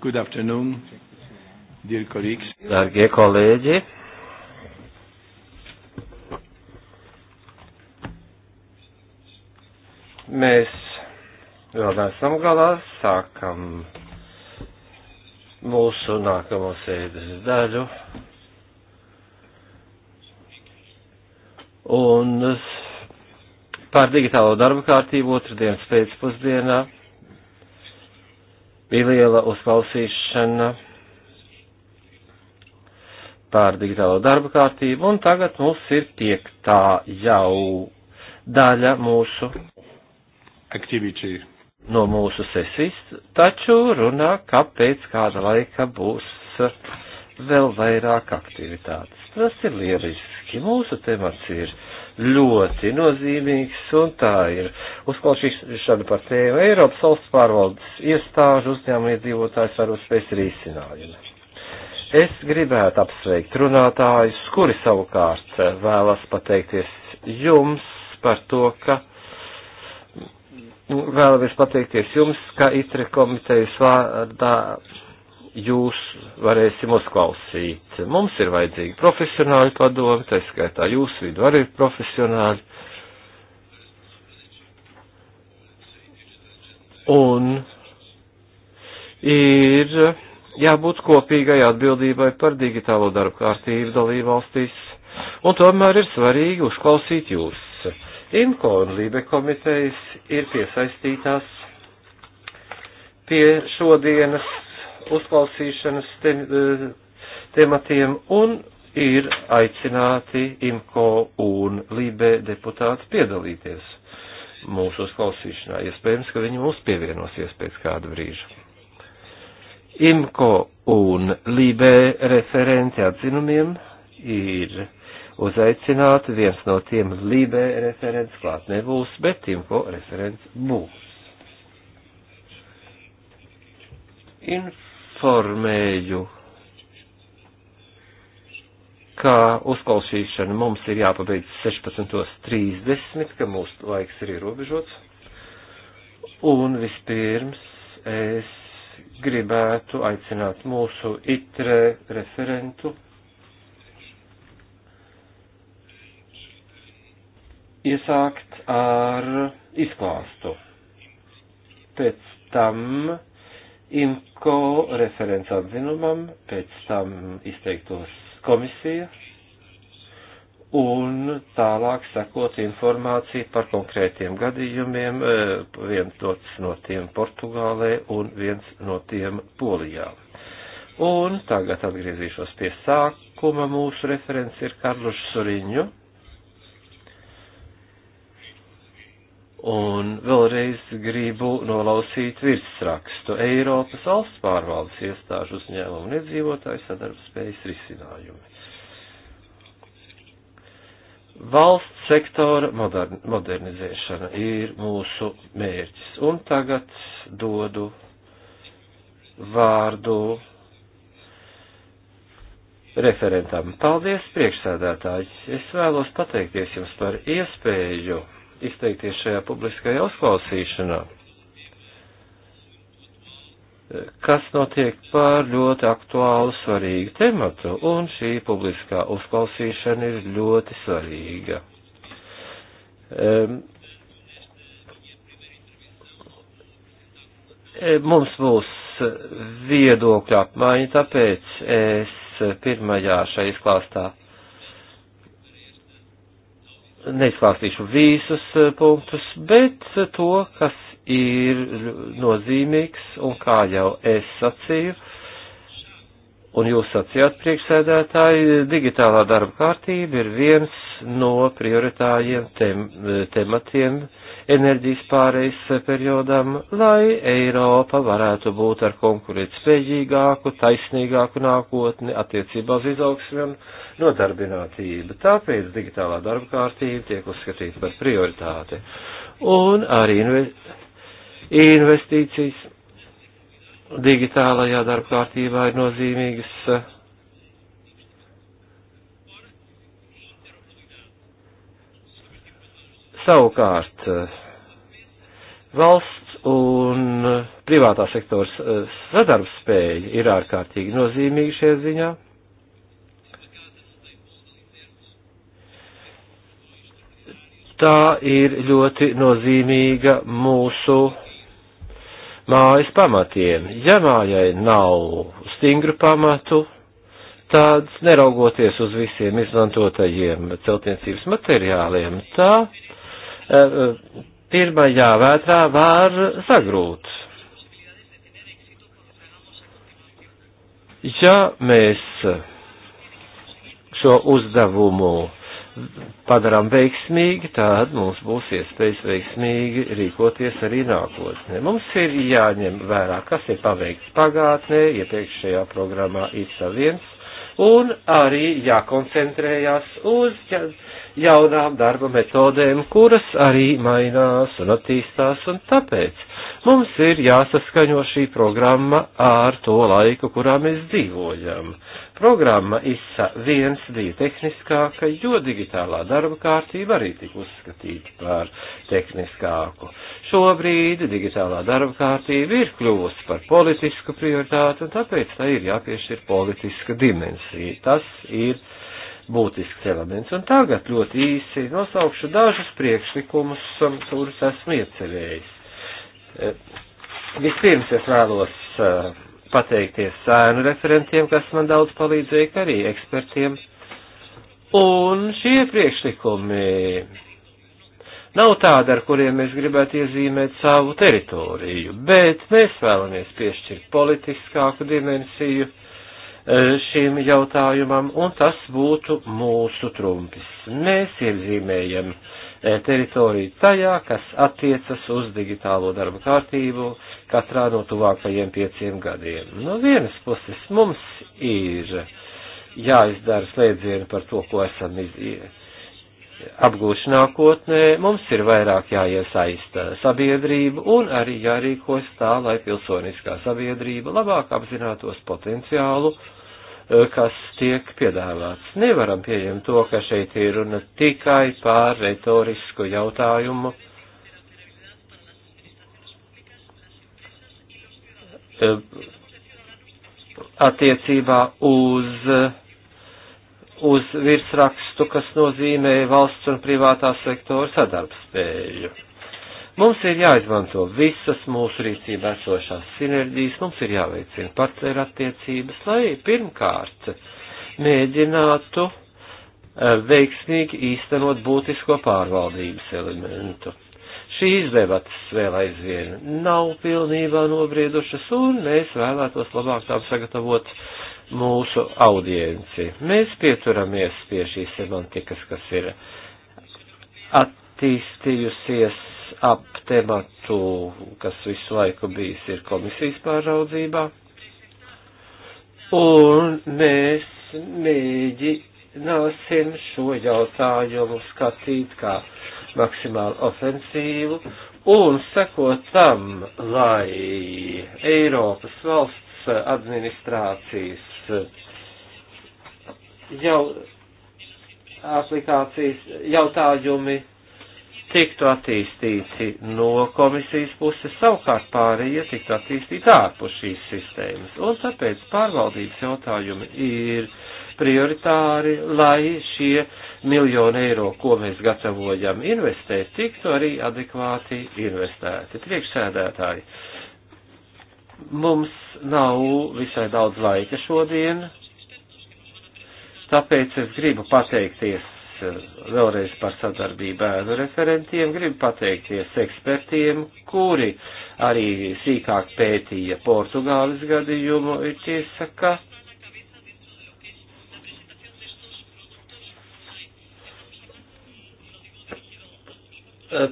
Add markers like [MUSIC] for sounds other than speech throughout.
Good afternoon, dear colleagues. Dargie kolēģi. Mēs vēl neesam galā, sākam mūsu nākamo sēdes daļu. Un pār digitālo darba kārtību otrdienas pēcpusdienā Bija liela uzklausīšana par digitālo darba kārtību, un tagad mums ir piektā jau daļa mūsu aktivitāte. No mūsu sesijas, taču runā, ka pēc kāda laika būs vēl vairāk aktivitātes. Tas ir lieliski. Mūsu temats ir ļoti nozīmīgs, un tā ir uzklausīšana par tēmu Eiropas valsts pārvaldes iestāžu uzņēmējdzīvotājs var uzspēs risinājumu. Es gribētu apsveikt runātājus, kuri savukārt vēlas pateikties jums par to, ka nu, vēlamies pateikties jums, ka ITRE komitejas vārdā jūs varēsim uzklausīt. Mums ir vajadzīgi profesionāļi padomi, tā skaitā jūs vidu arī ir profesionāļi. Un ir jābūt kopīgai atbildībai par digitālo darbu kārtību dalību valstīs, un tomēr ir svarīgi uzklausīt jūs. IMCO un LIBE komitejas ir piesaistītās pie šodienas uzklausīšanas te, e, tematiem un ir aicināti IMCO un LIBE deputāti piedalīties mūsu uzklausīšanā. Iespējams, ka viņi mūs pievienosies pēc kāda brīža. IMCO un LIBE referenti atzinumiem ir uzaicināti, viens no tiem LIBE referents klāt nebūs, bet IMCO referents būs. Inf informēju, ka uzklausīšana mums ir jāpabeidz 16.30, ka mūsu laiks ir ierobežots. Un vispirms es gribētu aicināt mūsu itre referentu iesākt ar izklāstu. Pēc tam IMCO referents atzinumam, pēc tam izteiktos komisija un tālāk sekot informāciju par konkrētiem gadījumiem, eh, viens no tiem Portugālē un viens no tiem Polijā. Un tagad atgriezīšos pie sākuma. Mūsu referents ir Karlušs Suriņu Un vēlreiz gribu nolausīt virsrakstu Eiropas valsts pārvaldes iestāžu uzņēmumu un iedzīvotāju sadarbspējas risinājumi. Valsts sektora modern, modernizēšana ir mūsu mērķis. Un tagad dodu vārdu referentam. Paldies, priekšsēdētāji! Es vēlos pateikties jums par iespēju izteikties šajā publiskajā uzklausīšanā. Kas notiek pār ļoti aktuālu svarīgu tematu, un šī publiskā uzklausīšana ir ļoti svarīga. Um, mums būs viedokļa apmaiņa, tāpēc es pirmajā šai izklāstā neizklāstīšu visus eh, punktus, bet to, kas ir nozīmīgs un kā jau es sacīju, un jūs sacījāt priekšsēdētāji, digitālā darba kārtība ir viens no prioritājiem tem, tematiem enerģijas pārejas periodam, lai Eiropa varētu būt ar konkurētspējīgāku, taisnīgāku nākotni attiecībā uz izaugsmi un nodarbinātību. Tāpēc digitālā darba kārtība tiek uzskatīta par prioritāti. Un arī investīcijas digitālajā darba kārtībā ir nozīmīgas Savukārt, valsts un privātā sektors eh, sadarbspēja ir ārkārtīgi nozīmīga šajā ziņā. Tā ir ļoti nozīmīga mūsu mājas pamatiem. Ja mājai nav stingru pamatu, tad neraugoties uz visiem izmantotajiem celtniecības materiāliem, tā Eh, eh, pirmajā vētrā var sagrūt. Ja mēs šo uzdevumu padarām veiksmīgi, tad mums būs iespējas veiksmīgi rīkoties arī nākotnē. Mums ir jāņem vērā, kas ir paveikts pagātnē, iepriekšējā programmā ir saviens, un arī jākoncentrējās uz jaunām darba metodēm, kuras arī mainās un attīstās, un tāpēc mums ir jāsaskaņo šī programma ar to laiku, kurā mēs dzīvojam. Programma ISA 1 bija tehniskāka, jo digitālā darba kārtība arī tika uzskatīta par tehniskāku. Šobrīd digitālā darba kārtība ir kļuvusi par politisku prioritātu, un tāpēc tai ir jāpiešķir politiska dimensija. Tas ir būtisks elements. Un tagad ļoti īsi nosaukšu dažus priekšlikumus, um, kurus esmu iecerējis. Eh, vispirms es vēlos eh, pateikties sēnu referentiem, kas man daudz palīdzēja, kā arī ekspertiem. Un šie priekšlikumi nav tādi, ar kuriem mēs gribētu iezīmēt savu teritoriju, bet mēs vēlamies piešķirt politiskāku dimensiju E, šim jautājumam, un tas būtu mūsu trumpis. Mēs iezīmējam e, teritoriju tajā, kas attiecas uz digitālo darba kārtību katrā no tuvākajiem pieciem gadiem. No vienas puses mums ir jāizdara slēdzieni par to, ko esam izdarījuši apgūšu nākotnē, mums ir vairāk jāiesaista sabiedrība un arī jārīkos tā, lai pilsoniskā sabiedrība labāk apzinātos potenciālu Eh, kas tiek piedāvāts. Nevaram pieņemt to, ka šeit ir runa tikai pār retorisku jautājumu. Eh, attiecībā uz, uz virsrakstu, kas nozīmē valsts un privātā sektora sadarbspēju. Mums ir jāizmanto visas mūsu rīcībā esošās sinerģijas, mums ir jāveicina partneru attiecības, lai pirmkārt mēģinātu eh, veiksmīgi īstenot būtisko pārvaldības elementu. Šīs debatas vēl aizvien nav pilnībā nobriedušas, un mēs vēlētos labāk tām sagatavot mūsu audienci. Mēs pieturamies pie šīs semantikas, kas ir attīstījusies ap tematu, kas visu laiku bijis ir komisijas pāraudzībā. Un mēs mēģināsim šo jautājumu skatīt kā maksimāli ofensīvu un sekot tam, lai Eiropas valsts administrācijas jau aplikācijas jautājumi tiktu attīstīti no komisijas puses, savukārt pārējie tiktu attīstīti ārpus šīs sistēmas. Un tāpēc pārvaldības jautājumi ir prioritāri, lai šie miljoni eiro, ko mēs gatavojam investēt, tiktu arī adekvāti investēti. Priekšsēdētāji, mums nav visai daudz laika šodien, tāpēc es gribu pateikties vēlreiz par sadarbību bērnu referentiem. Gribu pateikties ekspertiem, kuri arī sīkāk pētīja Portugāles gadījumu. Ir tiesa, ka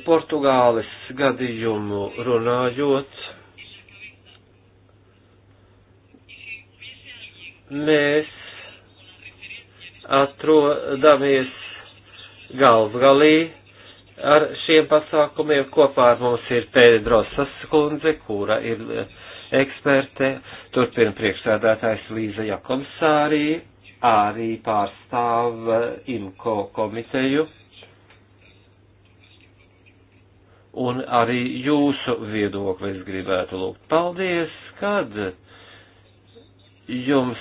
Portugāles gadījumu runājot, mēs atrodamies galvgalī ar šiem pasākumiem. Kopā ar mums ir Pēdro Saskundze, kura ir eh, eksperte, turpina priekšsēdētājs Līza Jakobsārī, arī pārstāv eh, IMCO komiteju. Un arī jūsu viedokli es gribētu lūgt. Paldies, kad jums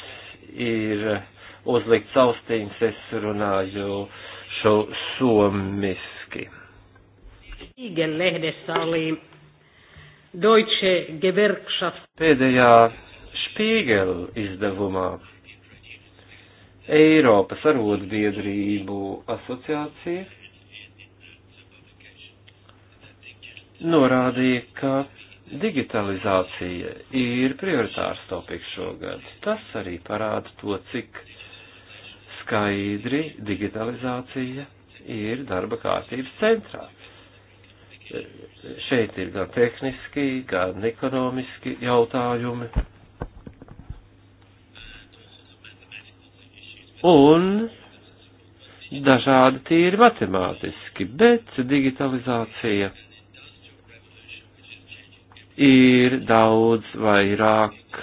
ir eh, uzlikt saustiņas, es runāju su, suomiski. Igen lehdessä oli Deutsche Gewerkschaft. Pēdējā Spiegel izdevumā Eiropas arotbiedrību asociācija norādīja, ka digitalizācija ir prioritārs topiks šogad. Tas arī parāda to, cik skaidri digitalizācija ir darba kārtības centrā. Šeit ir gan tehniski, gan ekonomiski jautājumi. Un dažādi tīri matemātiski, bet digitalizācija ir daudz vairāk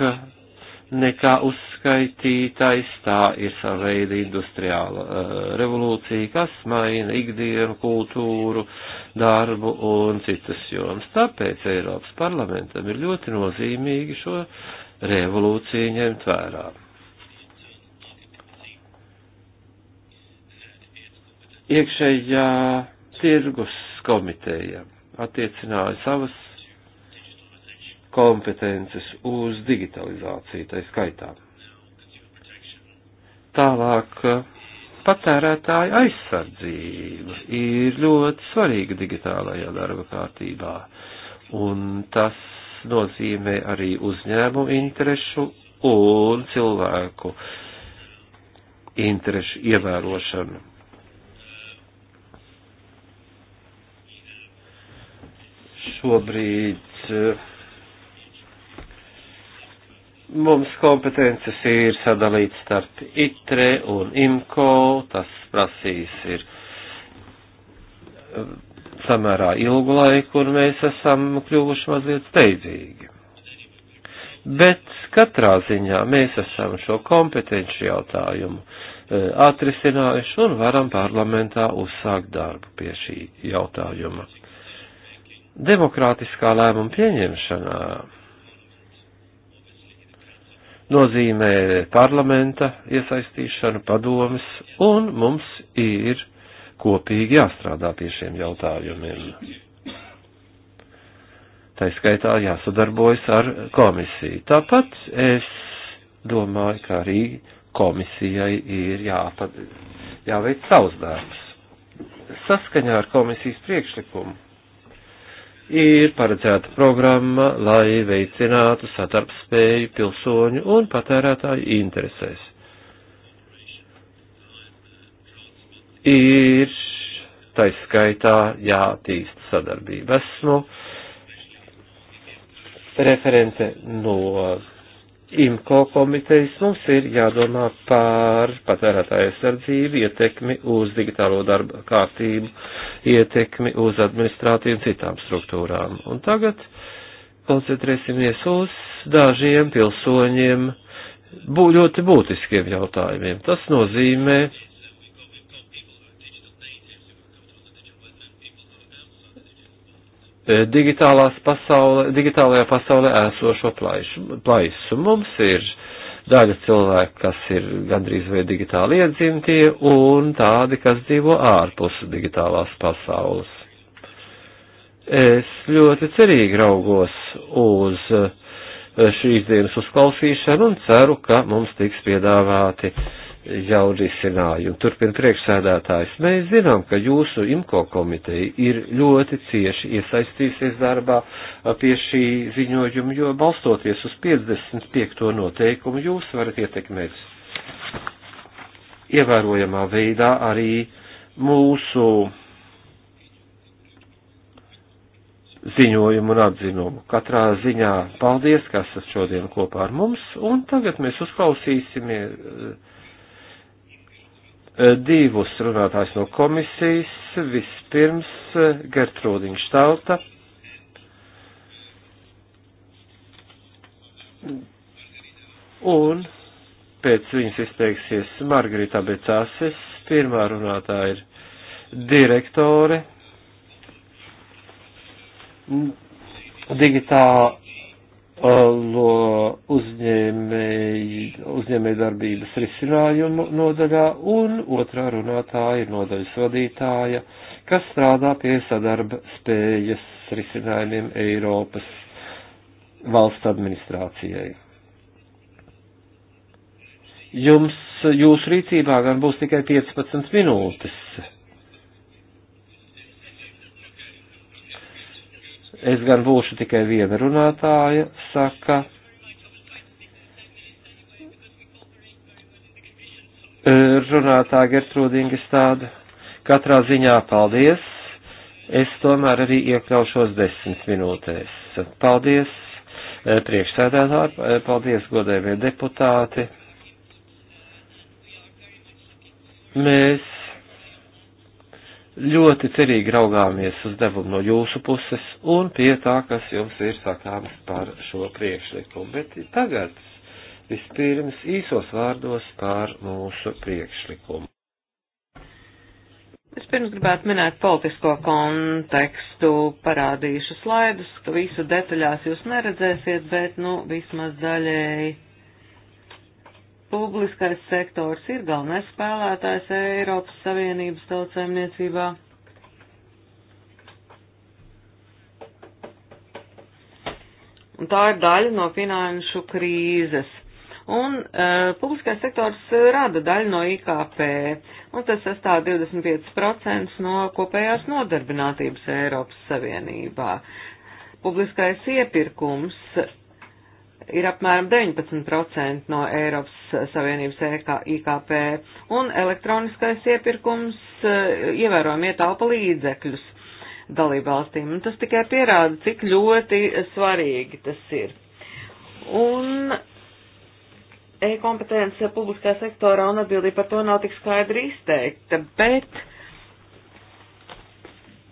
nekā uz atskaitītājs, tā ir sava veida industriāla uh, revolūcija, kas maina ikdienu, kultūru, darbu un citas jomas. Tāpēc Eiropas parlamentam ir ļoti nozīmīgi šo revolūciju ņemt vērā. Iekšējā tirgus komiteja attiecināja savas kompetences uz digitalizāciju, tai skaitā. Tālāk eh, patērētāja aizsardzība ir ļoti svarīga digitālajā darba kārtībā, un tas nozīmē arī uzņēmumu interešu un cilvēku interešu ievērošanu. Šobrīd uh, Mums kompetences ir sadalīts starp ITRE un IMCO, tas prasīs ir eh, samērā ilgu laiku, un mēs esam kļuvuši mazliet steidzīgi. Bet katrā ziņā mēs esam šo kompetenci jautājumu eh, atrisinājuši un varam parlamentā uzsākt darbu pie šī jautājuma. Demokrātiskā lēmuma pieņemšanā nozīmē parlamenta iesaistīšanu, padomas, un mums ir kopīgi jāstrādā pie šiem jautājumiem. Tā skaitā jāsadarbojas ar komisiju. Tāpat es domāju, ka arī komisijai ir jāpad, jāveic savs darbs. Saskaņā ar komisijas priekšlikumu ir paredzēta programma, lai veicinātu sadarbspēju pilsoņu un patērētāju interesēs. Ir taiskaitā jātīst sadarbība. Esmu referente no IMCO komitejas mums ir jādomā par patērētāju aizsardzību, ietekmi uz digitālo darba kārtību, ietekmi uz administrāciju un citām struktūrām. Un tagad koncentrēsimies uz dažiem pilsoņiem bū, ļoti būtiskiem jautājumiem. Tas nozīmē E, digitālās pasaule, digitālajā pasaulē esošo plaisu. plaisu. Mums ir daļa cilvēku, kas ir gandrīz vai digitāli iedzimtie, un tādi, kas dzīvo ārpus digitālās pasaules. Es ļoti cerīgi raugos uz e, šīs dienas uzklausīšanu un ceru, ka mums tiks piedāvāti uh, jau risinājumu. Turpin priekšsēdētājs, mēs zinām, ka jūsu IMCO komiteja ir ļoti cieši iesaistīsies darbā pie šī ziņojuma, jo balstoties uz 55. noteikumu jūs varat ietekmēt ievērojamā veidā arī mūsu ziņojumu un atzinumu. Katrā ziņā paldies, ka esat šodien kopā ar mums, un tagad mēs uzklausīsimies Eh, divus runātājus no komisijas. Vispirms eh, Gertrūdiņa Štalta. Un pēc viņas izteiksies Margarita Becāses. Pirmā runātāja ir direktore digitāla uzņēmēju uzņēmē darbības risinājumu nodaļā, un otrā runātāja ir nodaļas vadītāja, kas strādā pie sadarba spējas risinājumiem Eiropas valsts administrācijai. Jums, jūsu rīcībā gan būs tikai 15 minūtes Es gan būšu tikai viena runātāja, saka. E, runātāja Gertrūdingas tāda. Katrā ziņā paldies. Es tomēr arī iekļaušos desmit minūtēs. Paldies, e, priekšsēdētāji, e, paldies, godējumie deputāti. Mēs ļoti cerīgi raugāmies uz devumu no jūsu puses un pie tā, kas jums ir sakāms par šo priekšlikumu. Bet tagad vispirms īsos vārdos par mūsu priekšlikumu. Es pirms gribētu minēt politisko kontekstu, parādīšu slaidus, ka visu detaļās jūs neredzēsiet, bet, nu, vismaz daļēji Publiskais sektors ir galvenais spēlētājs Eiropas Savienības tautsēmniecībā. Un tā ir daļa no finanšu krīzes. Un uh, publiskais sektors rada daļu no IKP, un tas sastāv 25% no kopējās nodarbinātības Eiropas Savienībā. Publiskais iepirkums ir apmēram 19% no Eiropas Savienības IKP, e un elektroniskais iepirkums eh, ievērojami ietaupa līdzekļus dalībvalstīm. Un tas tikai pierāda, cik ļoti svarīgi tas ir. Un e-kompetence publiskā sektorā un atbildība par to nav tik skaidri izteikta, bet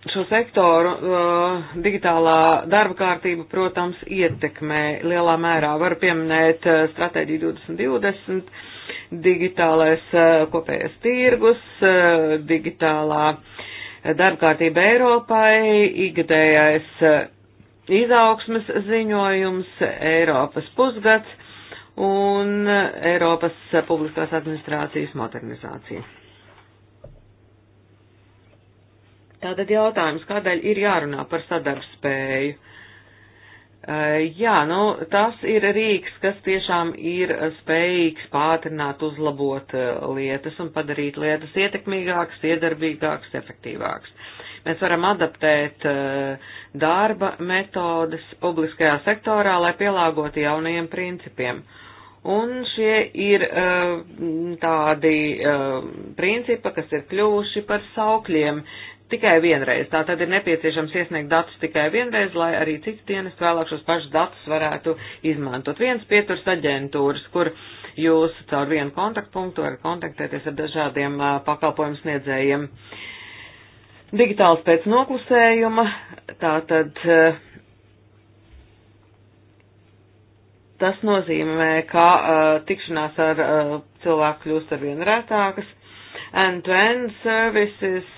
šo sektoru uh, digitālā darba kārtība, protams, ietekmē lielā mērā. Var pieminēt uh, stratēģiju 2020, digitālais uh, kopējais tirgus, uh, digitālā uh, darba kārtība Eiropai, ikgadējais uh, izaugsmes ziņojums, Eiropas pusgads un uh, Eiropas uh, publiskās administrācijas modernizācija. Tātad jautājums, kādēļ ir jārunā par sadarbspēju? Eh, jā, nu, tas ir rīks, kas tiešām ir spējīgs pātrināt, uzlabot eh, lietas un padarīt lietas ietekmīgākas, iedarbīgākas, efektīvākas. Mēs varam adaptēt eh, darba metodes publiskajā sektorā, lai pielāgotu jaunajiem principiem. Un šie ir tādi principi, kas ir kļuvuši par saukļiem tikai vienreiz. Tā tad ir nepieciešams iesniegt datus tikai vienreiz, lai arī cits dienas vēlāk šos pašus datus varētu izmantot. Viens pieturs aģentūras, kur jūs caur vienu kontaktpunktu varat kontaktēties ar dažādiem pakalpojumu sniedzējiem. Digitāls pēc noklusējuma, tā tad. Tas nozīmē, ka uh, tikšanās ar uh, cilvēku kļūst ar vien rētākas, end-to-end -end services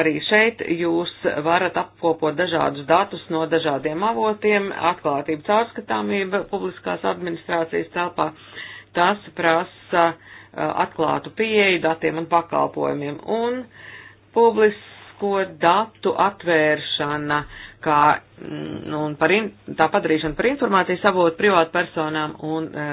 Arī šeit jūs varat apkopot dažādus datus no dažādiem avotiem, atklātība, caurskatāmība publiskās administrācijas telpā. Tas prasa uh, atklātu pieeju datiem un pakalpojumiem un publisko datu atvēršana, kā mm, nu, un par in, tā padarīšana par informācijas avotu privātpersonām un e,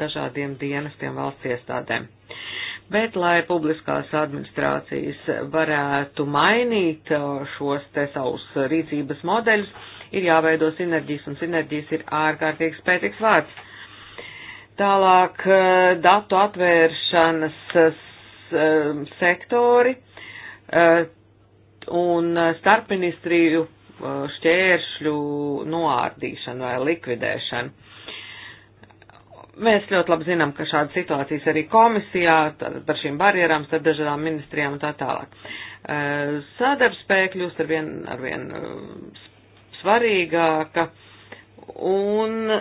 dažādiem dienestiem valsts iestādēm. E, Bet, lai publiskās administrācijas varētu mainīt uh, šos te savus rīcības modeļus, ir jāveido sinerģijas, un sinerģijas ir ārkārtīgi spēcīgs vārds. Tālāk uh, datu atvēršanas uh, sektori un starpministriju šķēršļu noārdīšana vai likvidēšana. Mēs ļoti labi zinām, ka šāda situācijas arī komisijā par šīm barjerām starp dažādām ministrijām un tā tālāk. Sadarbspēja kļūst ar vien, ar vien svarīgāka un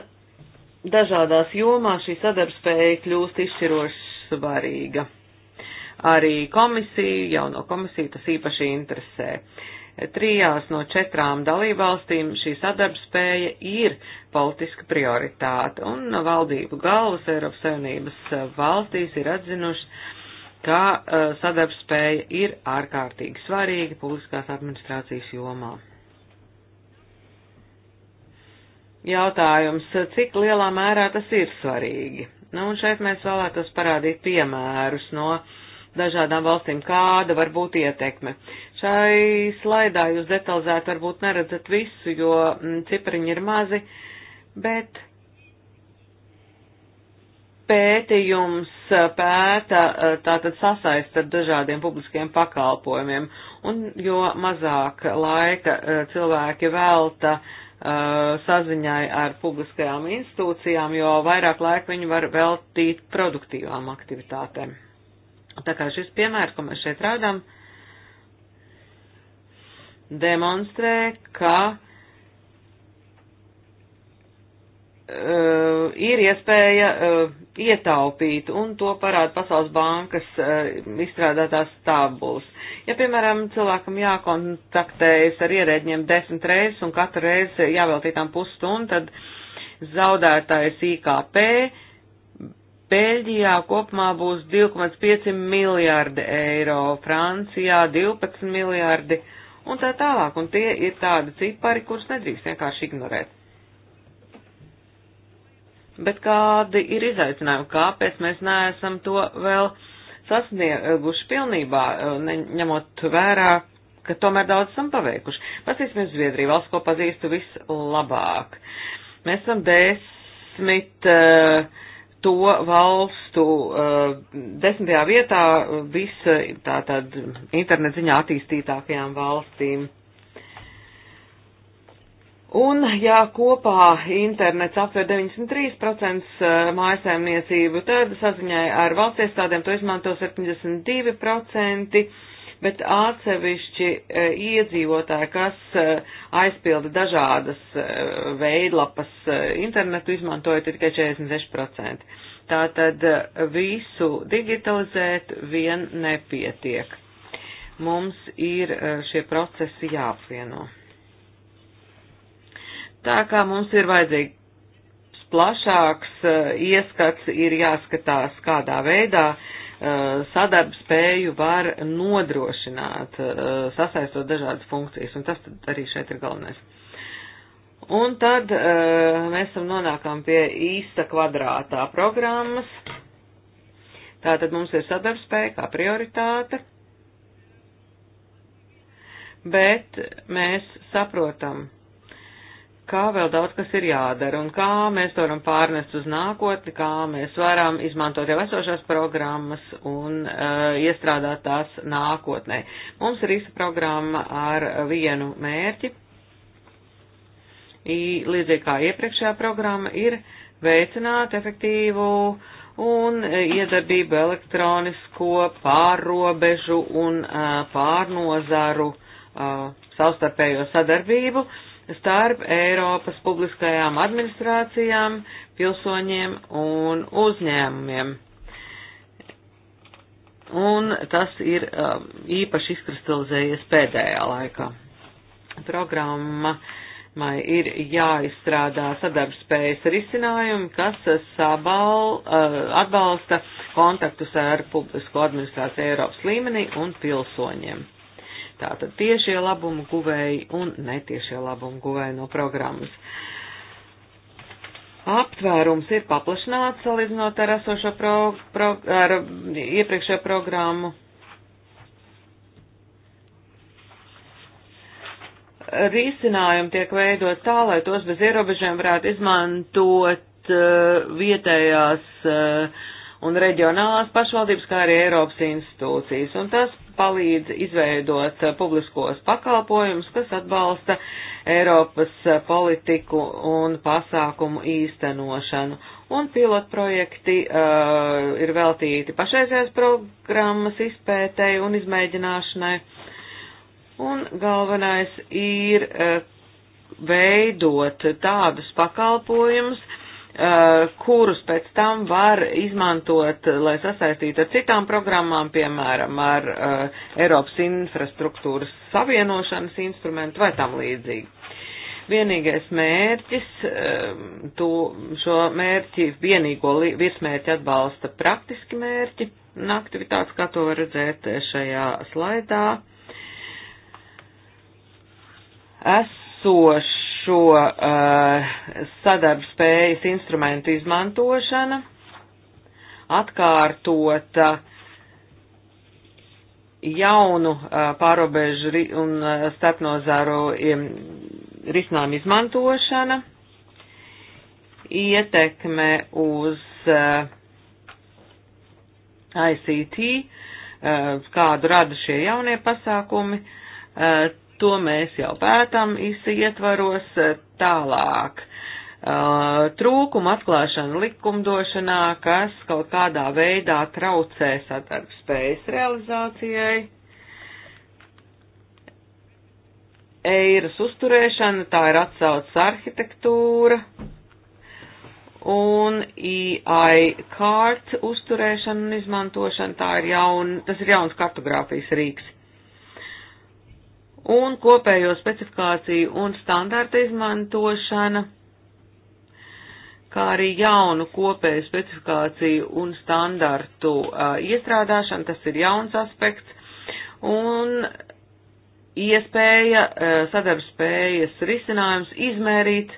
dažādās jomās šī sadarbspēja kļūst izšķiroši svarīga. Arī komisiju, jauno komisiju tas īpaši interesē. Uh, trijās no četrām dalībvalstīm šī sadarbspēja ir politiska prioritāte, un valdību galvas Eiropas Savienības eh, valstīs ir atzinuši, ka eh, sadarbspēja ir ārkārtīgi svarīga publiskās administrācijas jomā. Jautājums, cik lielā mērā tas ir svarīgi? Nu, un šeit mēs vēlētos parādīt piemērus no uh, dažādām valstīm, kāda var būt ietekme. Šai slaidā jūs detalizēti varbūt neredzat visu, jo mm, cipariņi ir mazi, bet pētījums pēta eh, tātad sasaist ar dažādiem publiskiem pakalpojumiem, un jo mazāk laika eh, cilvēki velta eh, saziņai ar publiskajām institūcijām, jo vairāk laika viņi var veltīt produktīvām aktivitātēm. Tā kā šis piemērs, ko mēs šeit rādām, demonstrē, ka uh, ir iespēja uh, ietaupīt, un to parāda Pasaules bankas uh, izstrādātās tabulas. Ja, piemēram, cilvēkam jākontaktējas ar ierēģiem desmit reizes un katru reizi jāveltītām pusstundu, tad zaudētājs IKP Beļģijā kopumā būs 2,5 miljārdi eiro, Francijā 12 miljārdi un tā tālāk. Un tie ir tādi cipari, kurus nedrīkst vienkārši ignorēt. Bet kādi ir izaicinājumi? Kāpēc mēs neesam to vēl sasnieguši pilnībā, neņemot vērā, ka tomēr daudz esam paveikuši? Pasīsimies Zviedriju, valsts, ko pazīstu vislabāk. Mēs esam desmit. Uh, to valstu uh, desmitajā vietā visa tātad internet ziņā attīstītākajām valstīm. Un, ja kopā internets aptver 93% eh, mājasēmniecību, tad saziņai ar valsts iestādēm to izmanto 72%, bet atsevišķi e, iedzīvotāji, kas e, aizpilda dažādas e, veidlapas internetu, izmantojot tikai 46%. Tātad visu digitalizēt vien nepietiek. Mums ir šie procesi jāapvieno. Tā kā mums ir vajadzīgi plašāks ieskats ir jāskatās, kādā veidā Uh, sadarbspēju var nodrošināt, uh, sasaistot dažādas funkcijas, un tas arī šeit ir galvenais. Un tad uh, mēs esam nonākam pie īsta kvadrātā programmas. Tātad mums ir sadarbspēja kā prioritāte, bet mēs saprotam, kā vēl daudz kas ir jādara un kā mēs to varam pārnest uz nākotni, kā mēs varam izmantot jau esošās programmas un uh, iestrādāt tās nākotnē. Mums ir īsta programma ar vienu mērķi. I, līdzīgi kā iepriekšējā programma ir veicināt efektīvu un eh, iedarbību elektronisko pārrobežu un uh, pārnozaru uh, savstarpējo sadarbību. Uh, starp Eiropas publiskajām administrācijām, pilsoņiem un uzņēmumiem. Un tas ir um, īpaši izkristalizējies pēdējā laikā. Programma mai ir jāizstrādā sadarbspējas risinājumi, kas sabal, uh, atbalsta kontaktus ar publisko administrāciju Eiropas līmenī un pilsoņiem. Tātad tiešie labumu guvēji un netiešie labumu guvēji no programmas. Aptvērums ir paplašināts salīdzinot ar esošo pro, pro, ar iepriekšējo programmu. Risinājumi tiek veidot tā, lai tos bez ierobežiem varētu izmantot uh, vietējās uh, un reģionālās pašvaldības, kā arī Eiropas institūcijas. Un tas palīdz izveidot eh, publiskos pakalpojumus, kas atbalsta Eiropas eh, politiku un pasākumu īstenošanu. Un pilotprojekti uh, ir veltīti pašreizējās programmas izpētēji un izmēģināšanai. Un galvenais ir uh, veidot tādus pakalpojumus, uh, Uh, kurus pēc tam var izmantot, lai sasaistītu ar citām programmām, piemēram, ar uh, Eiropas infrastruktūras savienošanas instrumentu vai tam līdzīgi. Vienīgais mērķis, uh, to, šo mērķi, vienīgo virsmērķi atbalsta praktiski mērķi un aktivitātes, kā to var redzēt šajā slaidā. Esoši šo uh, sadarbspējas instrumentu izmantošana, atkārtota jaunu uh, pārobežu un uh, eh, starpnozaru um, risinājumu izmantošana, ietekme uz uh, ICT, uh, kādu rada šie jaunie pasākumi, uh, To mēs jau pētam ietvaros eh, tālāk. Eh, trūkuma atklāšana likumdošanā, kas kaut kādā veidā traucē sadarbspējas realizācijai. Eiras uzturēšana, tā ir atsaucas arhitektūra un EI kārtu uzturēšana un izmantošana, tā ir jaun, tas ir jauns kartogrāfijas rīks un kopējo specifikāciju un standarta izmantošana, kā arī jaunu kopēju specifikāciju un standartu uh, iestrādāšana, tas ir jauns aspekts, un iespēja uh, sadarbspējas risinājums izmērīt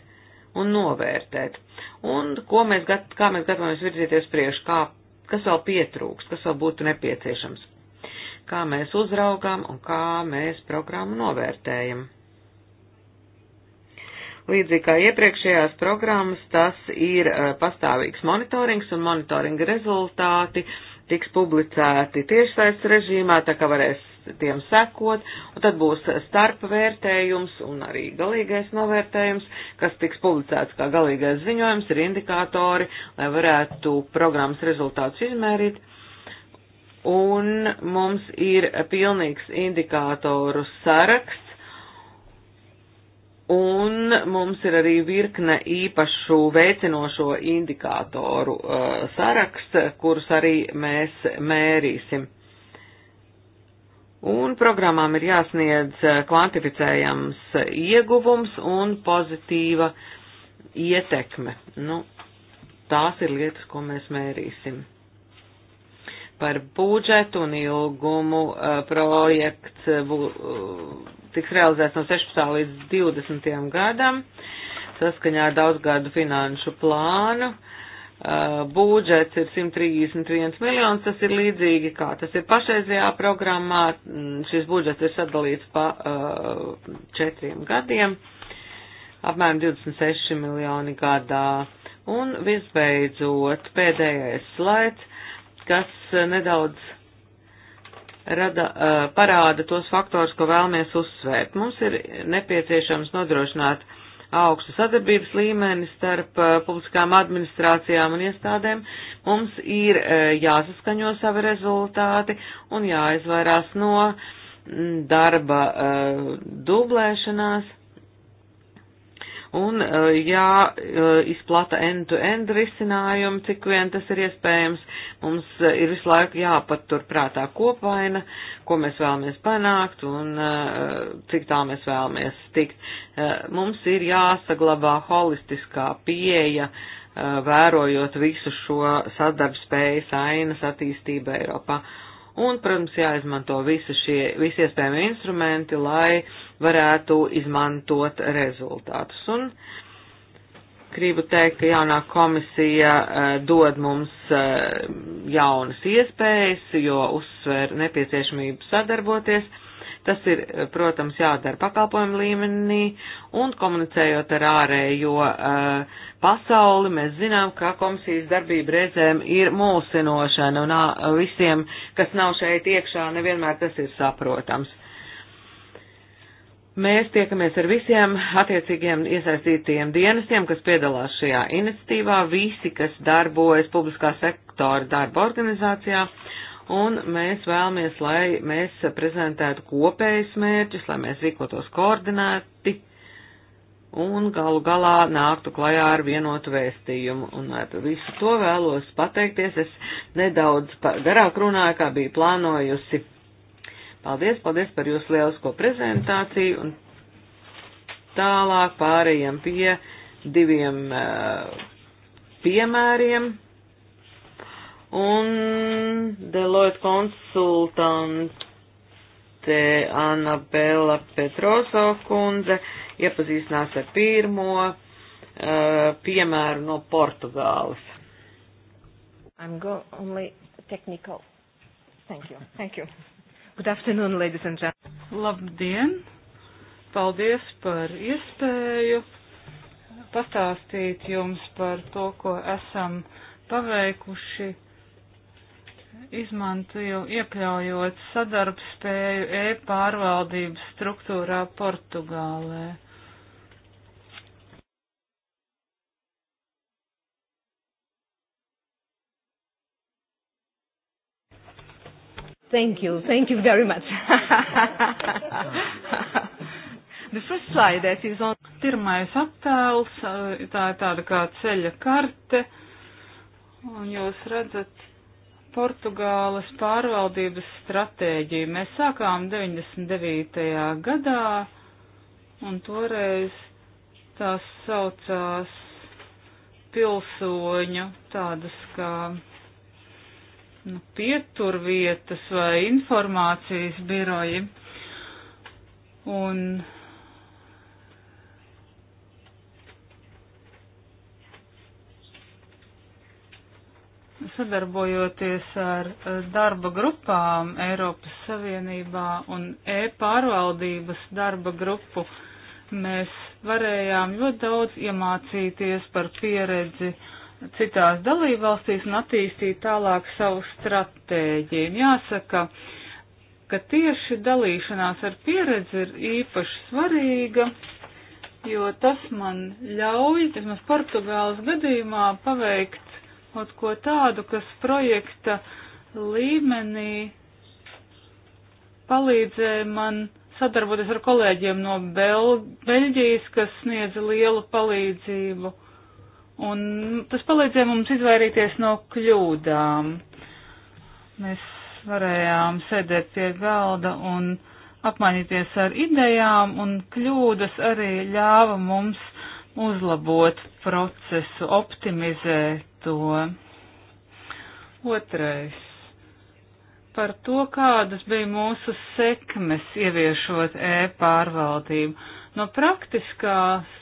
un novērtēt. Un ko mēs, gat, kā mēs gatavamies virzīties priekš, kā, kas vēl pietrūks, kas vēl būtu nepieciešams kā mēs uzraugām un kā mēs programmu novērtējam. Līdzīgi kā iepriekšējās programmas, tas ir eh, pastāvīgs monitorings un monitoringa rezultāti tiks publicēti tiešsaistes režīmā, tā kā varēs tiem sekot, un tad būs starpvērtējums un arī galīgais novērtējums, kas tiks publicēts kā galīgais ziņojums, ir indikātori, lai varētu programmas rezultātus izmērīt. Uh, un mums ir pilnīgs indikātoru saraksts, un mums ir arī virkne īpašu veicinošo indikātoru uh, saraksts, kurus arī mēs mērīsim. Un programmām ir jāsniedz uh, kvantificējams ieguvums un pozitīva ietekme. Nu, tās ir lietas, ko mēs mērīsim par budžetu un ilgumu eh, projekts eh, bū, eh, tiks realizēts no 16. līdz 20. gadam saskaņā ar daudzgadu finanšu plānu. Budžets ir 131 miljonus, tas ir līdzīgi kā tas ir pašreizajā programmā. Mm, šis budžets ir sadalīts pa četriem gadiem, apmēram 26 miljoni gadā. Un visbeidzot, pēdējais slaids kas eh, nedaudz rada, eh, parāda tos faktors, ko vēlamies uzsvērt. Mums ir nepieciešams nodrošināt augstu sadarbības līmeni starp eh, publiskām administrācijām un iestādēm. Mums ir jāsaskaņo savi rezultāti un jāizvairās no mm, darba dublēšanās un uh, jāizplata uh, end-to-end risinājumu, cik vien tas ir iespējams. Mums uh, ir visu laiku jāpatur prātā kopaina, ko mēs vēlamies panākt un cik tā mēs vēlamies tikt. Mums ir jāsaglabā holistiskā pieeja, vērojot visu šo sadarbspējas ainas attīstību Eiropā. Un, protams, jāizmanto visi šie, visi iespējami instrumenti, lai uh, varētu izmantot rezultātus. Un gribu teikt, ka jaunā komisija eh, dod mums eh, jaunas iespējas, jo uzsver nepieciešamību sadarboties. Tas ir, eh, protams, jādara pakalpojumu līmenī un komunicējot ar ārējo uh, pasauli. Mēs zinām, ka komisijas darbība reizēm ir mulsinošana un uh, visiem, kas nav šeit iekšā, nevienmēr tas ir saprotams. Uh, Mēs tiekamies ar visiem attiecīgiem iesaistītiem dienestiem, kas piedalās šajā iniciatīvā, visi, kas darbojas publiskā sektora darba organizācijā, un mēs vēlamies, lai mēs prezentētu kopējas mērķus, lai mēs rīkotos koordinēti un galu galā nāktu klajā ar vienotu vēstījumu. Un ar visu to vēlos pateikties. Es nedaudz garāk runāju, kā biju plānojusi Paldies, paldies par jūsu lielisko prezentāciju un tālāk pārējiem pie diviem uh, piemēriem. Un Deloitte konsultante Anabela Petroso kundze iepazīstinās ar pirmo uh, piemēru no Portugāles. I'm go only technical. Thank you. Thank you. Good afternoon, ladies and gentlemen. Labdien! Paldies par iespēju pastāstīt jums par to, ko esam paveikuši, izmantojot, iekļaujot sadarbspēju e-pārvaldības struktūrā Portugālē. Thank you. Thank you very much. [LAUGHS] The first slide that is on. Pirmais attēls, tā ir tāda kā ceļa karte, un jūs redzat Portugāles pārvaldības stratēģiju. Mēs sākām 99. gadā, un toreiz tās saucās pilsoņu tādas kā nu, pieturvietas vai informācijas biroji. Un sadarbojoties ar darba grupām Eiropas Savienībā un e-pārvaldības darba grupu, mēs varējām ļoti daudz iemācīties par pieredzi uh, citās dalībvalstīs un attīstīt tālāk savu stratēģiju. Jāsaka, ka tieši dalīšanās ar pieredzi ir īpaši svarīga, jo tas man ļauj, vismaz Portugāles gadījumā, paveikt kaut ko tādu, kas projekta līmenī palīdzēja man sadarboties ar kolēģiem no Bel Beļģijas, kas sniedza lielu palīdzību un tas palīdzēja mums izvairīties no kļūdām. Mēs varējām sēdēt pie galda un apmainīties ar idejām, un kļūdas arī ļāva mums uzlabot procesu, optimizēt to. Otrais. Par to, kādas bija mūsu sekmes ieviešot e-pārvaldību. No praktiskās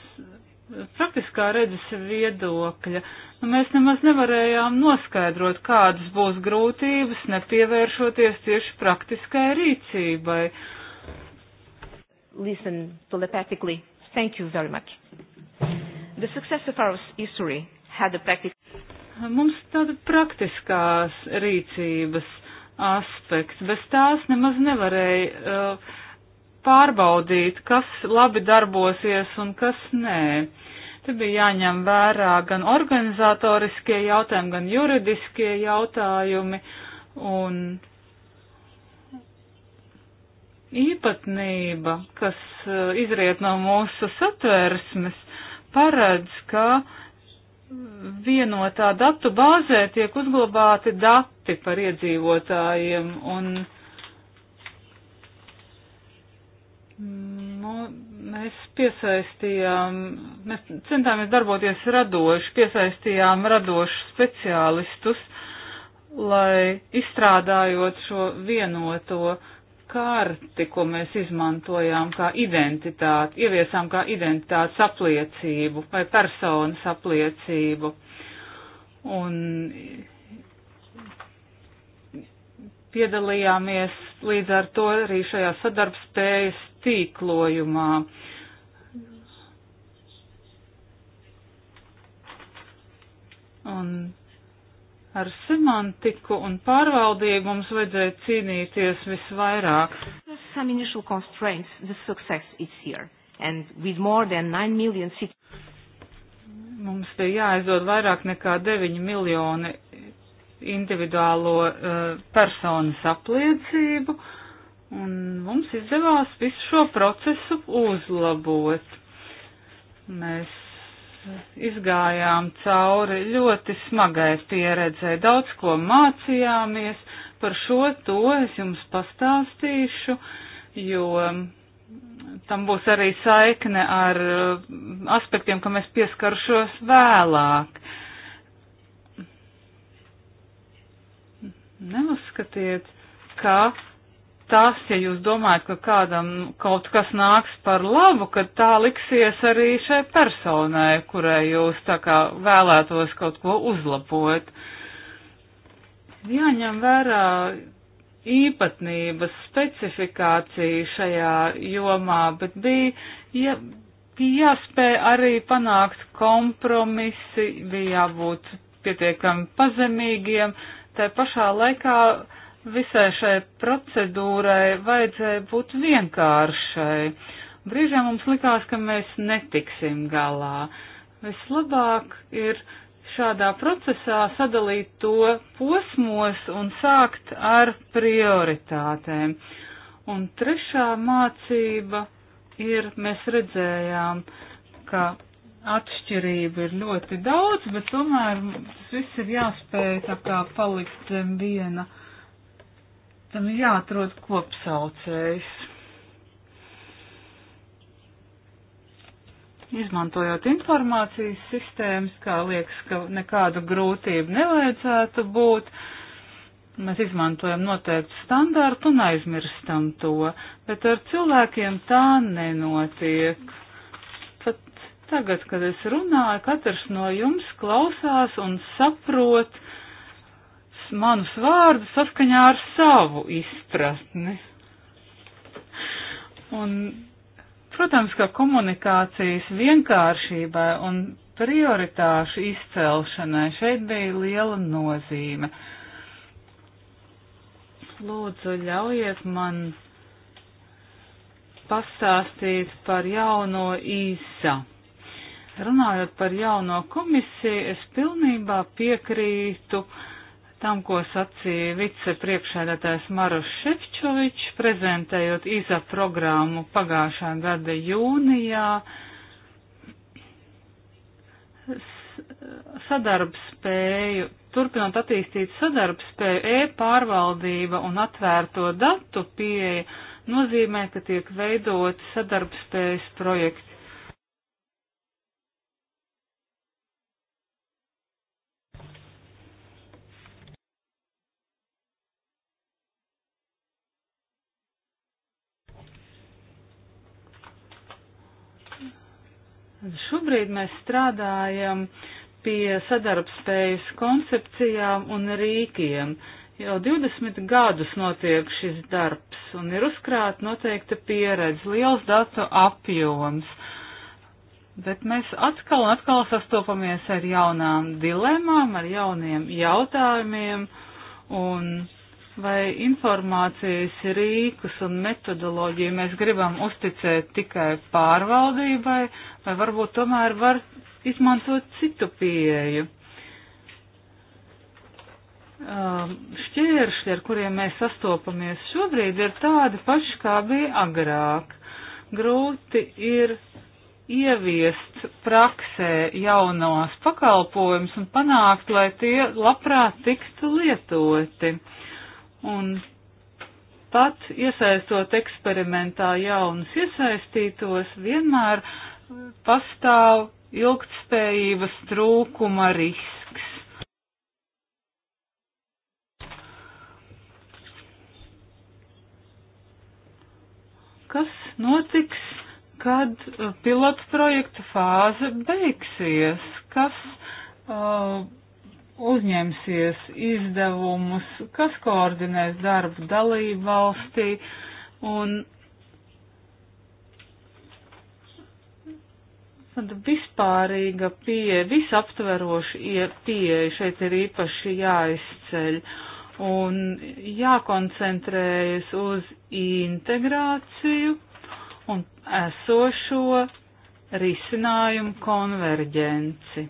praktiskā redzes viedokļa. Nu, mēs nemaz nevarējām noskaidrot, kādas būs grūtības, nepievēršoties tieši praktiskai rīcībai. Listen telepathically. Thank you very much. The success of our history had a practical. Mums tāda praktiskās rīcības aspekts, bez tās nemaz nevarēja. Uh, pārbaudīt, kas labi darbosies un kas nē. Te bija jāņem vērā gan organizatoriskie jautājumi, gan juridiskie jautājumi un īpatnība, kas eh, izriet no mūsu satversmes, paredz, ka vienotā datu bāzē tiek uzglabāti dati par iedzīvotājiem un Nu, mēs piesaistījām, mēs centāmies darboties radoši, piesaistījām radošus speciālistus, lai izstrādājot šo vienoto karti, ko mēs izmantojām kā identitāti, ieviesām kā identitātes apliecību vai personas apliecību. Un piedalījāmies līdz ar to arī šajā sadarbspējas tīklojumā. Un ar semantiku un pārvaldību mums vajadzēja cīnīties visvairāk. Mums bija jāizdod vairāk nekā 9 miljoni individuālo uh, personas apliecību, un mums izdevās visu šo procesu uzlabot. Mēs izgājām cauri ļoti smagai pieredzē, daudz ko mācījāmies, par šo to es jums pastāstīšu, jo tam būs arī saikne ar eh, aspektiem, kam es pieskaršos vēlāk. Uh, Neuzskatiet, ka tas, ja jūs domājat, ka kādam kaut kas nāks par labu, ka tā liksies arī šai personai, kurai jūs tā kā vēlētos kaut ko uzlabot. Jāņem vērā īpatnības specifikācija šajā jomā, bet bija, ja, bija jāspēj arī panākt kompromisi, bija jābūt pietiekami pazemīgiem, te pašā laikā visai šai procedūrai vajadzēja būt vienkāršai. Brīžā mums likās, ka mēs netiksim galā. Vislabāk ir šādā procesā sadalīt to posmos un sākt ar prioritātēm. Un trešā mācība ir, mēs redzējām, ka atšķirība ir ļoti daudz, bet tomēr tas viss ir jāspēj tā kā palikt zem viena. Tam ir jāatrod kopsaucējs. Izmantojot informācijas sistēmas, kā liekas, ka nekādu grūtību nevajadzētu būt, mēs izmantojam noteiktu standārtu un aizmirstam to, bet ar cilvēkiem tā nenotiek Tagad, kad es runāju, katrs no jums klausās un saprot manus vārdus saskaņā ar savu izpratni. Un, protams, ka komunikācijas vienkāršībai un prioritāšu izcelšanai šeit bija liela nozīme. Lūdzu, ļaujiet man pastāstīt par jauno īsa. Runājot par jauno komisiju, es pilnībā piekrītu tam, ko sacīja vicepriekšēdētājs Maros Šefčovičs, prezentējot IZA programmu pagājušā gada jūnijā. Sadarbspēju, turpinot attīstīt sadarbspēju, e-pārvaldība un atvērto datu pieeja nozīmē, ka tiek veidoti sadarbspējas projekti Šobrīd mēs strādājam pie sadarbspējas koncepcijām un rīkiem. Jau 20 gadus notiek šis darbs un ir uzkrāta noteikta pieredze, liels datu apjoms. Bet mēs atkal un atkal sastopamies ar jaunām dilemām, ar jauniem jautājumiem un vai informācijas rīkus un metodoloģiju mēs gribam uzticēt tikai pārvaldībai, vai varbūt tomēr var izmantot citu pieeju. Um, šķēršļi, ar kuriem mēs sastopamies šobrīd, ir tādi paši, kā bija agrāk. Grūti ir ieviest praksē jaunos pakalpojumus un panākt, lai tie labprāt tiktu lietoti. Uh, Un pat iesaistot eksperimentā jaunus iesaistītos, vienmēr pastāv ilgtspējības trūkuma risks. Kas notiks, kad uh, pilotu projekta fāze beigsies? Kas uh, uzņemsies izdevumus, kas koordinēs darbu dalību valstī un tāda vispārīga pieeja, visaptveroša pieeja šeit ir īpaši jāizceļ un jākoncentrējas uz integrāciju un esošo risinājumu konverģenci.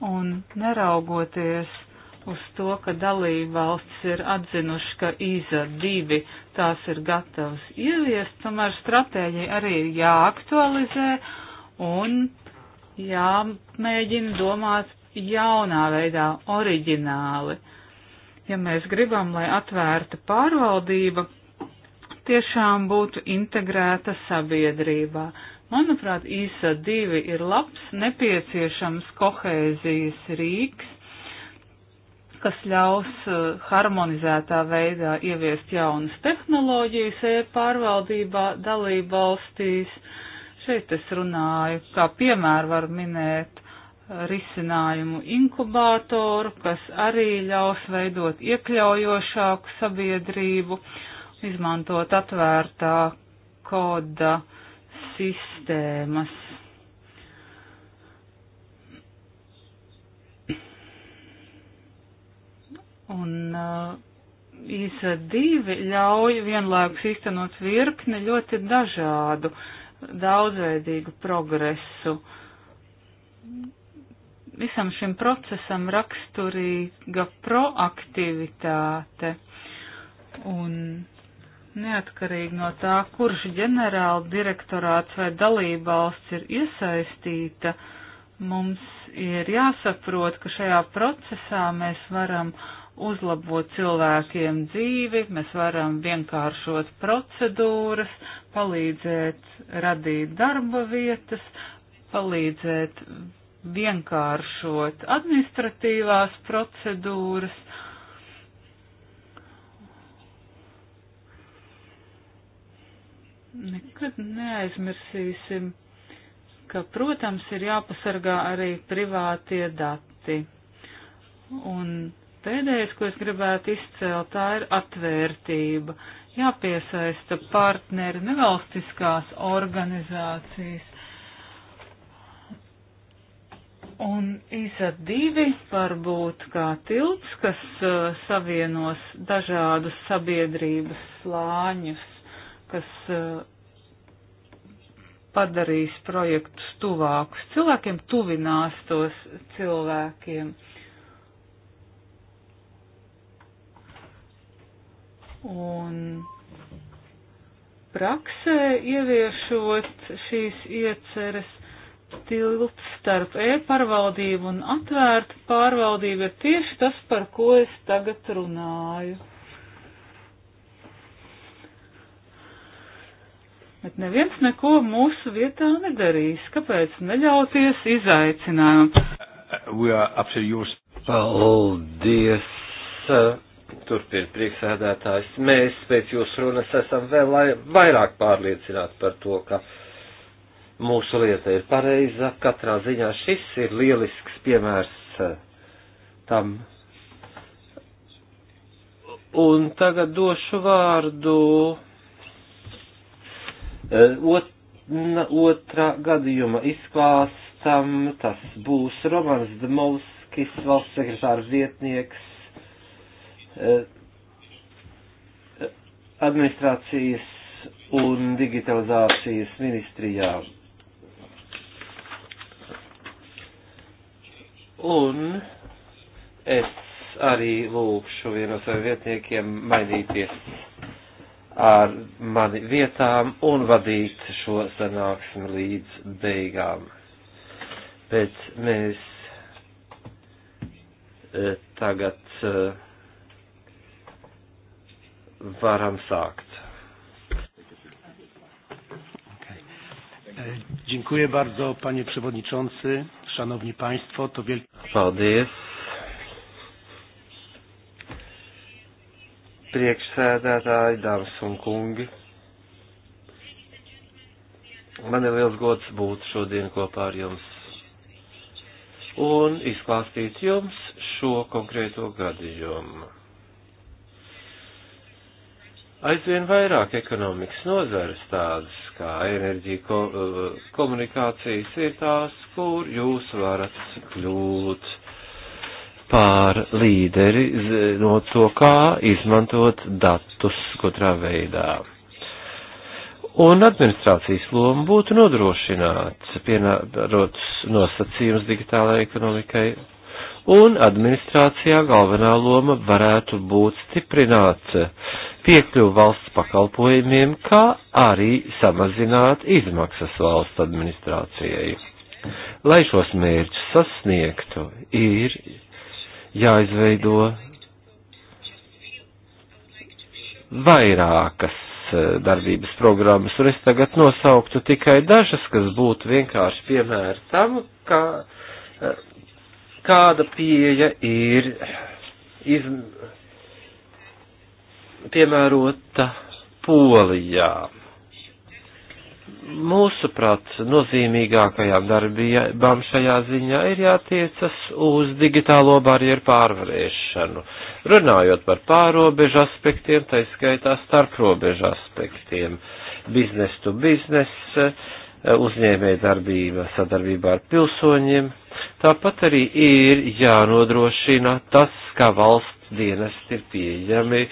un neraugoties uz to, ka dalība valsts ir atzinuši, ka IZA divi tās ir gatavas ieviest, tomēr stratēģija arī ir jāaktualizē un jāmēģina domāt jaunā veidā, oriģināli. Ja mēs gribam, lai atvērta pārvaldība tiešām būtu integrēta sabiedrībā Manuprāt, īsa divi ir labs, nepieciešams kohēzijas rīks, kas ļaus eh, harmonizētā veidā ieviest jaunas tehnoloģijas e-pārvaldībā dalību valstīs. Šeit es runāju, kā piemēru var minēt eh, risinājumu inkubātoru, kas arī ļaus veidot iekļaujošāku sabiedrību, izmantot atvērtā koda sistēmas. Un uh, ISA 2 ļauj vienlaikus iztenot virkni ļoti dažādu, daudzveidīgu progresu. Visam šim procesam raksturīga proaktivitāte un neatkarīgi no tā, kurš ģenerāla direktorāts vai dalībvalsts ir iesaistīta, mums ir jāsaprot, ka šajā procesā mēs varam uzlabot cilvēkiem dzīvi, mēs varam vienkāršot procedūras, palīdzēt radīt darba vietas, palīdzēt vienkāršot administratīvās procedūras, nekad neaizmirsīsim, ka, protams, ir jāpasargā arī privātie dati. Un pēdējais, ko es gribētu izcelt, tā ir atvērtība. Jāpiesaista partneri, nevalstiskās organizācijas. Un īsa divi varbūt kā tilts, kas uh, savienos dažādus sabiedrības slāņus kas eh, padarīs projektus tuvākus cilvēkiem, tuvinās tos cilvēkiem. Un praksē ieviešot šīs ieceres tilts starp e-pārvaldību un atvērtu pārvaldību ir tieši tas, par ko es tagad runāju. Bet neviens neko mūsu vietā nedarīs. Kāpēc neļauties izaicinājumam? Uh, Paldies! Turpin priekšsēdētājs. Mēs pēc jūsu runas esam vēl vairāk pārliecināti par to, ka mūsu lieta ir pareiza. Katrā ziņā šis ir lielisks piemērs uh, tam. Un tagad došu vārdu Eh, ot, otrā gadījuma izklāstam tas būs Romans Dmovskis, valsts sekretārs vietnieks eh, administrācijas un digitalizācijas ministrijā. Un es arī lūkšu vienam no saviem vietniekiem mainīties ar mani vietām un vadīt šo sanāksmi līdz beigām. Bet mēs eh, tagad eh, varam sākt. E, dziękuję bardzo, panie przewodniczący, szanowni państwo, to wielkie... Paldies, priekšsēdētāji, dāmas un kungi. Man ir liels gods būt šodien kopā ar jums un izklāstīt jums šo konkrēto gadījumu. Aizvien vairāk ekonomikas nozares tādas kā enerģija, ko, eh, komunikācijas ir tās, kur jūs varat kļūt par līderi, zinot to, kā izmantot datus katrā veidā. Un administrācijas loma būtu nodrošināt pienārotus nosacījumus digitālajai ekonomikai, un administrācijā galvenā loma varētu būt stiprināt piekļuvu valsts pakalpojumiem, kā arī samazināt izmaksas valsts administrācijai. Lai šos mērķus sasniegtu, ir jāizveido vairākas eh, darbības programmas, un es tagad nosauktu tikai dažas, kas būtu vienkārši piemēri tam, kā, eh, kāda pieeja ir iz, piemērota Polijā mūsuprāt, nozīmīgākajām darbībām šajā ziņā ir jātiecas uz digitālo barjeru pārvarēšanu, runājot par pārobežu aspektiem, tai skaitā starprobežu aspektiem, biznes to biznes, uzņēmē darbība sadarbībā ar pilsoņiem. Tāpat arī ir jānodrošina tas, ka valsts dienesti ir pieejami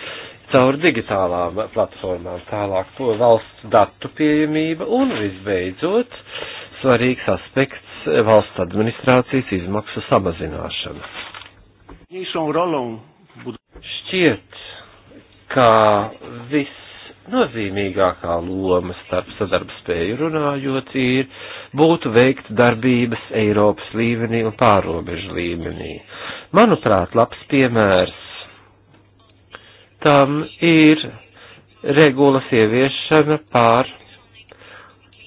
caur digitālām platformām, tālāk to valsts datu pieejamība un visbeidzot svarīgs aspekts valsts administrācijas izmaksu samazināšana. Šķiet, ka visnozīmīgākā loma starp sadarbspēju runājot ir būtu veikt darbības Eiropas līmenī un pārobežu līmenī. Manuprāt, labs piemērs tam ir regulas ieviešana pār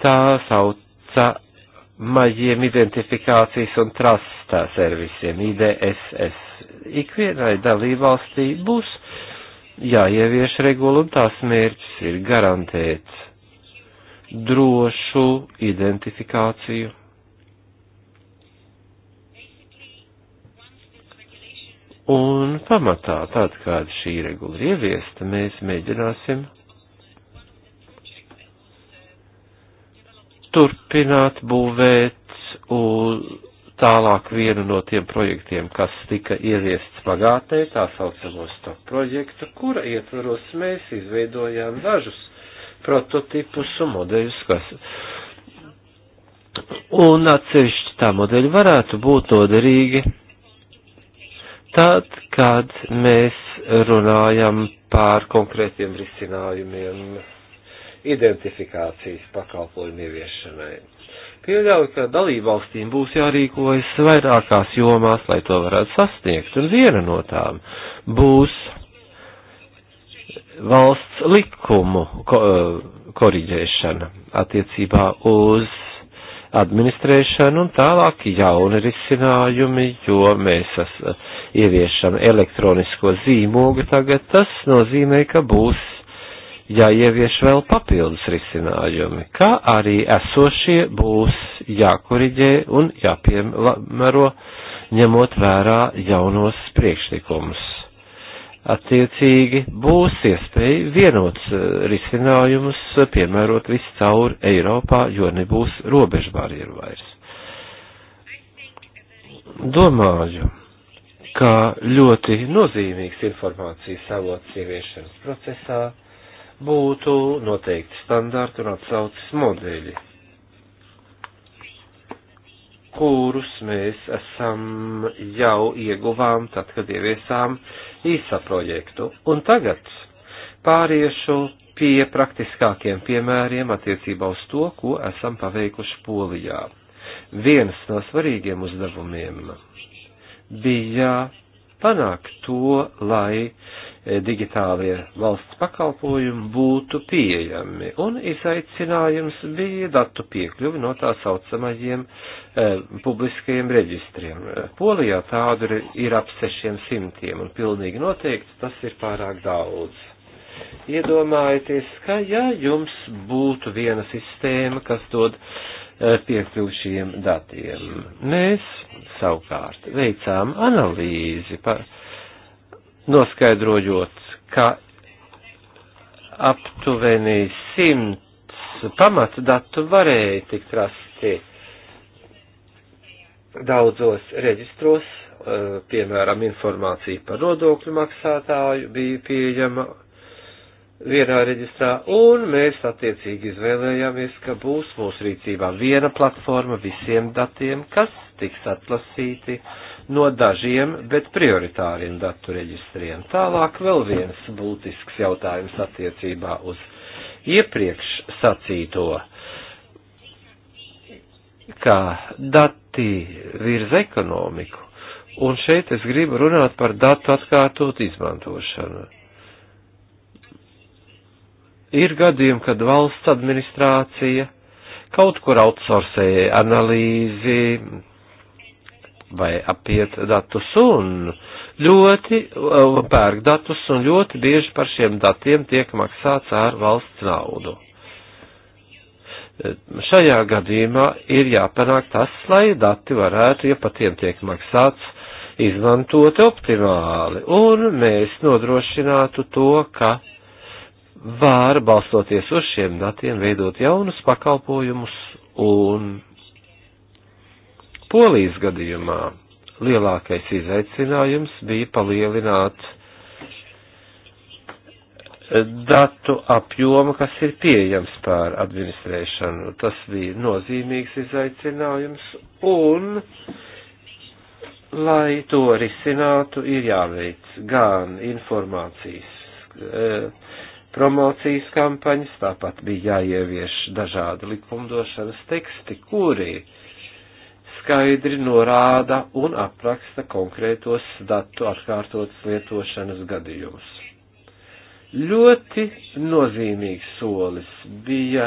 tā saucamajiem identifikācijas un trastā servisiem, IDSS. Ikvienai dalībvalstī būs jāievieš regula un tās mērķis ir garantēt drošu identifikāciju Un pamatā, tad, kad šī regula ir ieviesta, mēs mēģināsim turpināt būvēt uz tālāk vienu no tiem projektiem, kas tika ieviests pagātnē, tā saucamo stop projektu, kura ietvaros mēs izveidojām dažus prototipus un modeļus, kas. Un atsevišķi tā modeļi varētu būt noderīgi Tad, kad mēs runājam par konkrētiem risinājumiem identifikācijas pakalpojumu ieviešanai. Pieļauju, ka dalībvalstīm būs jārīkojas vairākās jomās, lai to varētu sasniegt, un viena no tām būs valsts likumu ko, eh, koriģēšana attiecībā uz administrēšanu un tālāk jauni risinājumi, jo mēs es, ieviešam elektronisko zīmogu tagad, tas nozīmē, ka būs jāievieš vēl papildus risinājumi, kā arī esošie būs jākoriģē un jāpiemēro ņemot vērā jaunos priekšlikumus attiecīgi būs iespēja vienots eh, risinājumus eh, piemērot visu cauri Eiropā, jo nebūs robežu barjeru vairs. Domāju, kā ļoti nozīmīgs informācijas avots ieviešanas procesā būtu noteikti standārti un atsaucas modeļi kurus mēs esam jau ieguvām, tad, kad ieviesām īsā projektu. Un tagad pāriešu pie praktiskākiem piemēriem attiecībā uz to, ko esam paveikuši Polijā. Viens no svarīgiem uzdevumiem bija panākt to, lai E, digitālie valsts pakalpojumi būtu pieejami, un izaicinājums bija datu piekļuvi no tā saucamajiem e, publiskajiem reģistriem. Polijā tādu ir, ir ap sešiem simtiem, un pilnīgi noteikti tas ir pārāk daudz. Iedomājieties, ka ja jums būtu viena sistēma, kas dod e, piekļuvu šiem datiem, mēs savukārt veicām analīzi par noskaidrojot, ka aptuveni simts pamatdatu varēja tikt rasti daudzos reģistros, eh, piemēram, informācija par nodokļu maksātāju bija pieejama vienā reģistrā, un mēs attiecīgi izvēlējāmies, ka būs mūsu rīcībā viena platforma visiem datiem, kas tiks atlasīti uh, no dažiem, bet prioritāriem datu reģistriem. Tālāk vēl viens būtisks jautājums attiecībā uz iepriekš sacīto, kā dati virza ekonomiku, un šeit es gribu runāt par datu atkārtot izmantošanu. Ir gadījumi, kad valsts administrācija kaut kur outsourcēja analīzi, vai apiet datus un ļoti uh, pērk datus un ļoti bieži par šiem datiem tiek maksāts ar valsts naudu. Uh, šajā gadījumā ir jāpanāk tas, lai dati varētu, ja par tiem tiek maksāts, izmantot optimāli, un mēs nodrošinātu to, ka var, balstoties uz šiem datiem, veidot jaunus pakalpojumus un Polijas gadījumā lielākais izaicinājums bija palielināt datu apjomu, kas ir pieejams pār administrēšanu. Tas bija nozīmīgs izaicinājums un, lai to risinātu, ir jāveic gan informācijas e, promocijas kampaņas, tāpat bija jāievieš dažādi likumdošanas teksti, kuri uh, skaidri norāda un apraksta konkrētos datu atkārtotas lietošanas gadījumus. Ļoti nozīmīgs solis bija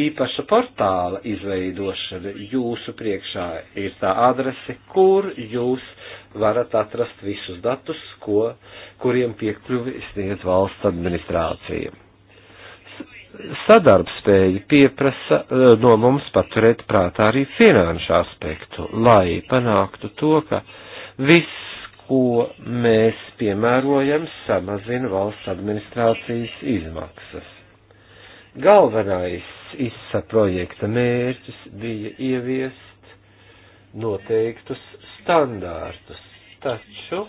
īpaša portāla izveidošana. Jūsu priekšā ir tā adrese, kur jūs varat atrast visus datus, ko, kuriem piekļuvi sniedz valsts administrācija sadarbspēja pieprasa eh, no mums paturēt prātā arī finanšu aspektu, lai panāktu to, ka viss, ko mēs piemērojam, samazina valsts administrācijas izmaksas. Galvenais ISA projekta mērķis bija ieviest noteiktus standārtus, taču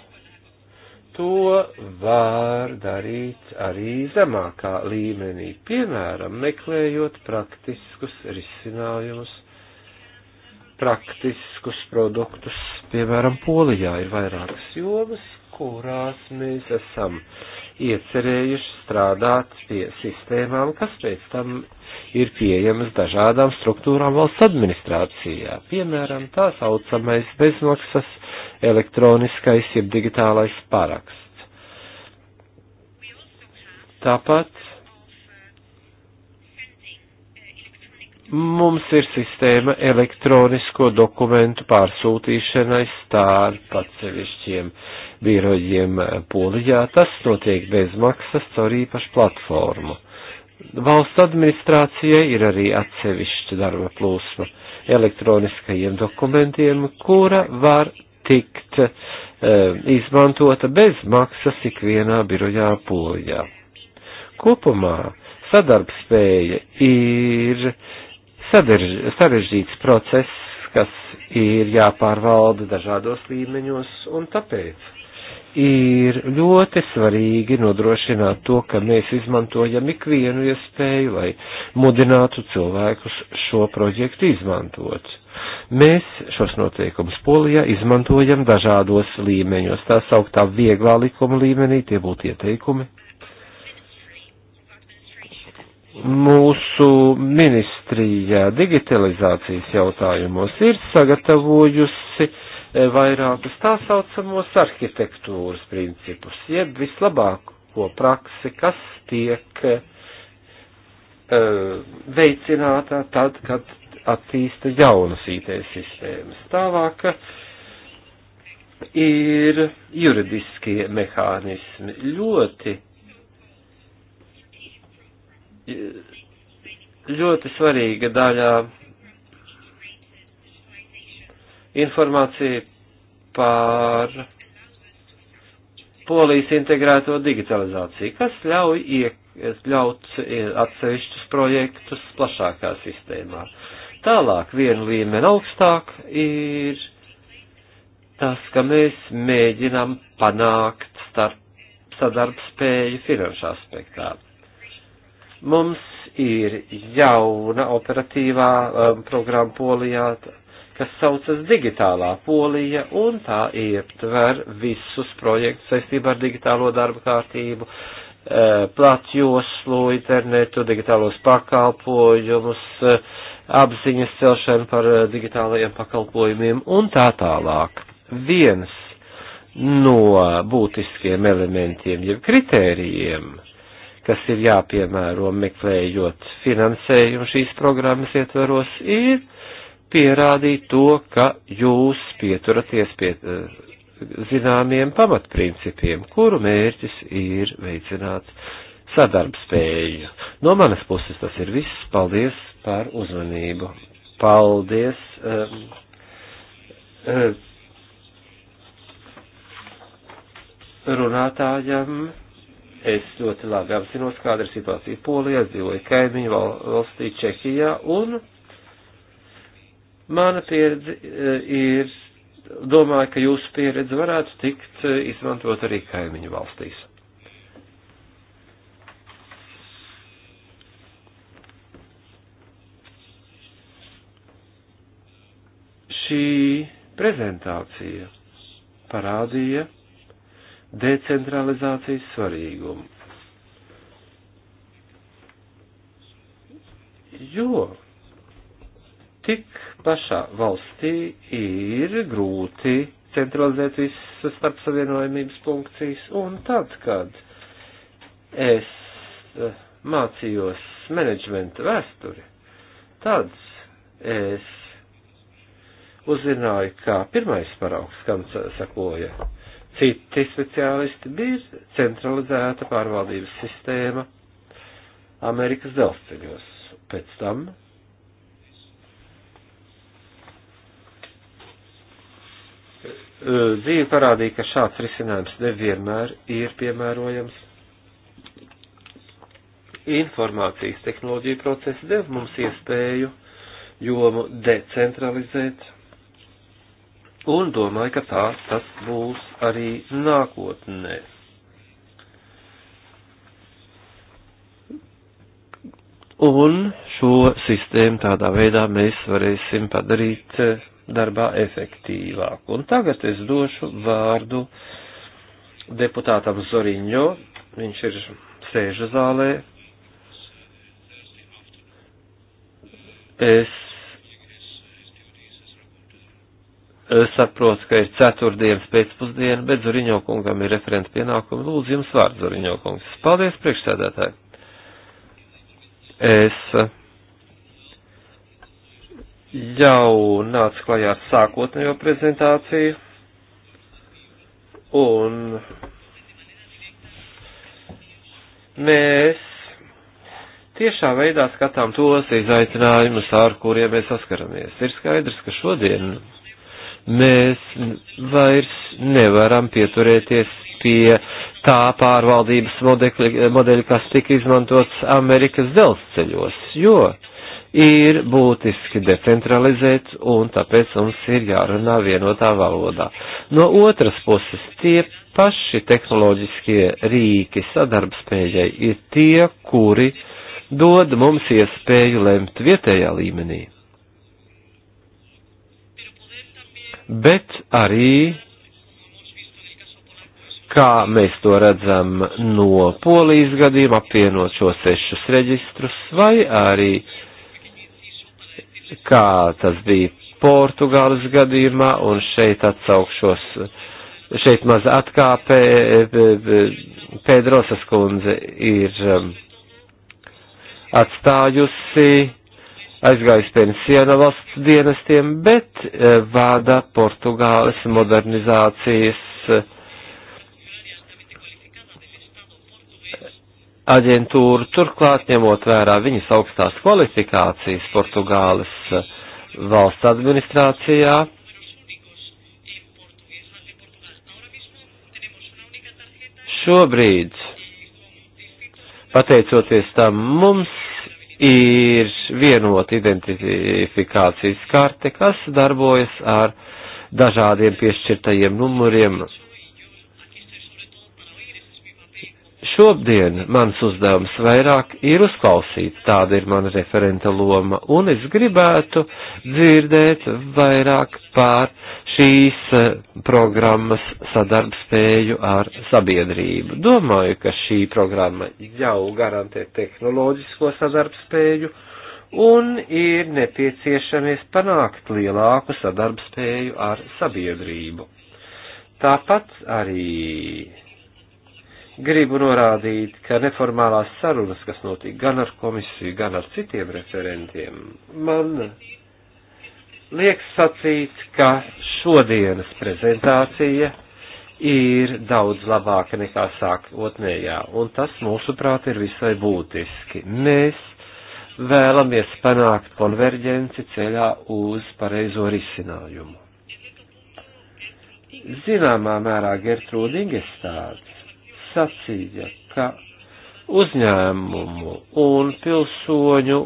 to var darīt arī zemākā līmenī, piemēram, meklējot praktiskus risinājumus, praktiskus produktus. Piemēram, Polijā ir vairākas jomas, kurās mēs esam iecerējuši strādāt pie sistēmām, kas pēc tam ir pieejamas dažādām struktūrām valsts administrācijā. Piemēram, tā saucamais bezmaksas elektroniskais jeb digitālais paraksts. Tāpat mums ir sistēma elektronisko dokumentu pārsūtīšanai starp atsevišķiem birojiem Polijā. Tas notiek bez maksas caur īpašu platformu. Valsts administrācijai ir arī atsevišķa darba plūsma elektroniskajiem dokumentiem, kura var tikt e, izmantota bez maksas ikvienā birojā polijā. Kopumā sadarbspēja ir sarežģīts process, kas ir jāpārvalda dažādos līmeņos, un tāpēc ir ļoti svarīgi nodrošināt to, ka mēs izmantojam ikvienu iespēju, lai mudinātu cilvēkus šo projektu izmantot. Mēs šos noteikumus Polijā izmantojam dažādos līmeņos. Tā sauktā vieglā likuma līmenī tie būtu ieteikumi. Mūsu ministrijā digitalizācijas jautājumos ir sagatavojusi e, vairākus tā saucamos arhitektūras principus, jeb vislabāko praksi, kas tiek uh, e, veicinātā tad, kad attīsta jaunas IT sistēmas. Tālāk ir juridiskie mehānismi. Ļoti, ļoti svarīga daļā informācija par polijas integrēto digitalizāciju, kas ļauj iekļaut atsevišķus projektus plašākā sistēmā. Tālāk vienu līmeni augstāk ir tas, ka mēs mēģinām panākt starp sadarbspēju finanšu aspektā. Mums ir jauna operatīvā um, programma Polijā, kas saucas Digitālā Polija, un tā ietver visus projektus saistībā ar digitālo darba kārtību, uh, platjoslu, internetu, digitālos pakalpojumus, uh, apziņas celšanu par eh, digitālajiem pakalpojumiem un tā tālāk. Viens no būtiskiem elementiem, jeb kritērijiem, kas ir jāpiemēro meklējot finansējumu šīs programmas ietvaros, ir pierādīt to, ka jūs pieturaties pie eh, zināmiem pamatprincipiem, kuru mērķis ir veicināt sadarbspēju. No manas puses tas ir viss. Paldies par uzmanību. Paldies. Um, um, runātājam. Es ļoti labi apzinos, kāda ir situācija Polijā, dzīvoju kaimiņu valstī Čehijā, un mana pieredze eh, ir, domāju, ka jūsu pieredze varētu tikt eh, izmantot arī kaimiņu valstīs. Šī prezentācija parādīja decentralizācijas svarīgumu. Jo tik pašā valstī ir grūti centralizēt visas starp savienojumības funkcijas, un tad, kad es mācījos menedžmenta vēsturi, tad es uzzināju, kā pirmais paraugs, kam sakoja citi speciālisti, bija centralizēta pārvaldības sistēma Amerikas dzelzceļos. Pēc tam dzīve parādīja, ka šāds risinājums nevienmēr ir piemērojams. Informācijas tehnoloģija procesi dev mums iespēju jomu decentralizēt un domāju, ka tā tas būs arī nākotnē. Un šo sistēmu tādā veidā mēs varēsim padarīt eh, darbā efektīvāku. Un tagad es došu vārdu deputātam Zoriņo. Viņš ir sēža zālē. Es saprotu, ka ir ceturtdienas pēcpusdiena, bet Zuriņo kungam ir referenta pienākumi. Lūdzu, jums vārds, Zuriņo kungs. Paldies, priekšsēdētāji. Es eh, jau nācu klajā ar sākotnējo prezentāciju un mēs tiešā veidā skatām tos izaicinājumus, ar kuriem mēs saskaramies. Ir skaidrs, ka šodien mēs vairs nevaram pieturēties pie tā pārvaldības modeļa, modeļa kas tika izmantots Amerikas dzelzceļos, jo ir būtiski decentralizēt un tāpēc mums ir jārunā vienotā valodā. No otras puses, tie paši tehnoloģiskie rīki sadarbspējai ir tie, kuri dod mums iespēju lemt vietējā līmenī. bet arī, kā mēs to redzam no polijas gadījuma, apvienot šos sešus reģistrus, vai arī, kā tas bija Portugāles gadījumā, un šeit atsaukšos, šeit maz atkāpē, e, e, Pēdrosas kundze ir um, atstājusi aizgājis pensijā no valsts dienestiem, bet eh, vāda Portugāles modernizācijas eh, aģentūru, turklāt ņemot vērā viņas augstās kvalifikācijas Portugāles eh, valsts administrācijā. Šobrīd, pateicoties tam, mums ir vienota identifikācijas karte, kas darbojas ar dažādiem piešķirtajiem numuriem. Šobrien mans uzdevums vairāk ir uzklausīt, tāda ir mana referenta loma, un es gribētu dzirdēt vairāk pār šīs eh, programmas sadarbspēju ar sabiedrību. Domāju, ka šī programma jau garantē tehnoloģisko sadarbspēju un ir nepieciešamies panākt lielāku sadarbspēju ar sabiedrību. Tāpat arī gribu norādīt, ka neformālās sarunas, kas notika gan ar komisiju, gan ar citiem referentiem, man liek sacīt, ka šodienas prezentācija ir daudz labāka nekā sākotnējā, un tas, mūsuprāt, ir visai būtiski. Mēs vēlamies panākt konverģenci ceļā uz pareizo risinājumu. Zināmā mērā Gertrūda Ingestāds sacīja, ka uzņēmumu un pilsoņu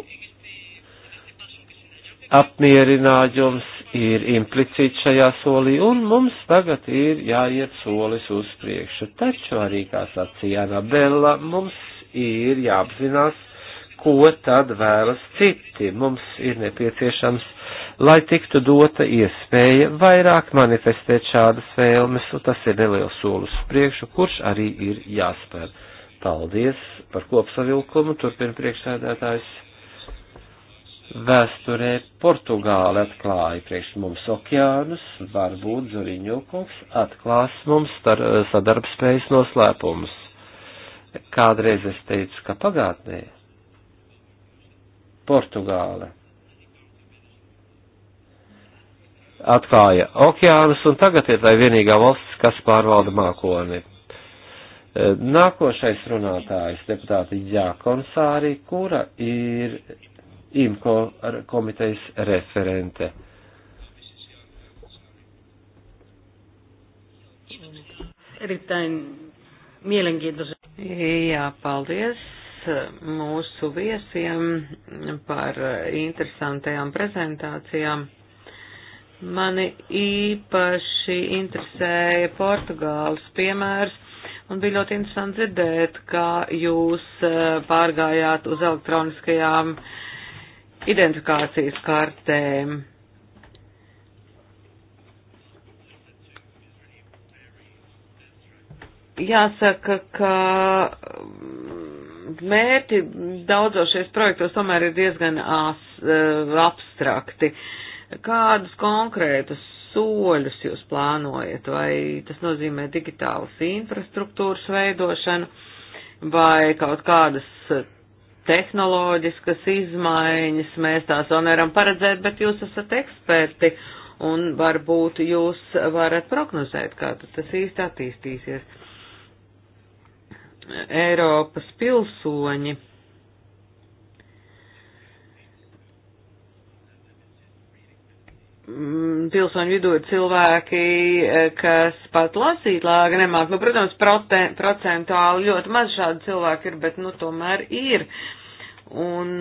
apmierinājums ir implicīts šajā solī, un mums tagad ir jāiet solis uz priekšu. Taču arī, kā sacīja Anabela, mums ir jāapzinās, ko tad vēlas citi. Mums ir nepieciešams, lai tiktu dota iespēja vairāk manifestēt šādas vēlmes, un tas ir neliels solis uz priekšu, kurš arī ir jāspēr. Paldies par kopsavilkumu, turpina priekšsēdētājs vēsturē Portugāla atklāja priekš mums okeānus, varbūt Zuriņokungs atklās mums sadarbspējas noslēpumus. Kādreiz es teicu, ka pagātnē Portugāla atklāja okeānus un tagad ir tai vienīgā valsts, kas pārvalda mākoni. Nākošais runātājs deputāti Jākonsārī, kura ir IMCO komitejas referente. Erittäin mielenkiintoisen. Jā, paldies mūsu viesiem par interesantajām prezentācijām. Mani īpaši interesēja Portugāles piemērs, un bija ļoti interesanti dzirdēt, kā jūs pārgājāt uz elektroniskajām uh, identifikācijas kartēm. Jāsaka, ka mm, mērķi daudzos šajos projektos tomēr ir diezgan as, e, abstrakti. Kādus konkrētus soļus jūs plānojat? Vai tas nozīmē digitālas infrastruktūras veidošanu vai kaut kādas tehnoloģiskas izmaiņas, mēs tās vēl nevaram paredzēt, bet jūs esat eksperti un varbūt jūs varat prognozēt, kā tas īsti attīstīsies. Eiropas pilsoņi Mm, pilsoņu vidū ir cilvēki, e, kas pat lasīt lāga nemāk. Nu, protams, prote, procentuāli ļoti maz šādu cilvēku ir, bet, nu, tomēr ir. Un,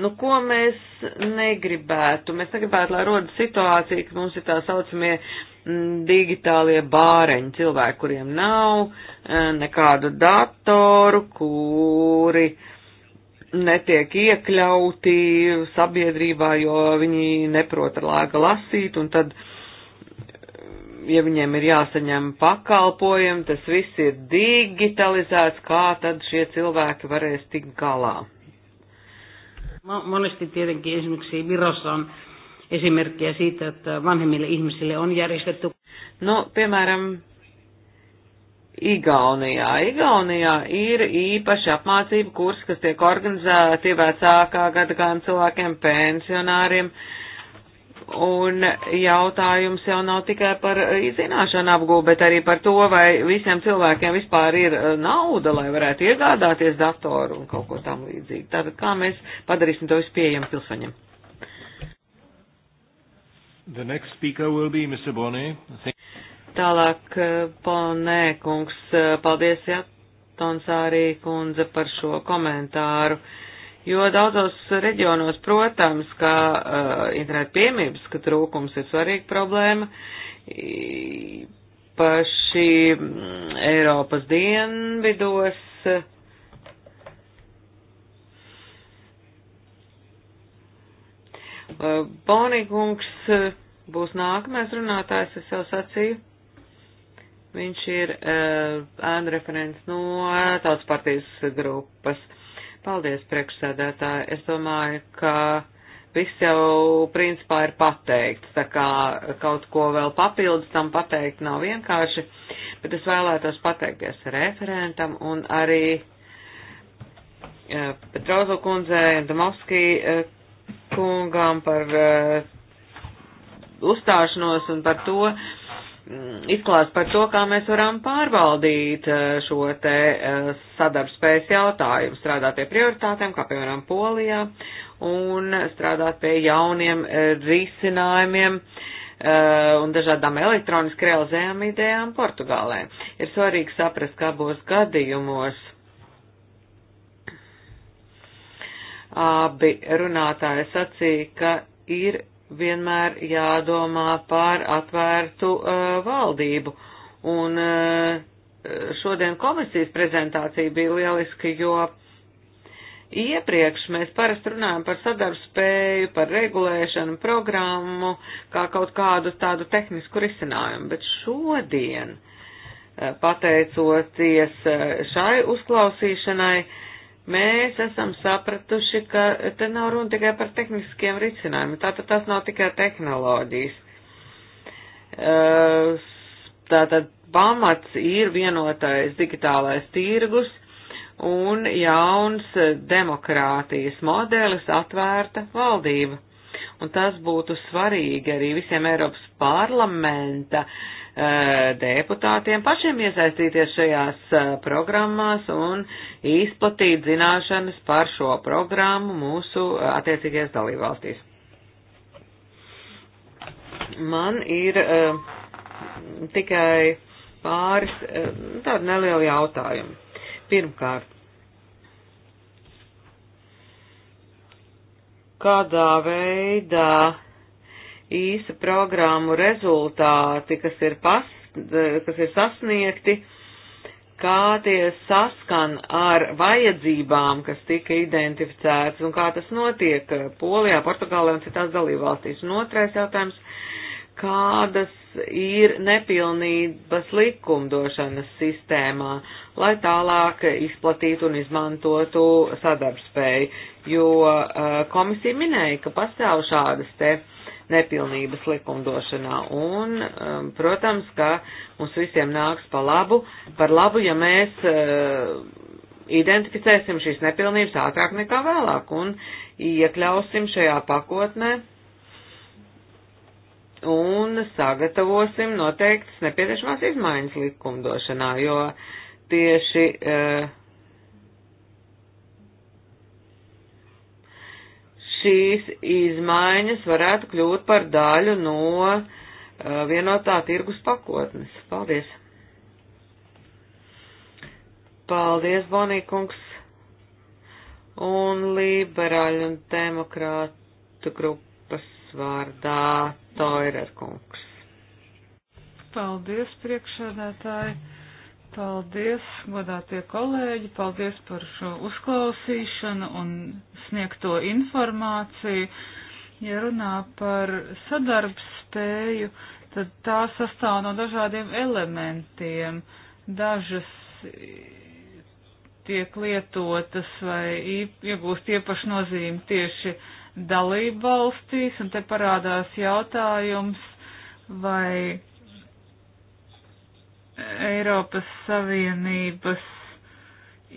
nu, ko mēs negribētu? Mēs negribētu, lai rodas situācija, ka mums ir tā saucamie mm, digitālie bāreņi cilvēki, kuriem nav e, nekādu datoru, kuri uh, netiek iekļauti sabiedrībā, jo viņi neprot ar lēga lasīt, un tad, ja viņiem ir jāsaņem pakalpojumi, tas viss ir digitalizēts, kā tad šie cilvēki varēs tikt galā. Monesti tietenkin esimerkiksi Virossa on esimerkkejä siitä, että vanhemmille ihmisille on järjestetty. No, nu, piemēram, Igaunijā. Igaunijā ir īpaši apmācību kurs, kas tiek organizēti vecākā gada gan cilvēkiem, pensionāriem, un jautājums jau nav tikai par izzināšanu apgūvu, bet arī par to, vai visiem cilvēkiem vispār ir nauda, lai varētu iegādāties datoru un kaut ko tam līdzīgi. Tātad kā mēs padarīsim to vispieejamu pilsoņiem? The next speaker will be Mr. Bonnet. Thank Tālāk, eh, Ponē kungs, eh, paldies Jatons arī kundze par šo komentāru, jo daudzos reģionos, protams, kā uh, eh, internetu piemības, ka trūkums ir svarīga problēma, paši mm, Eiropas dienvidos. Bonīkungs būs nākamais runātājs, es jau sacīju. Viņš ir eh, ēnu referents no tautas partijas grupas. Paldies, priekšsēdētāji. Es domāju, ka viss jau principā ir pateikts, tā kā kaut ko vēl papildus tam pateikt nav vienkārši, bet es vēlētos pateikties referentam un arī eh, Petrauzo kundzei un Damovskī eh, kungam par uzstāšanos un par to, Mm, izklāst par to, kā mēs varam pārvaldīt eh, šo te eh, sadarbspējas jautājumu, strādāt pie prioritātēm, kā piemēram Polijā, un strādāt pie jauniem eh, risinājumiem un dažādām elektroniski realizējām idejām Portugālē. Ir svarīgi saprast, kā būs gadījumos. Abi runātāji sacīja, ka ir vienmēr jādomā par atvērtu uh, valdību. Un uh, šodien komisijas prezentācija bija lieliska, jo iepriekš mēs parasti runājam par sadarbspēju, par regulēšanu, programmu, kā kaut kādu tādu tehnisku risinājumu, bet šodien, uh, pateicoties uh, šai uzklausīšanai, uh, Mēs esam sapratuši, ka te nav runa tikai par tehniskiem risinājumiem, tātad tas nav tikai tehnoloģijas. Tātad pamats ir vienotais digitālais tirgus un jauns demokrātijas modelis atvērta valdība. Un tas būtu svarīgi arī visiem Eiropas parlamenta uh, Eh, deputātiem pašiem iesaistīties šajās eh, programmās un izplatīt zināšanas par šo programmu mūsu eh, attiecīgajās dalībvalstīs. Man ir uh, tikai pāris uh, tādi nelieli jautājumi. Pirmkārt, kādā veidā īsa programmu rezultāti, kas ir, pas, kas ir sasniegti, kā tie saskan ar vajadzībām, kas tika identificētas un kā tas notiek Polijā, Portugālē un citās dalībvalstīs. Un otrais jautājums, kādas ir nepilnības likumdošanas sistēmā, lai tālāk izplatītu un izmantotu sadarbspēju, jo eh, komisija minēja, ka pastāv šādas te uh, nepilnības likumdošanā. Un, um, protams, ka mums visiem nāks pa labu, par labu, ja mēs uh, identificēsim šīs nepilnības ātrāk nekā vēlāk un iekļausim šajā pakotnē un sagatavosim noteiktas nepieciešamās izmaiņas likumdošanā, jo tieši uh, šīs izmaiņas varētu kļūt par daļu no uh, vienotā tirgus pakotnes. Paldies! Paldies, Bonīkungs! Un liberāļu un demokrātu grupas vārdā Toirer kungs. Paldies, priekšsēdētāji! Paldies, godātie kolēģi, paldies par šo uzklausīšanu un sniegto informāciju. Ja runā par sadarbspēju, tad tā sastāv no dažādiem elementiem. Dažas tiek lietotas vai iegūst iepašu nozīmi tieši dalību valstīs, un te parādās jautājums, vai Eiropas Savienības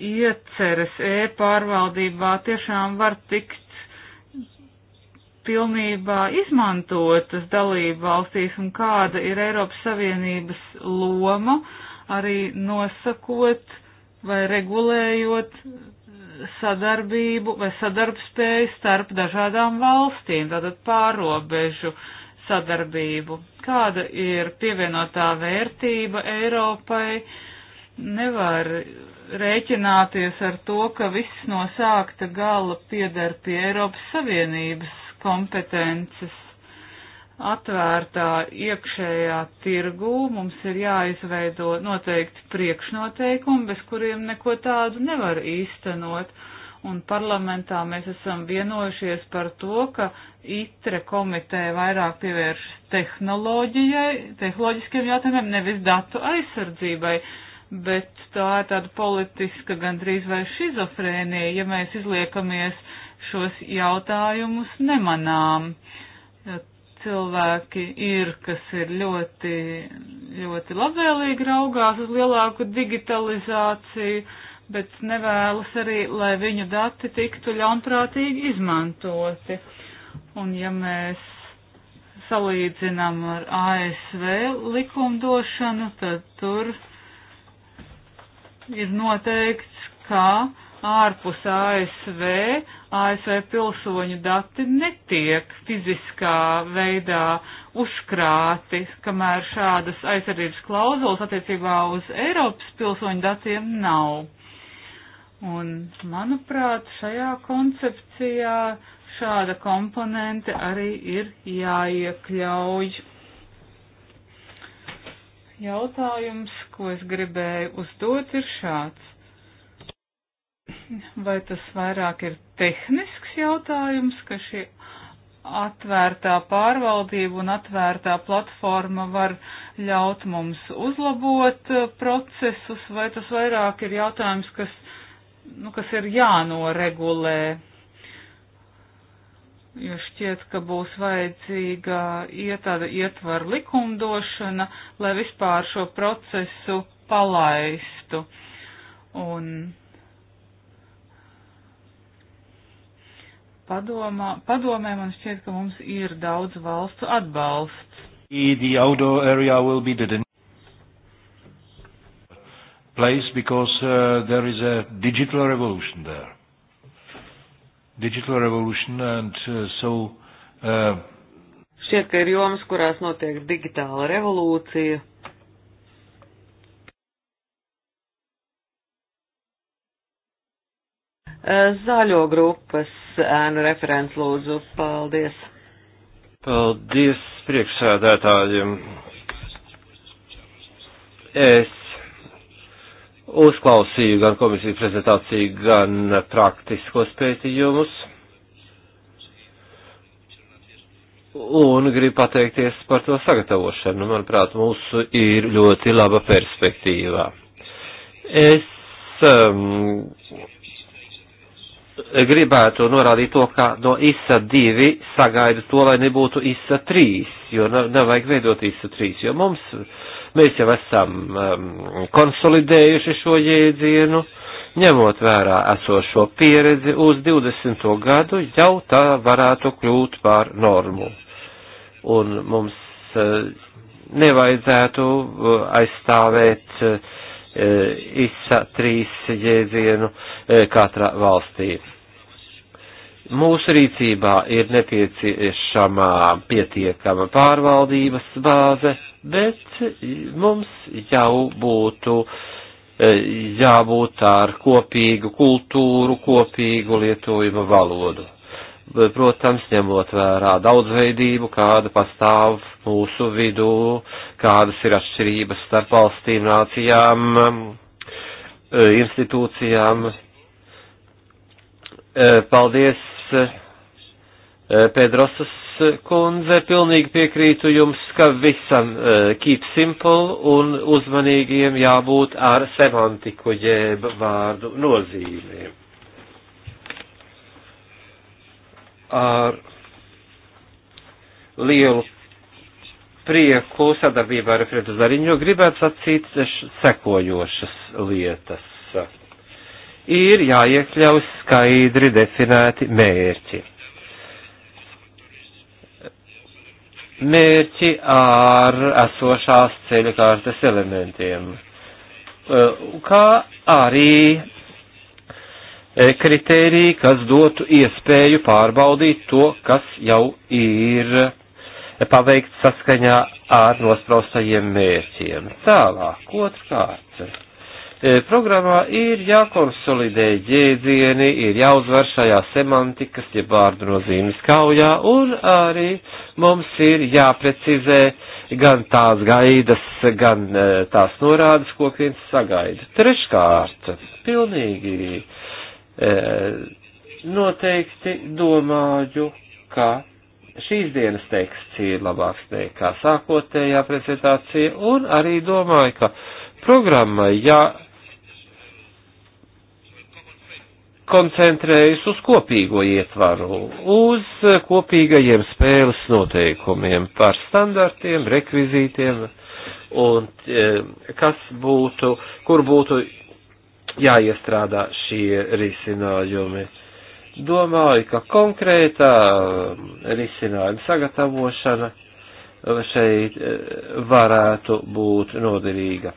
ieceres e-pārvaldībā tiešām var tikt pilnībā izmantotas dalību valstīs un kāda ir Eiropas Savienības loma arī nosakot vai regulējot sadarbību vai sadarbspēju starp dažādām valstīm, tātad pārobežu uh, sadarbību. Kāda ir pievienotā vērtība Eiropai? Nevar rēķināties ar to, ka viss no sākta gala piedar pie Eiropas Savienības kompetences. Atvērtā iekšējā tirgū mums ir jāizveido noteikti priekšnoteikumi, bez kuriem neko tādu nevar īstenot un parlamentā mēs esam vienojušies par to, ka ITRE komiteja vairāk pievēršas tehnoloģijai, tehnoloģiskiem jautājumiem, nevis datu aizsardzībai, bet tā ir tāda politiska gandrīz vai šizofrēnija, ja mēs izliekamies šos jautājumus nemanām. Cilvēki ir, kas ir ļoti, ļoti labvēlīgi raugās uz lielāku digitalizāciju bet nevēlas arī, lai viņu dati tiktu ļaunprātīgi izmantoti. Un ja mēs salīdzinām ar ASV likumdošanu, tad tur ir noteikts, ka ārpus ASV ASV pilsoņu dati netiek fiziskā veidā uzkrāti, kamēr šādas aizsardzības klauzulas attiecībā uz Eiropas pilsoņu datiem nav. Un, manuprāt, šajā koncepcijā šāda komponente arī ir jāiekļauj. Jautājums, ko es gribēju uzdot, ir šāds. Vai tas vairāk ir tehnisks jautājums, ka šī atvērtā pārvaldība un atvērtā platforma var ļaut mums uzlabot eh, procesus, vai tas vairāk ir jautājums, kas nu, kas ir jānoregulē, jo šķiet, ka būs vajadzīga ietāda ietvar likumdošana, lai vispār šo procesu palaistu. Un padomā, padomē man šķiet, ka mums ir daudz valstu atbalsts. The outdoor area will be the place because uh, there is a digital revolution there. Digital revolution and uh, so. Uh, Šķiet, ka ir jomas, kurās notiek digitāla revolūcija. Uh, zaļo grupas ēnu referents lūdzu. Paldies. Paldies priekšsēdētājiem. Es Uzklausīju gan komisiju prezentāciju, gan praktiskos pētījumus. Un gribu pateikties par to sagatavošanu. Manuprāt, mūsu ir ļoti laba perspektīvā. Es um, gribētu norādīt to, ka no ISA 2 sagaidu to, lai nebūtu ISA 3, jo nav, nevajag veidot ISA 3, jo mums uh, Mēs jau esam um, konsolidējuši šo jēdzienu, ņemot vērā esošo pieredzi uz 20. gadu, jau tā varētu kļūt par normu. Un mums uh, nevajadzētu uh, aizstāvēt uh, ISA 3 jēdzienu uh, katrā valstī Mūsu rīcībā ir nepieciešama pietiekama pārvaldības bāze, bet mums jau būtu e, jābūt ar kopīgu kultūru, kopīgu lietojuma valodu. Protams, ņemot vērā daudzveidību, kāda pastāv mūsu vidū, kādas ir atšķirības starp valstīm, nācijām, e, institūcijām, Eh, paldies, eh, eh, Pedrosas kundze. Pilnīgi piekrītu jums, ka visam keep simple un uzmanīgiem jābūt ar semantiku jēb vārdu nozīmēm. Ar lielu prieku sadarbībā ar Fredu Zariņo gribētu sacīt sekojošas lietas ir jāiekļaus skaidri definēti mērķi. Mērķi ar esošās ceļu kārtas elementiem, uh, kā arī eh, kritēriji, kas dotu iespēju pārbaudīt to, kas jau ir eh, paveikts saskaņā ar nospraustajiem mērķiem. Tālāk, otrkārt E, programmā ir jākonsolidē jēdzieni, ir jāuzvar šajā semantikas, ja vārdu nozīmes kaujā, un arī mums ir jāprecizē gan tās gaidas, gan e, tās norādes, ko klients sagaida. Treškārt, pilnīgi e, noteikti domāju, ka šīs dienas teksts ir labāks nekā sākotnējā prezentācija, un arī domāju, ka programmai jā. Ja koncentrējas uz kopīgo ietvaru, uz kopīgajiem spēles noteikumiem par standartiem, rekvizītiem un e, kas būtu, kur būtu jāiestrādā šie risinājumi. Domāju, ka konkrētā e, risinājuma sagatavošana šeit e, varētu būt noderīga.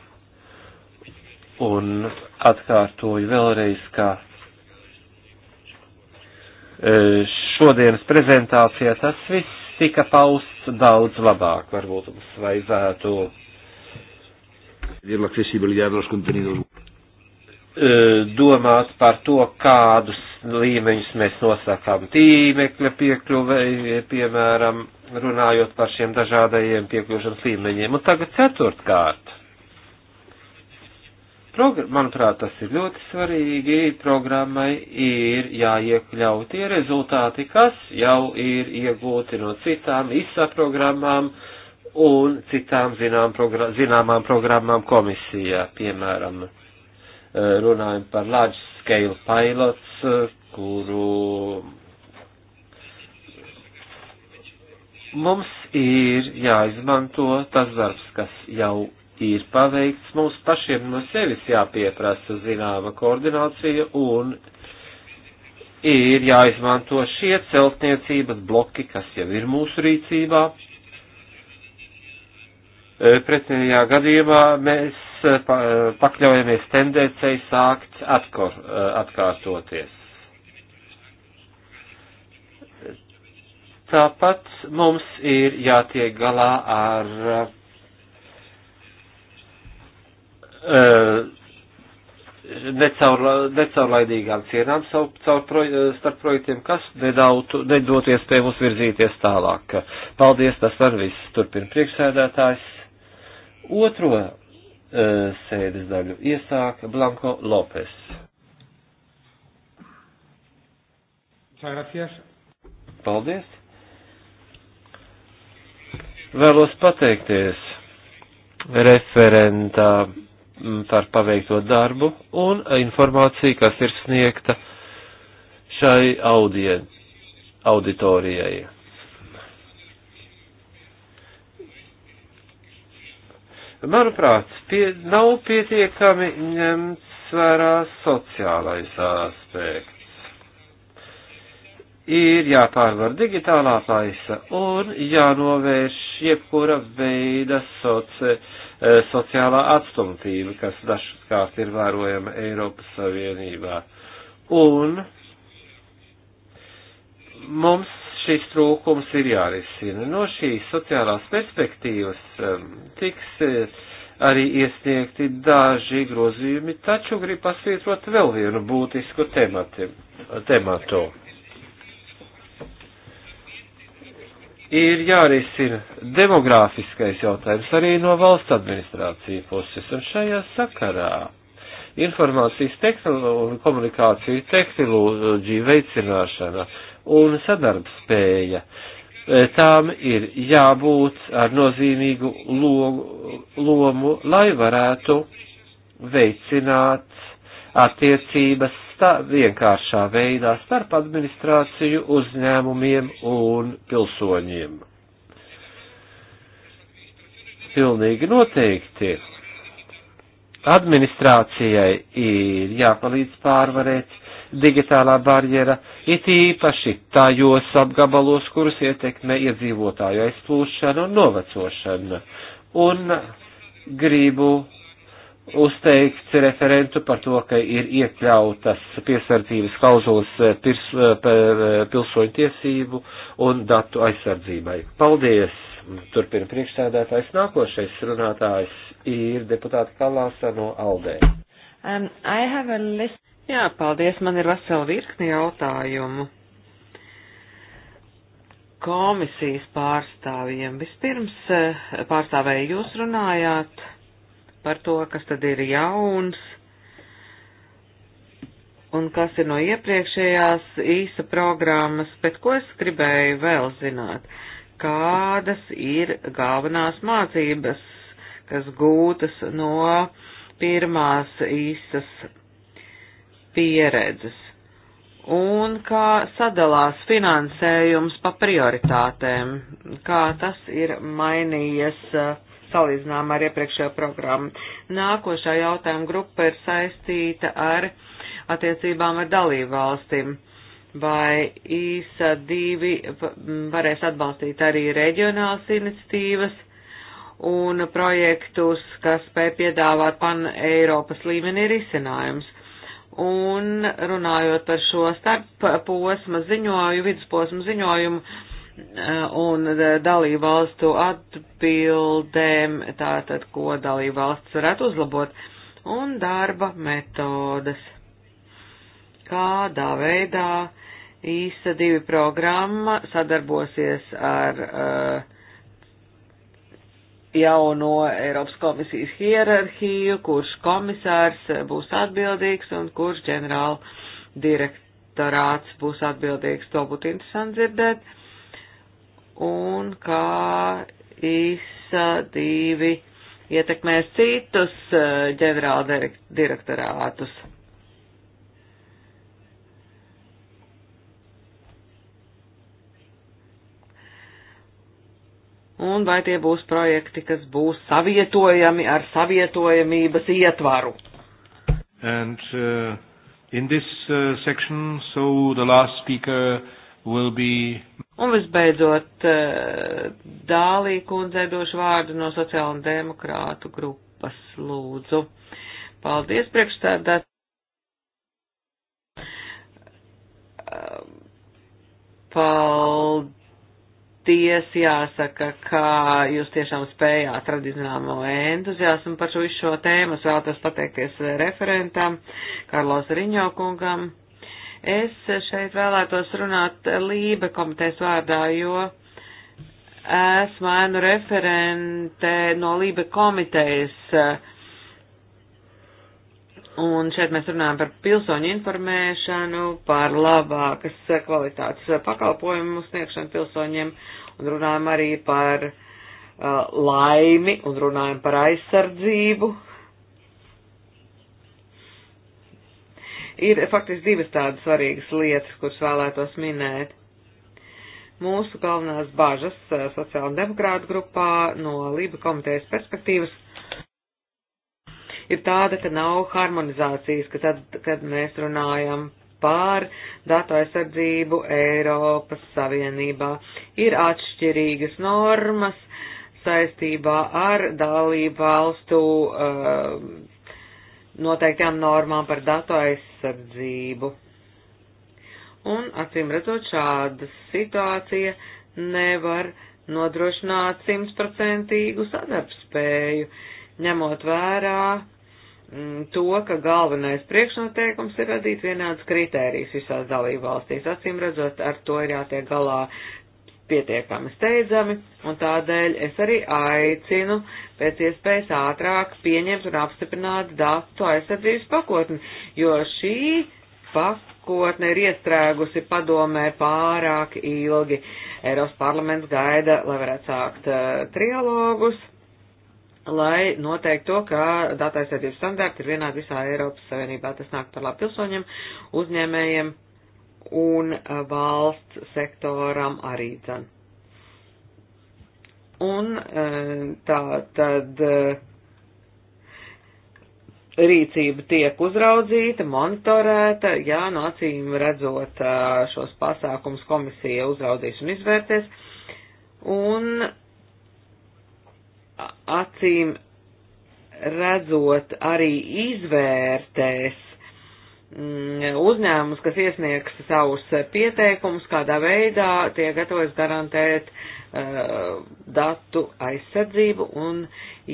Un atkārtoju vēlreiz, ka E, šodienas prezentācijā tas viss tika pausts daudz labāk. Varbūt mums vajadzētu e, domāt par to, kādus līmeņus mēs nosakām tīmekļa piekļuvei, e, piemēram, runājot par šiem dažādajiem piekļūšanas līmeņiem. Un tagad ceturtkārt Progr manuprāt, tas ir ļoti svarīgi. Programmai ir jāiekļaut tie rezultāti, kas jau ir iegūti no citām ISA programmām un citām zinām progra zināmām programmām komisijā. Piemēram, eh, runājam par large scale pilots, eh, kuru mums ir jāizmanto tas darbs, kas jau ir paveikts, mums pašiem no sevis jāpieprasa zināma koordinācija un ir jāizmanto šie celtniecības bloki, kas jau ir mūsu rīcībā. E, pretējā gadījumā mēs e, e, pakļaujamies tendencei sākt atkor, atkārtoties. Tāpat mums ir jātiek galā ar Uh, necaur, necaurlaidīgām cienām savu, caur proj, uh, starp projektiem, kas nedautu, nedotu iespēju mums virzīties tālāk. Paldies, tas var viss. Turpin priekšsēdētājs. Otro uh, sēdes daļu iesāk Blanko Lopes. Paldies. Vēlos pateikties referentā Mm, par paveikto darbu un informāciju, kas ir sniegta šai audien, auditorijai. Manuprāt, pie, nav pietiekami ņemts vērā sociālais aspekts. Ir jāpārvar digitālā plaisa un jānovērš jebkura veida sociālais E, sociālā atstumtība, kas dažkārt ir vērojama Eiropas Savienībā. Un mums šis trūkums ir jārisina. No šīs sociālās perspektīvas e, tiks e, arī iesniegti daži grozījumi, taču grib pasvītrot vēl vienu būtisku temati, tematu. ir jārisina demogrāfiskais jautājums arī no valsts administrācija puses, un šajā sakarā informācijas tehnoloģija, komunikāciju tehnoloģiju veicināšana un sadarbspēja, e, tām ir jābūt ar nozīmīgu lomu, lomu lai varētu veicināt attiecības stā, vienkāršā veidā starp administrāciju, uzņēmumiem un pilsoņiem. Pilnīgi noteikti administrācijai ir jāpalīdz pārvarēt digitālā barjera, it īpaši tajos apgabalos, kurus ietekmē iedzīvotāju aizplūšana un novecošana. Un gribu uzteikts referentu par to, ka ir iekļautas piesardzības klauzulas eh, eh, eh, pilsoņu tiesību un datu aizsardzībai. Paldies! Turpina priekšsēdētājs. Nākošais runātājs ir deputāta Kalāsa no Aldē. Um, Jā, paldies, man ir vesela virkni jautājumu. Komisijas pārstāvjiem vispirms pārstāvēju jūs runājāt par to, kas tad ir jauns un kas ir no iepriekšējās īsa programmas, bet ko es gribēju vēl zināt, kādas ir galvenās mācības, kas gūtas no pirmās īsas pieredzes, un kā sadalās finansējums pa prioritātēm, kā tas ir mainījies uh, salīdzinām ar iepriekšējo programmu. Nākošā jautājuma grupa ir saistīta ar attiecībām ar dalību valstīm. Vai īsa divi varēs atbalstīt arī reģionālas iniciatīvas un projektus, kas spēj piedāvāt pan Eiropas līmenī risinājums? Un runājot par šo starp posma ziņoju, vidusposmu ziņojumu, vidusposmu ziņojumu, Eh, un eh, dalību valstu atbildēm, tātad, ko dalību valsts varētu uzlabot, un darba metodas. Kādā veidā īsa divi programma sadarbosies ar uh, jauno Eiropas komisijas hierarhiju, kurš komisārs būs atbildīgs un kurš ģenerāla direktorāts būs atbildīgs. To būtu interesanti dzirdēt un kā ISA divi ietekmēs citus eh, ģenerāla direktorātus. Un vai tie būs projekti, kas būs savietojami ar savietojamības ietvaru? And, uh, in this uh, section, so the last speaker will be Un visbeidzot, eh, Dālī kundzei došu vārdu no sociāla demokrātu grupas lūdzu. Paldies, priekšstādāt. Paldies, jāsaka, ka jūs tiešām spējāt radīt zināmo entuziasmu par šo visu šo tēmu. Es vēlētos pateikties referentam Karlos Riņokungam Es šeit vēlētos runāt Lībe komitejas vārdā, jo esmu ēnu referente no Lībe komitejas. Un šeit mēs runājam par pilsoņu informēšanu, par labākas kvalitātes pakalpojumu sniegšanu pilsoņiem, un runājam arī par uh, laimi, un runājam par aizsardzību Ir faktiski divas tādas svarīgas lietas, kuras vēlētos minēt. Mūsu galvenās bažas eh, sociāla demokrāta grupā no Lība komitejas perspektīvas ir tāda, ka nav harmonizācijas, ka tad, kad mēs runājam pār datu aizsardzību Eiropas Savienībā. Ir atšķirīgas normas saistībā ar dalību valstu uh, noteiktām normām par datu aizsardzību. Un, acīm redzot, šāda situācija nevar nodrošināt simtprocentīgu sadarbspēju, ņemot vērā mm, to, ka galvenais priekšnoteikums ir radīt vienādas kritērijas visās dalībvalstīs. Acīm redzot, ar to ir jātiek galā pietiekami steidzami, un tādēļ es arī aicinu pēc iespējas ātrāk pieņemt un apstiprināt datu aizsardzības pakotni, jo šī pakotne ir iestrēgusi padomē pārāk ilgi. Eiropas parlaments gaida, lai varētu sākt uh, trialogus, lai noteikti to, ka datu aizsardzības standarti ir vienādi visā Eiropas Savienībā. Tas nāk par labu pilsoņiem, uzņēmējiem un eh, valsts sektoram arī dzen. Un eh, tā tad eh, rīcība tiek uzraudzīta, monitorēta, jā, no acīm redzot šos pasākums komisija uzraudzīs un izvērtēs, un acīm redzot arī izvērtēs Mm, uzņēmums, kas iesniegs savus pieteikumus, kādā veidā tie gatavojas garantēt uh, datu aizsardzību un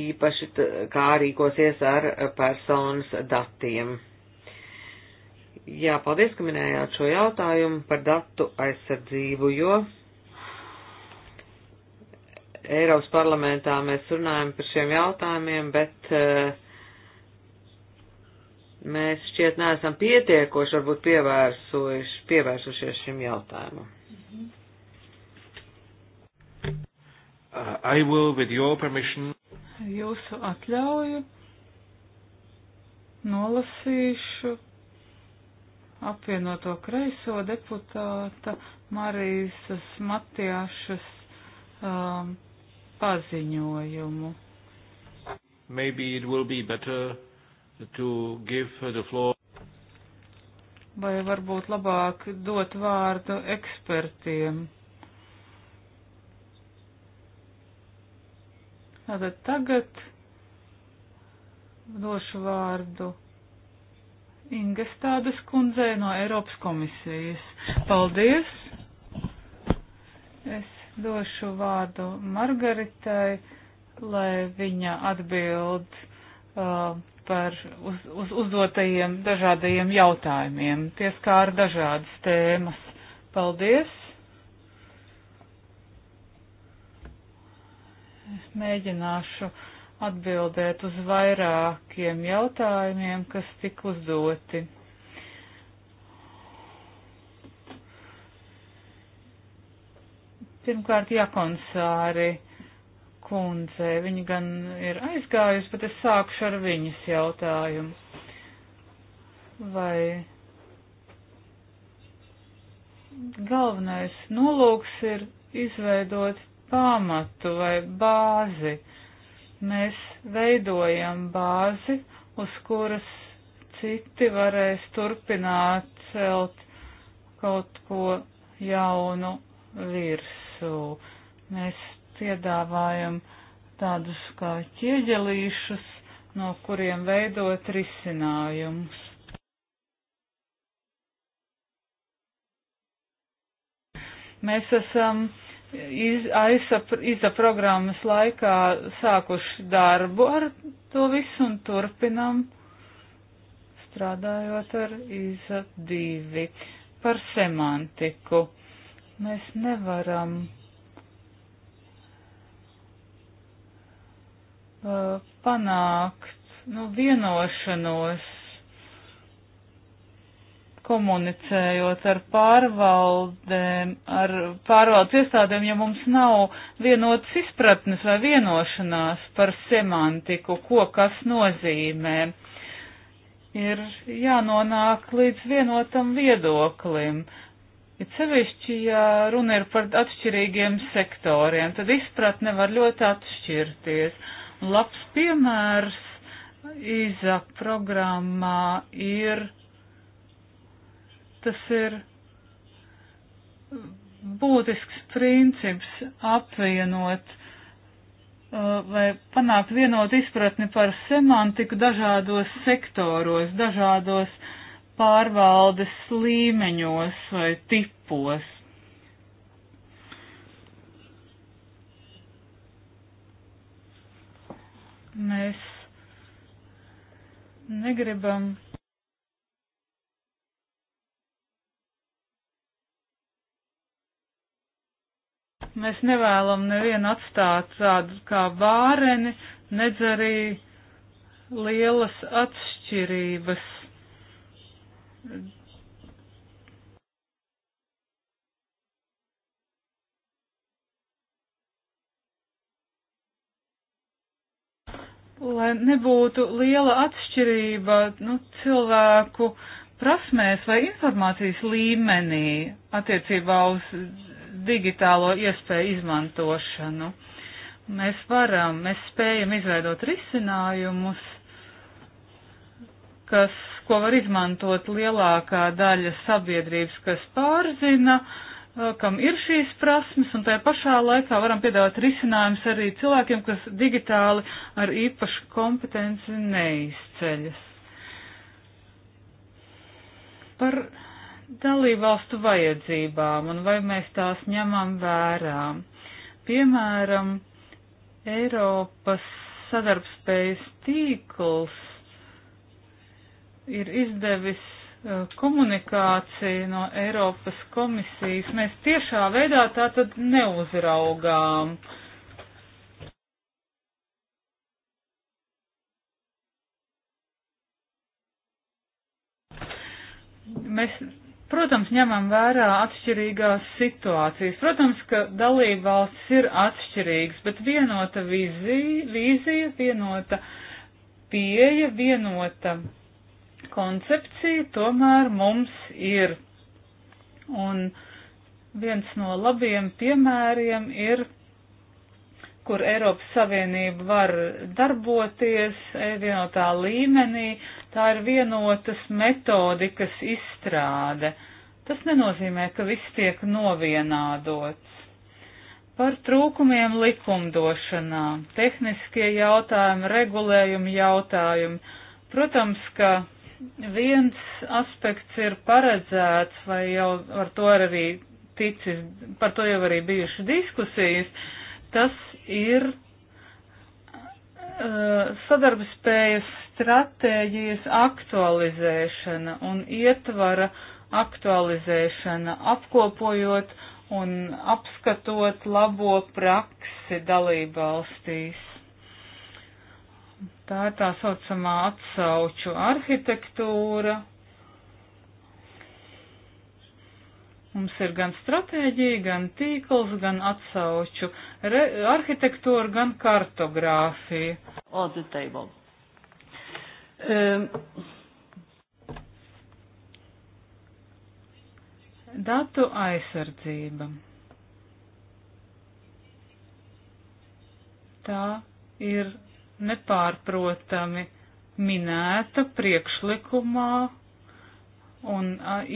īpaši t, kā rīkosies ar personas datiem. Jā, paldies, ka minējāt šo jautājumu par datu aizsardzību, jo Eiropas parlamentā mēs runājam par šiem jautājumiem, bet uh, mēs šķiet neesam pietiekoši varbūt pievērsuši, pievērsušies šim jautājumam. Uh, I will, with your permission. Jūsu atļauju nolasīšu apvienoto kreiso deputāta Marijas Matijašas um, paziņojumu. Maybe it will be better to give the floor. Vai varbūt labāk dot vārdu ekspertiem? Tātad tagad došu vārdu Ingestādes kundzei no Eiropas komisijas. Paldies! Es došu vārdu Margaritai, lai viņa atbild Uh, par uz, uz uzdotajiem dažādajiem jautājumiem. Tie skāra dažādas tēmas. Paldies! Es mēģināšu atbildēt uz vairākiem jautājumiem, kas tik uzdoti. Pirmkārt, Jakonsāri. Ja kundzei. Viņa gan ir aizgājusi, bet es sākušu ar viņas jautājumu. Vai galvenais nolūks ir izveidot pamatu vai bāzi? Mēs veidojam bāzi, uz kuras citi varēs turpināt celt kaut ko jaunu virsū. Mēs piedāvājam tādus kā ķieģelīšus, no kuriem veidot risinājumus. Mēs esam iz, AISA, ISA programmas laikā sākuši darbu ar to visu un turpinam strādājot ar ISA 2 par semantiku. Mēs nevaram uh, panākt nu, vienošanos, komunicējot ar pārvaldēm, ar pārvaldes iestādēm, ja mums nav vienotas izpratnes vai vienošanās par semantiku, ko kas nozīmē. Ir jānonāk līdz vienotam viedoklim. Ir sevišķi, ja runa ir par atšķirīgiem sektoriem, tad izpratne var ļoti atšķirties Labs piemērs IZA programmā ir, tas ir būtisks princips apvienot uh, vai panākt vienotu izpratni par semantiku dažādos sektoros, dažādos pārvaldes līmeņos vai tipos. Mēs negribam mēs nevēlam nevienu atstāt tādu kā vāreni, nedz arī lielas atšķirības. nebūtu liela atšķirība nu, cilvēku prasmēs vai informācijas līmenī attiecībā uz digitālo iespēju izmantošanu. Mēs varam, mēs spējam izveidot risinājumus, kas, ko var izmantot lielākā daļa sabiedrības, kas pārzina uh, Uh, kam ir šīs prasmes, un tajā pašā laikā varam piedāvāt risinājumus arī cilvēkiem, kas digitāli ar īpašu kompetenci neizceļas. Par dalībvalstu vajadzībām un vai mēs tās ņemam vērā. Piemēram, Eiropas sadarbspējas tīkls ir izdevis komunikāciju no Eiropas komisijas mēs tiešā veidā tā tad neuzraugām. Mēs, protams, ņemam vērā atšķirīgās situācijas. Protams, ka dalība valsts ir atšķirīgas, bet vienota vīzija, vīzija vienota pieeja, vienota koncepcija tomēr mums ir. Un viens no labiem piemēriem ir, kur Eiropas Savienība var darboties vienotā līmenī, tā ir vienotas metodikas izstrāde. Tas nenozīmē, ka viss tiek novienādots. Par trūkumiem likumdošanā, tehniskie jautājumi, regulējumi jautājumi. Protams, ka viens aspekts ir paredzēts, vai jau ar to arī ticis, par to jau arī bijuši diskusijas, tas ir uh, sadarbspējas stratēģijas aktualizēšana un ietvara aktualizēšana, apkopojot un apskatot labo praksi dalībvalstīs. Tā ir tā saucamā atsauču arhitektūra. Mums ir gan stratēģija, gan tīkls, gan atsauču re, arhitektūra, gan kartogrāfija. All the table. Um. Datu aizsardzība. Tā ir nepārprotami minēta priekšlikumā un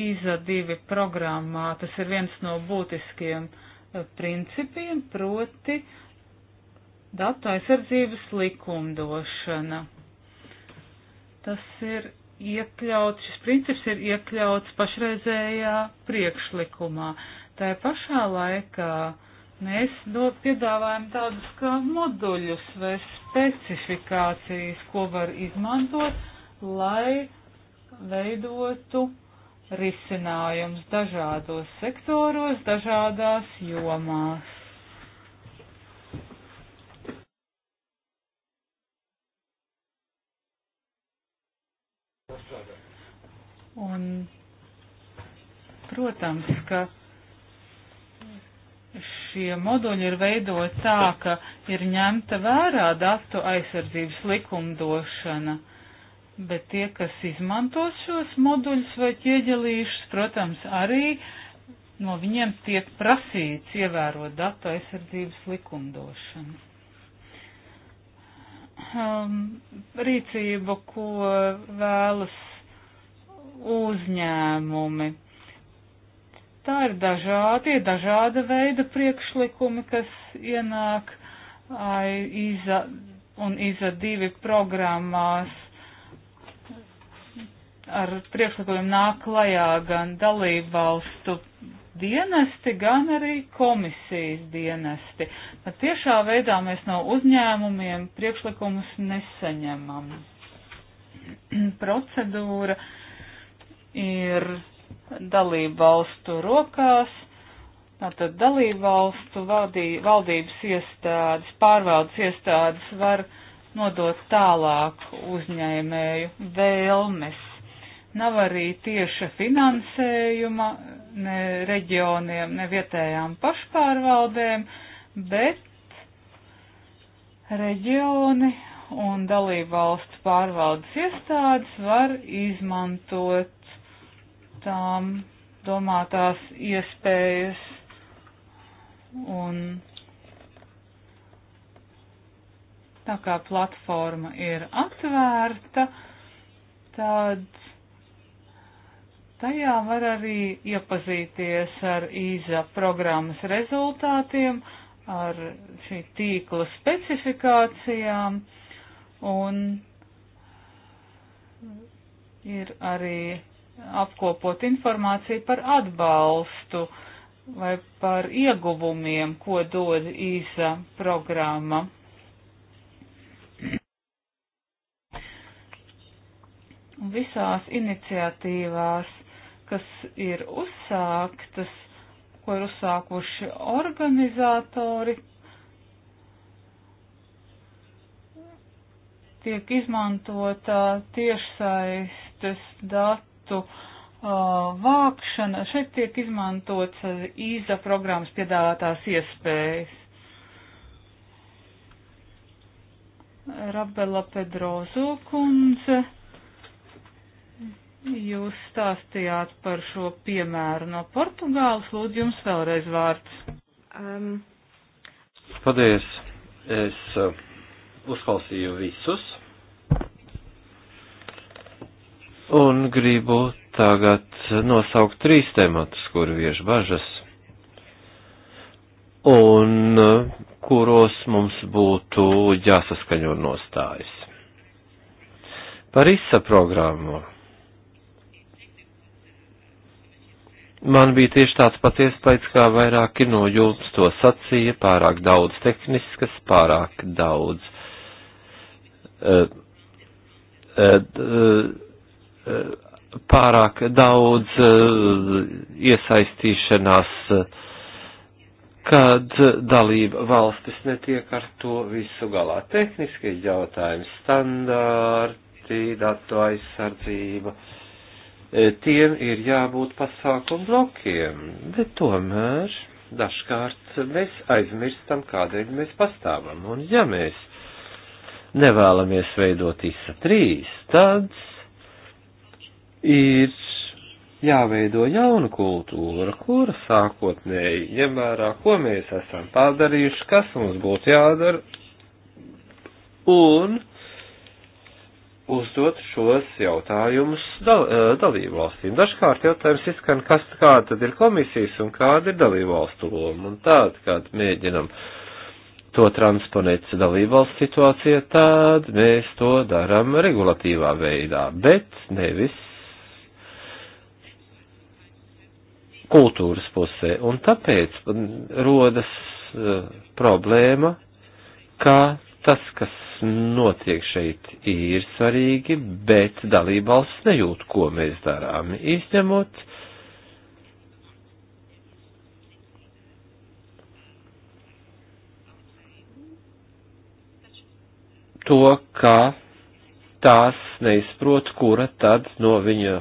IZA 2 programmā. Tas ir viens no būtiskiem principiem, proti datu aizsardzības likumdošana. Tas ir iekļauts, šis princips ir iekļauts pašreizējā priekšlikumā. Tā pašā laikā uh, Mēs do, piedāvājam tādus kā moduļus vai specifikācijas, ko var izmantot, lai veidotu risinājums dažādos sektoros, dažādās jomās. Un, protams, ka šie moduļi ir veidot tā, ka ir ņemta vērā datu aizsardzības likumdošana, bet tie, kas izmantos šos moduļus vai ķieģelīšus, protams, arī no viņiem tiek prasīts ievērot datu aizsardzības likumdošanu. Um, rīcība, ko vēlas uzņēmumi Tā ir dažādi, dažāda veida priekšlikumi, kas ienāk ai, IZA un IZA divi programmās. Ar priekšlikumiem nāk klajā gan dalību valstu dienesti, gan arī komisijas dienesti. Bet tiešā veidā mēs no uzņēmumiem priekšlikumus nesaņemam. [CLEARS THROAT] Procedūra ir dalību valstu rokās. Tātad dalību valstu valdī, valdības iestādes, pārvaldes iestādes var nodot tālāk uzņēmēju vēlmes. Nav arī tieša finansējuma ne reģioniem, ne vietējām pašpārvaldēm, bet reģioni un dalībvalstu pārvaldes iestādes var izmantot tām domātās iespējas un tā kā platforma ir atvērta, tad tajā var arī iepazīties ar īza programmas rezultātiem, ar šī tīkla specifikācijām un ir arī apkopot informāciju par atbalstu vai par ieguvumiem, ko dod īsa programma. Visās iniciatīvās, kas ir uzsāktas, ko ir uzsākuši organizatori, tiek izmantota tiešsaistes dati datu uh, vākšana. Šeit tiek izmantots uh, īza programmas piedāvātās iespējas. Rabela Pedrozu kundze, jūs stāstījāt par šo piemēru no Portugāles. Lūdzu, jums vēlreiz vārds. Um. Paldies. Es uh, uzklausīju visus Un gribu tagad nosaukt trīs tematus, kuri vieš bažas, un kuros mums būtu jāsaskaņo nostājas. Par ISA programmu. Man bija tieši tāds pats iespējas, kā vairāki no jums to sacīja, pārāk daudz tehniskas, pārāk daudz. Uh, uh, uh, pārāk daudz eh, iesaistīšanās, kad dalība valstis netiek ar to visu galā. Tehniskie jautājumi, standārti, datu aizsardzība, eh, tiem ir jābūt pasākumu blokiem, bet tomēr dažkārt mēs aizmirstam, kādēļ mēs pastāvam. Un ja mēs nevēlamies veidot ISA 3, tad ir jāveido jauna kultūra, kura sākotnēji ņem vērā, ko mēs esam padarījuši, kas mums būtu jādara, un uzdot šos jautājumus dal, dalību valstīm. Dažkārt jautājums izskan, kas kāda tad ir komisijas un kāda ir dalību valstu loma, un tād, kad mēģinam to transponēt dalību valstu situācijā, tad mēs to darām regulatīvā veidā, bet nevis kultūras pusē. Un tāpēc rodas e, problēma, ka tas, kas notiek šeit, ir svarīgi, bet dalībvalsts nejūt, ko mēs darām, izņemot to, ka tās neizprot, kura tad no viņa,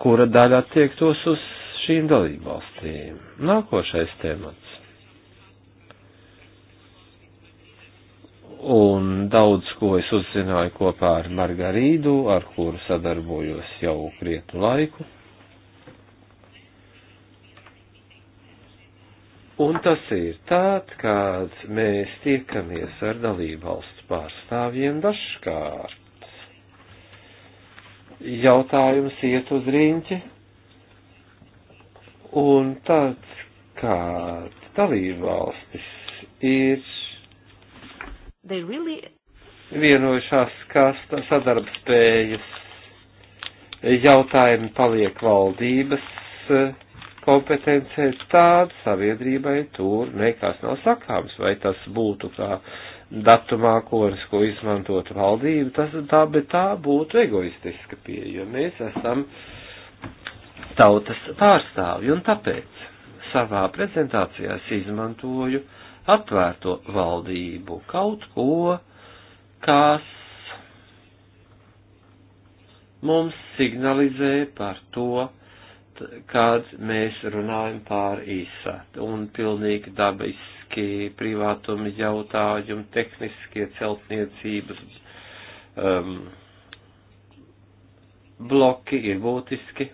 kura daļa attiektos uz šīm dalībvalstīm. Nākošais temats. Un daudz ko es uzzināju kopā ar Margarīdu, ar kuru sadarbojos jau krietnu laiku. Un tas ir tad, kad mēs tiekamies ar dalībvalstu pārstāvjiem dažkārt. Jautājums iet uz riņķi, Un tad, kad dalībvalstis ir They really... vienojušās, kā sadarbspējas jautājumi paliek valdības e, kompetencē, tad sabiedrībai tur nekas nav sakāms, vai tas būtu kā datumākonis, ko izmantot valdība, tas tā, bet tā būtu egoistiska pieeja, jo mēs esam uh, tautas pārstāvju, un tāpēc savā prezentācijā es izmantoju atvērto valdību kaut ko, kas mums signalizē par to, kad mēs runājam pār īsāt un pilnīgi dabiski privātumi jautājumi, tehniskie celtniecības um, bloki ir būtiski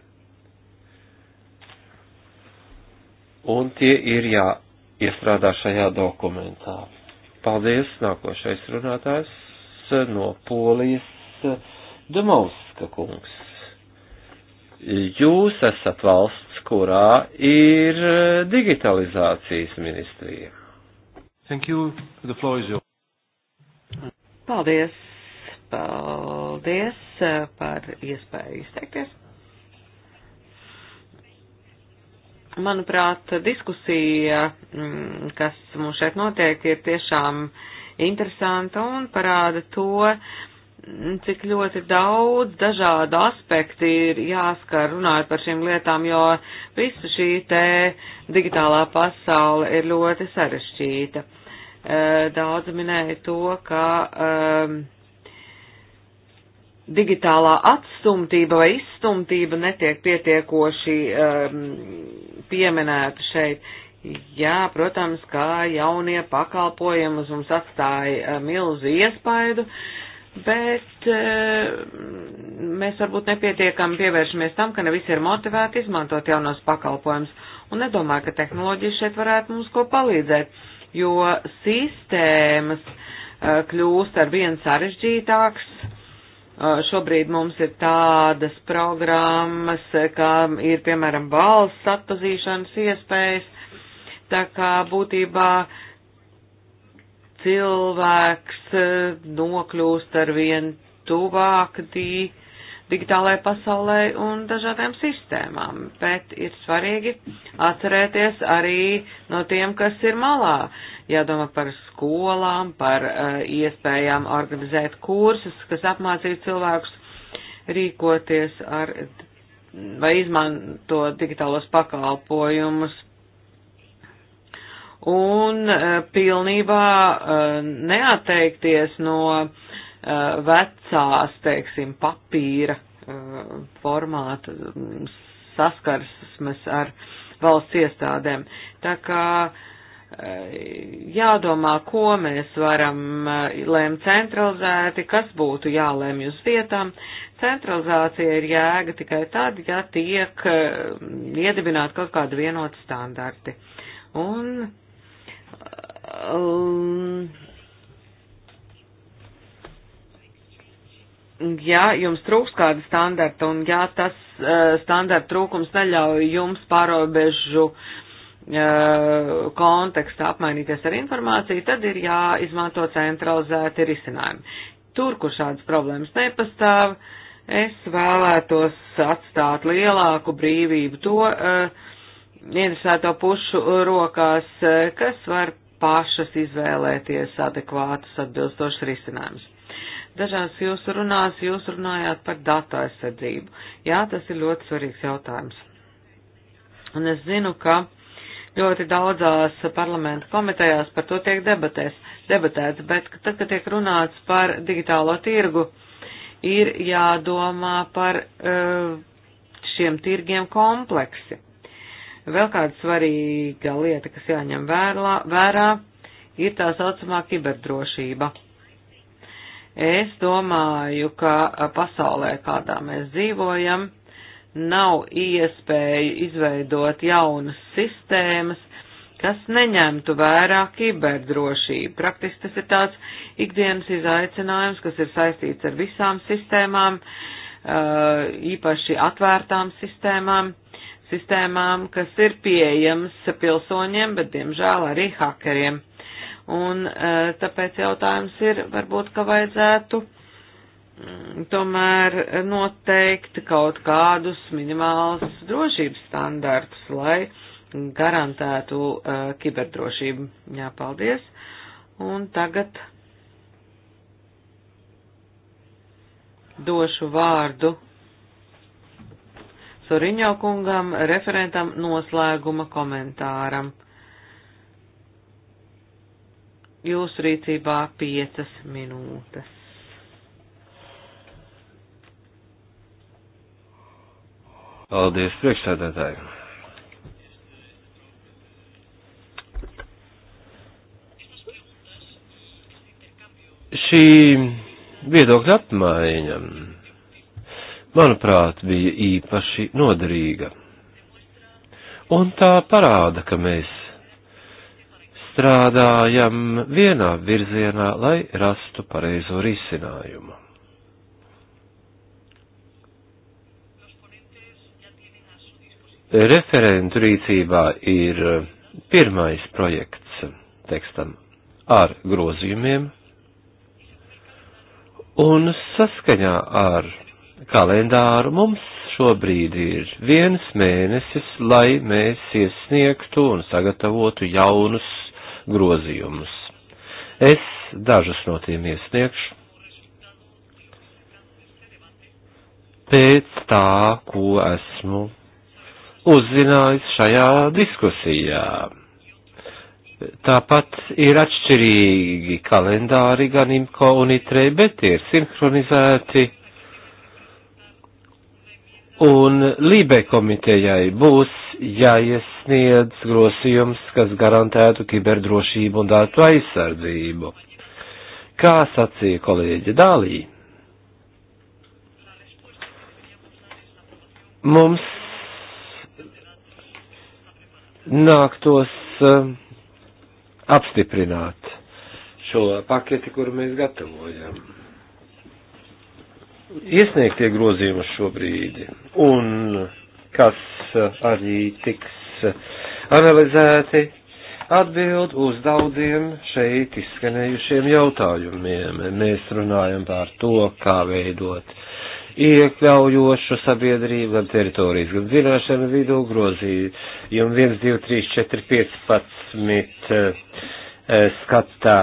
un tie ir jāiestrādā šajā dokumentā. Paldies, nākošais runātājs no Polijas, Dumovska kungs. Jūs esat valsts, kurā ir digitalizācijas ministrija. Thank you. The floor is yours. Paldies. Paldies uh, par iespēju izteikties. Manuprāt, diskusija, mm, kas mums šeit notiek, ir tiešām interesanta un parāda to, mm, cik ļoti daudz dažādu aspektu ir jāskar runājot par šīm lietām, jo visa šī te digitālā pasaule ir ļoti sarešķīta. Eh, daudz minēja to, ka um, digitālā atstumtība vai izstumtība netiek pietiekoši um, pieminētu šeit. Jā, protams, kā jaunie pakalpojumi uz mums atstāja eh, milzu iespaidu, bet eh, mēs varbūt nepietiekam pievēršamies tam, ka ne visi ir motivēti izmantot jaunos pakalpojumus. Un nedomāju, ka tehnoloģija šeit varētu mums ko palīdzēt, jo sistēmas eh, kļūst ar vien sarežģītāks Šobrīd mums ir tādas programmas, kā ir, piemēram, valsts atpazīšanas iespējas, tā kā būtībā cilvēks nokļūst ar vien tuvāk tī, digitālajai pasaulē un dažādām sistēmām, bet ir svarīgi atcerēties arī no tiem, kas ir malā. Jādomā par skolām, par uh, iespējām organizēt kursus, kas apmācītu cilvēkus rīkoties ar vai izmanto digitālos pakalpojumus. Un uh, pilnībā uh, neatteikties no uh, Eh, vecās, teiksim, papīra eh, formāta mm, saskarsmes ar valsts iestādēm. Tā kā eh, jādomā, ko mēs varam lēmt centralizēti, kas būtu jālēmj uz vietām. Centralizācija ir jēga tikai tad, ja tiek iedibināti kaut kādi vienoti standarti. Un ja jums trūks kāda standarta un ja tas uh, standarta trūkums neļauj jums pārobežu uh, kontekstā apmainīties ar informāciju, tad ir jāizmanto centralizēti risinājumi. Tur, kur šādas problēmas nepastāv, es vēlētos atstāt lielāku brīvību to uh, interesēto pušu rokās, uh, kas var pašas izvēlēties adekvātus atbilstošus risinājumus dažās jūsu runās jūs runājāt par datu aizsardzību. Jā, tas ir ļoti svarīgs jautājums. Un es zinu, ka ļoti daudzās parlamentu komitejās par to tiek debatēs, debatēts, bet tad, kad tiek runāts par digitālo tirgu, ir jādomā par eh, šiem tirgiem kompleksi. Vēl kāda svarīga lieta, kas jāņem vērā, vērā ir tā saucamā kiberdrošība Es domāju, ka pasaulē, kādā mēs dzīvojam, nav iespēja izveidot jaunas sistēmas, kas neņemtu vērā kiberdrošību. Praktiski tas ir tāds ikdienas izaicinājums, kas ir saistīts ar visām sistēmām, īpaši atvērtām sistēmām, sistēmām, kas ir pieejamas pilsoņiem, bet diemžēl arī hakeriem. Un eh, tāpēc jautājums ir, varbūt, ka vajadzētu mm, tomēr noteikt kaut kādus minimālus drošības standartus, lai garantētu uh, kiberdrošību. Jā, paldies. Un tagad došu vārdu Soriņo kungam, referentam noslēguma komentāram jūsu rīcībā piecas minūtes. Paldies, priekšsēdētāji! Šī viedokļa apmaiņa, manuprāt, bija īpaši noderīga. Un tā parāda, ka mēs strādājam vienā virzienā, lai rastu pareizo risinājumu. Referentu rīcībā ir pirmais projekts tekstam ar grozījumiem, un saskaņā ar kalendāru mums šobrīd ir viens mēnesis, lai mēs iesniegtu un sagatavotu jaunus grozījumus. Es dažus no tiem iesniegšu. Pēc tā, ko esmu uzzinājis šajā diskusijā. Tāpat ir atšķirīgi kalendāri gan IMCO un ITRE, bet ir sinhronizēti Un Lībe komitejai būs jāiesniedz grosījums, kas garantētu kiberdrošību un datu aizsardzību. Kā sacīja kolēģi Dālī, mums nāktos eh, apstiprināt šo paketi, kuru mēs gatavojam iesniegtie grozījumi šobrīd un kas arī tiks analizēti atbild uz daudziem šeit izskanējušiem jautājumiem. Mēs runājam par to, kā veidot iekļaujošu sabiedrību, gan teritorijas, gan zināšanu vidū grozījumu 1, 2, 3, 4, 15 Eh, skata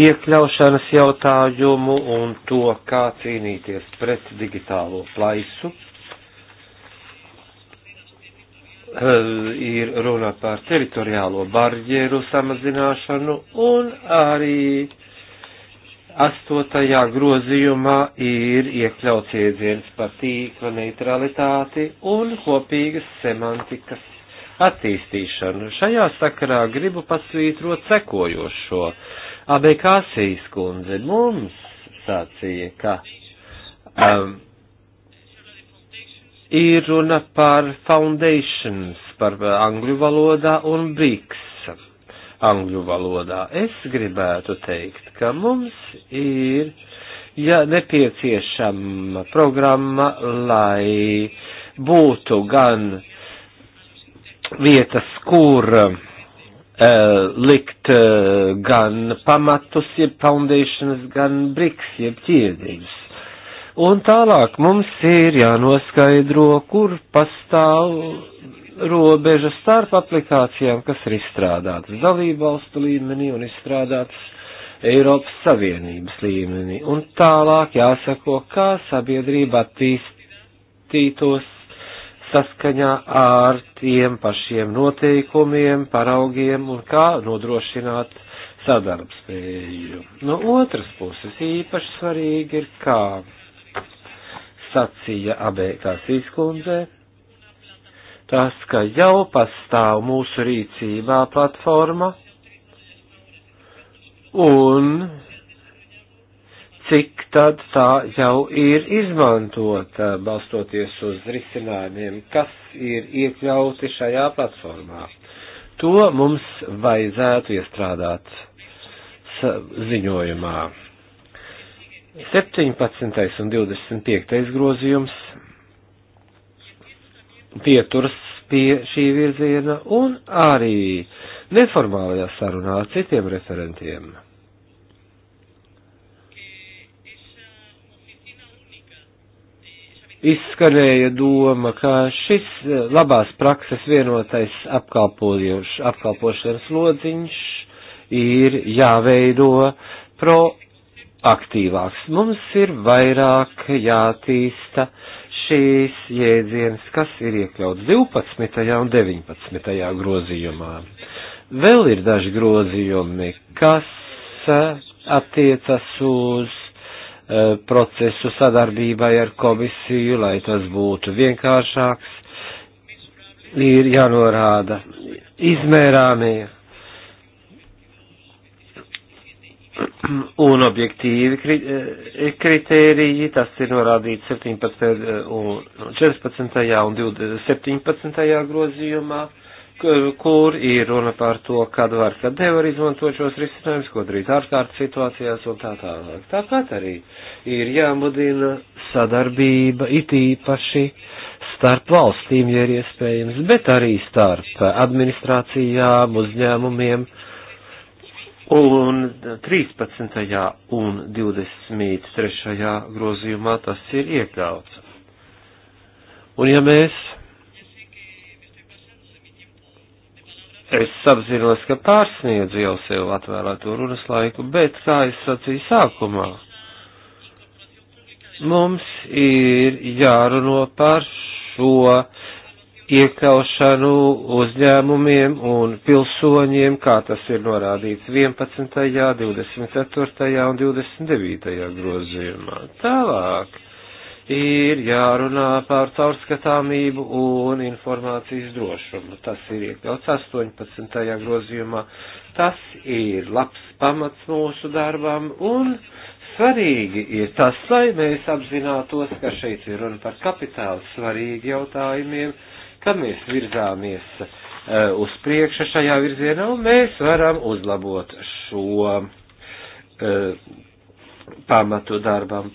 iekļaušanas jautājumu un to, kā cīnīties pret digitālo plaisu. Eh, ir runa par teritoriālo barjeru samazināšanu un arī astotajā grozījumā ir iekļauts iedziens par tīkla neutralitāti un kopīgas semantikas attīstīšanu. Šajā sakarā gribu pasvītrot sekojošo. Abekāsijas kundze mums sacīja, ka um, ir runa par foundations, par angļu valodā un briks angļu valodā. Es gribētu teikt, ka mums ir ja nepieciešama programma, lai būtu gan uh, vietas, kur uh, likt uh, gan pamatus, jeb foundations, gan briks, jeb ķiedības. Un tālāk mums ir jānoskaidro, kur pastāv robeža starp aplikācijām, kas ir izstrādātas dalībvalstu līmenī un izstrādātas Eiropas Savienības līmenī. Un tālāk jāsako, kā sabiedrība attīstītos saskaņā ar tiem pašiem noteikumiem, paraugiem un kā nodrošināt sadarbspēju. No otras puses īpaši svarīgi ir, kā sacīja abēkās izkundzē, tas, ka jau pastāv mūsu rīcībā platforma un cik tad tā jau ir izmantota, balstoties uz risinājumiem, kas ir iekļauti šajā platformā. To mums vajadzētu iestrādāt ziņojumā. 17. un 25. grozījums pieturas pie šī virziena un arī neformālajā sarunā ar citiem referentiem. izskanēja doma, ka šis eh, labās prakses vienotais apkalpošanas lodziņš ir jāveido proaktīvāks. Mums ir vairāk jātīsta šīs jēdzienas, kas ir iekļauts 12. un 19. grozījumā. Vēl ir daži grozījumi, kas eh, attiecas uz E, procesu sadarbībai ar komisiju, lai tas būtu vienkāršāks, ir jānorāda izmērāmie un objektīvi e, kritēriji, tas ir norādīts 17. E, un 14. un 17. grozījumā kur ir runa par to, kad var, kad nevar izmantot šos risinājumus, ko darīt ārkārtas situācijās un tā tālāk. Tāpat arī ir jāmudina sadarbība it īpaši starp valstīm, ja ir iespējams, bet arī starp administrācijām, uzņēmumiem. Un 13. un 23. grozījumā tas ir iekļauts. Un ja mēs Es apzinos, ka pārsniedzu jau sev atvēlēto runas laiku, bet, kā es sacīju sākumā, mums ir jārunā par šo iekļaušanu uzņēmumiem un pilsoņiem, kā tas ir norādīts 11., 24. un 29. grozījumā. Tālāk ir jārunā par caurskatāmību un informācijas drošumu. Tas ir iekļauts 18. grozījumā. Tas ir labs pamats mūsu darbam un svarīgi ir tas, lai mēs apzinātos, ka šeit ir runa par kapitālu svarīgi jautājumiem, kad mēs virzāmies uh, uz priekšu šajā virzienā un mēs varam uzlabot šo uh, pamatu darbam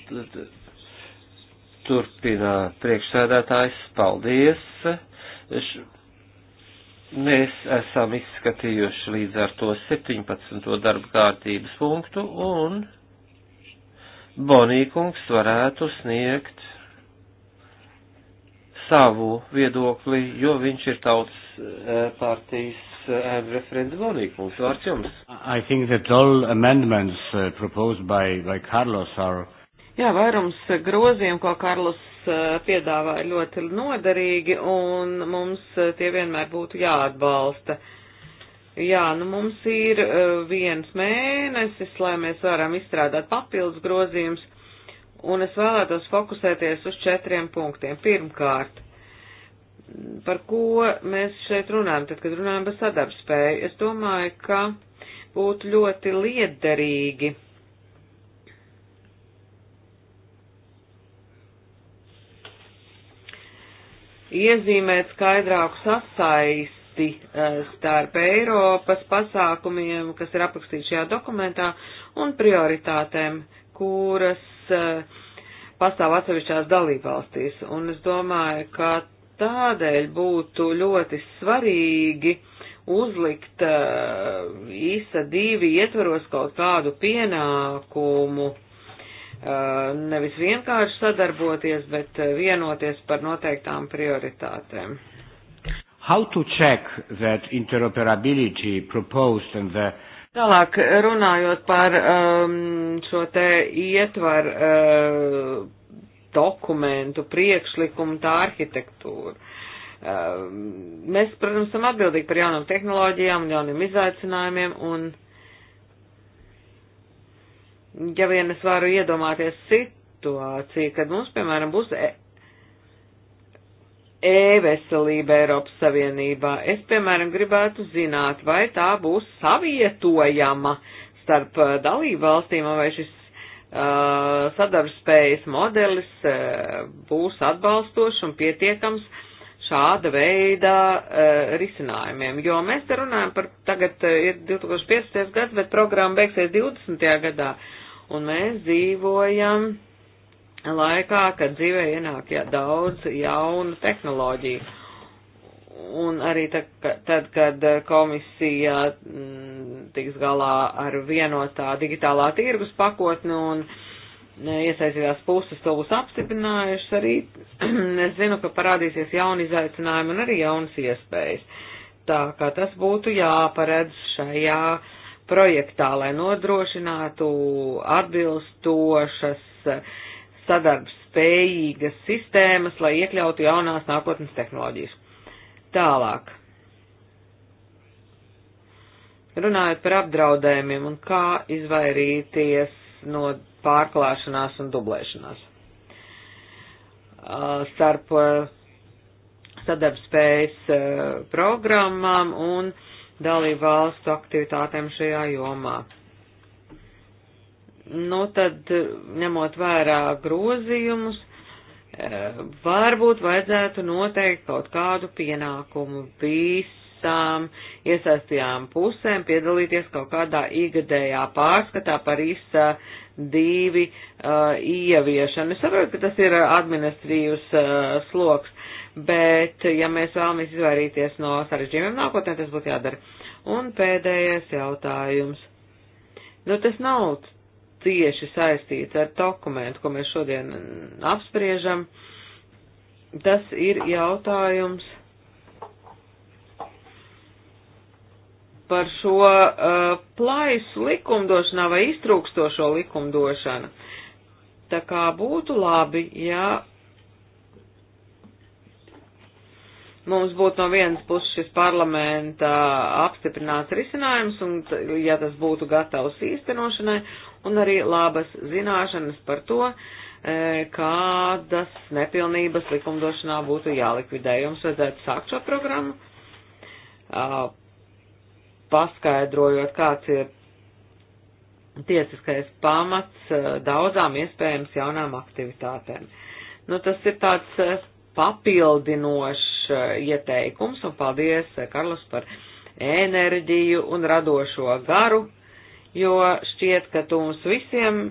Turpinā priekšsēdētājs, paldies. Mēs esam izskatījuši līdz ar to 17. darba kārtības punktu un Bonīkungs varētu sniegt savu viedokli, jo viņš ir tautas eh, partijas eh, referents Bonīkungs. Vārds jums. I think that all amendments eh, proposed by, by Carlos are Jā, vairums grozījumu, ko Karlus eh, piedāvā, ir ļoti noderīgi, un mums eh, tie vienmēr būtu jāatbalsta. Jā, nu mums ir eh, viens mēnesis, lai mēs varam izstrādāt papildus grozījumus, un es vēlētos fokusēties uz četriem punktiem. Pirmkārt, par ko mēs šeit runājam, tad, kad runājam par sadarbspēju, es domāju, ka būtu ļoti liederīgi iezīmēt skaidrāku sasaisti eh, starp Eiropas pasākumiem, kas ir aprakstīti šajā dokumentā, un prioritātēm, kuras eh, pastāv atsevišķās dalībvalstīs. Un es domāju, ka tādēļ būtu ļoti svarīgi uzlikt eh, īsa divi ietvaros kaut kādu pienākumu Eh, nevis vienkārši sadarboties, bet eh, vienoties par noteiktām prioritātēm. How to check that interoperability proposed and the Tālāk eh, runājot par um, šo te ietvaru uh, dokumentu, priekšlikumu, tā arhitektūru. Uh, mēs, protams, esam atbildīgi par jaunām tehnoloģijām un jauniem izaicinājumiem, un ja vien es varu iedomāties situāciju, kad mums, piemēram, būs e- e-veselība e Eiropas Savienībā, es, piemēram, gribētu zināt, vai tā būs savietojama starp uh, dalību valstīm, vai šis uh, sadarbspējas modelis uh, būs atbalstošs un pietiekams šāda veida uh, risinājumiem, jo mēs te runājam par tagad uh, ir 2015. gads, bet programma beigsies 20. gadā. Uh, un mēs dzīvojam laikā, kad dzīvē ienāk jā, daudz jaunu tehnoloģiju. Un arī tad, tad kad eh, komisija mm, tiks galā ar vienotā digitālā tirgus pakotni un eh, iesaistītās puses to būs apstiprinājušas, arī [CLEARS THROAT] es zinu, ka parādīsies jauni izaicinājumi un arī jaunas iespējas. Tā kā tas būtu jāparedz šajā uh, projektā, lai nodrošinātu atbilstošas eh, sadarbspējīgas sistēmas, lai iekļautu jaunās nākotnes tehnoloģijas. Tālāk. Runājot par apdraudējumiem un kā izvairīties no pārklāšanās un dublēšanās. Eh, starp eh, sadarbspējas programmām un uh, dalību valstu aktivitātēm šajā jomā. Nu, tad, ņemot vērā grozījumus, e, varbūt vajadzētu noteikt kaut kādu pienākumu visām iesaistījām pusēm piedalīties kaut kādā igadējā pārskatā par ISA divi uh, ieviešanu. Es saprotu, ka tas ir administrīvs uh, sloks, bet, ja mēs vēlamies izvairīties no sarežģījumiem nākotnē, tas būtu jādara. Un pēdējais jautājums. Nu, tas nav tieši saistīts ar dokumentu, ko mēs šodien apspriežam. Tas ir jautājums par šo uh, plaisu likumdošanā vai iztrūkstošo likumdošanu. Tā kā būtu labi, ja mums būtu no vienas puses šis parlamenta apstiprināts risinājums, un ja tas būtu gatavs īstenošanai, un arī labas zināšanas par to, e, kādas nepilnības likumdošanā būtu jālikvidē. Jums vajadzētu sākt šo programmu, paskaidrojot, kāds ir tiesiskais pamats e, daudzām iespējams jaunām aktivitātēm. Nu, tas ir tāds e, papildinošs Uh, ieteikums, un paldies, uh, Karlos, par enerģiju un radošo garu, jo šķiet, ka tu mums visiem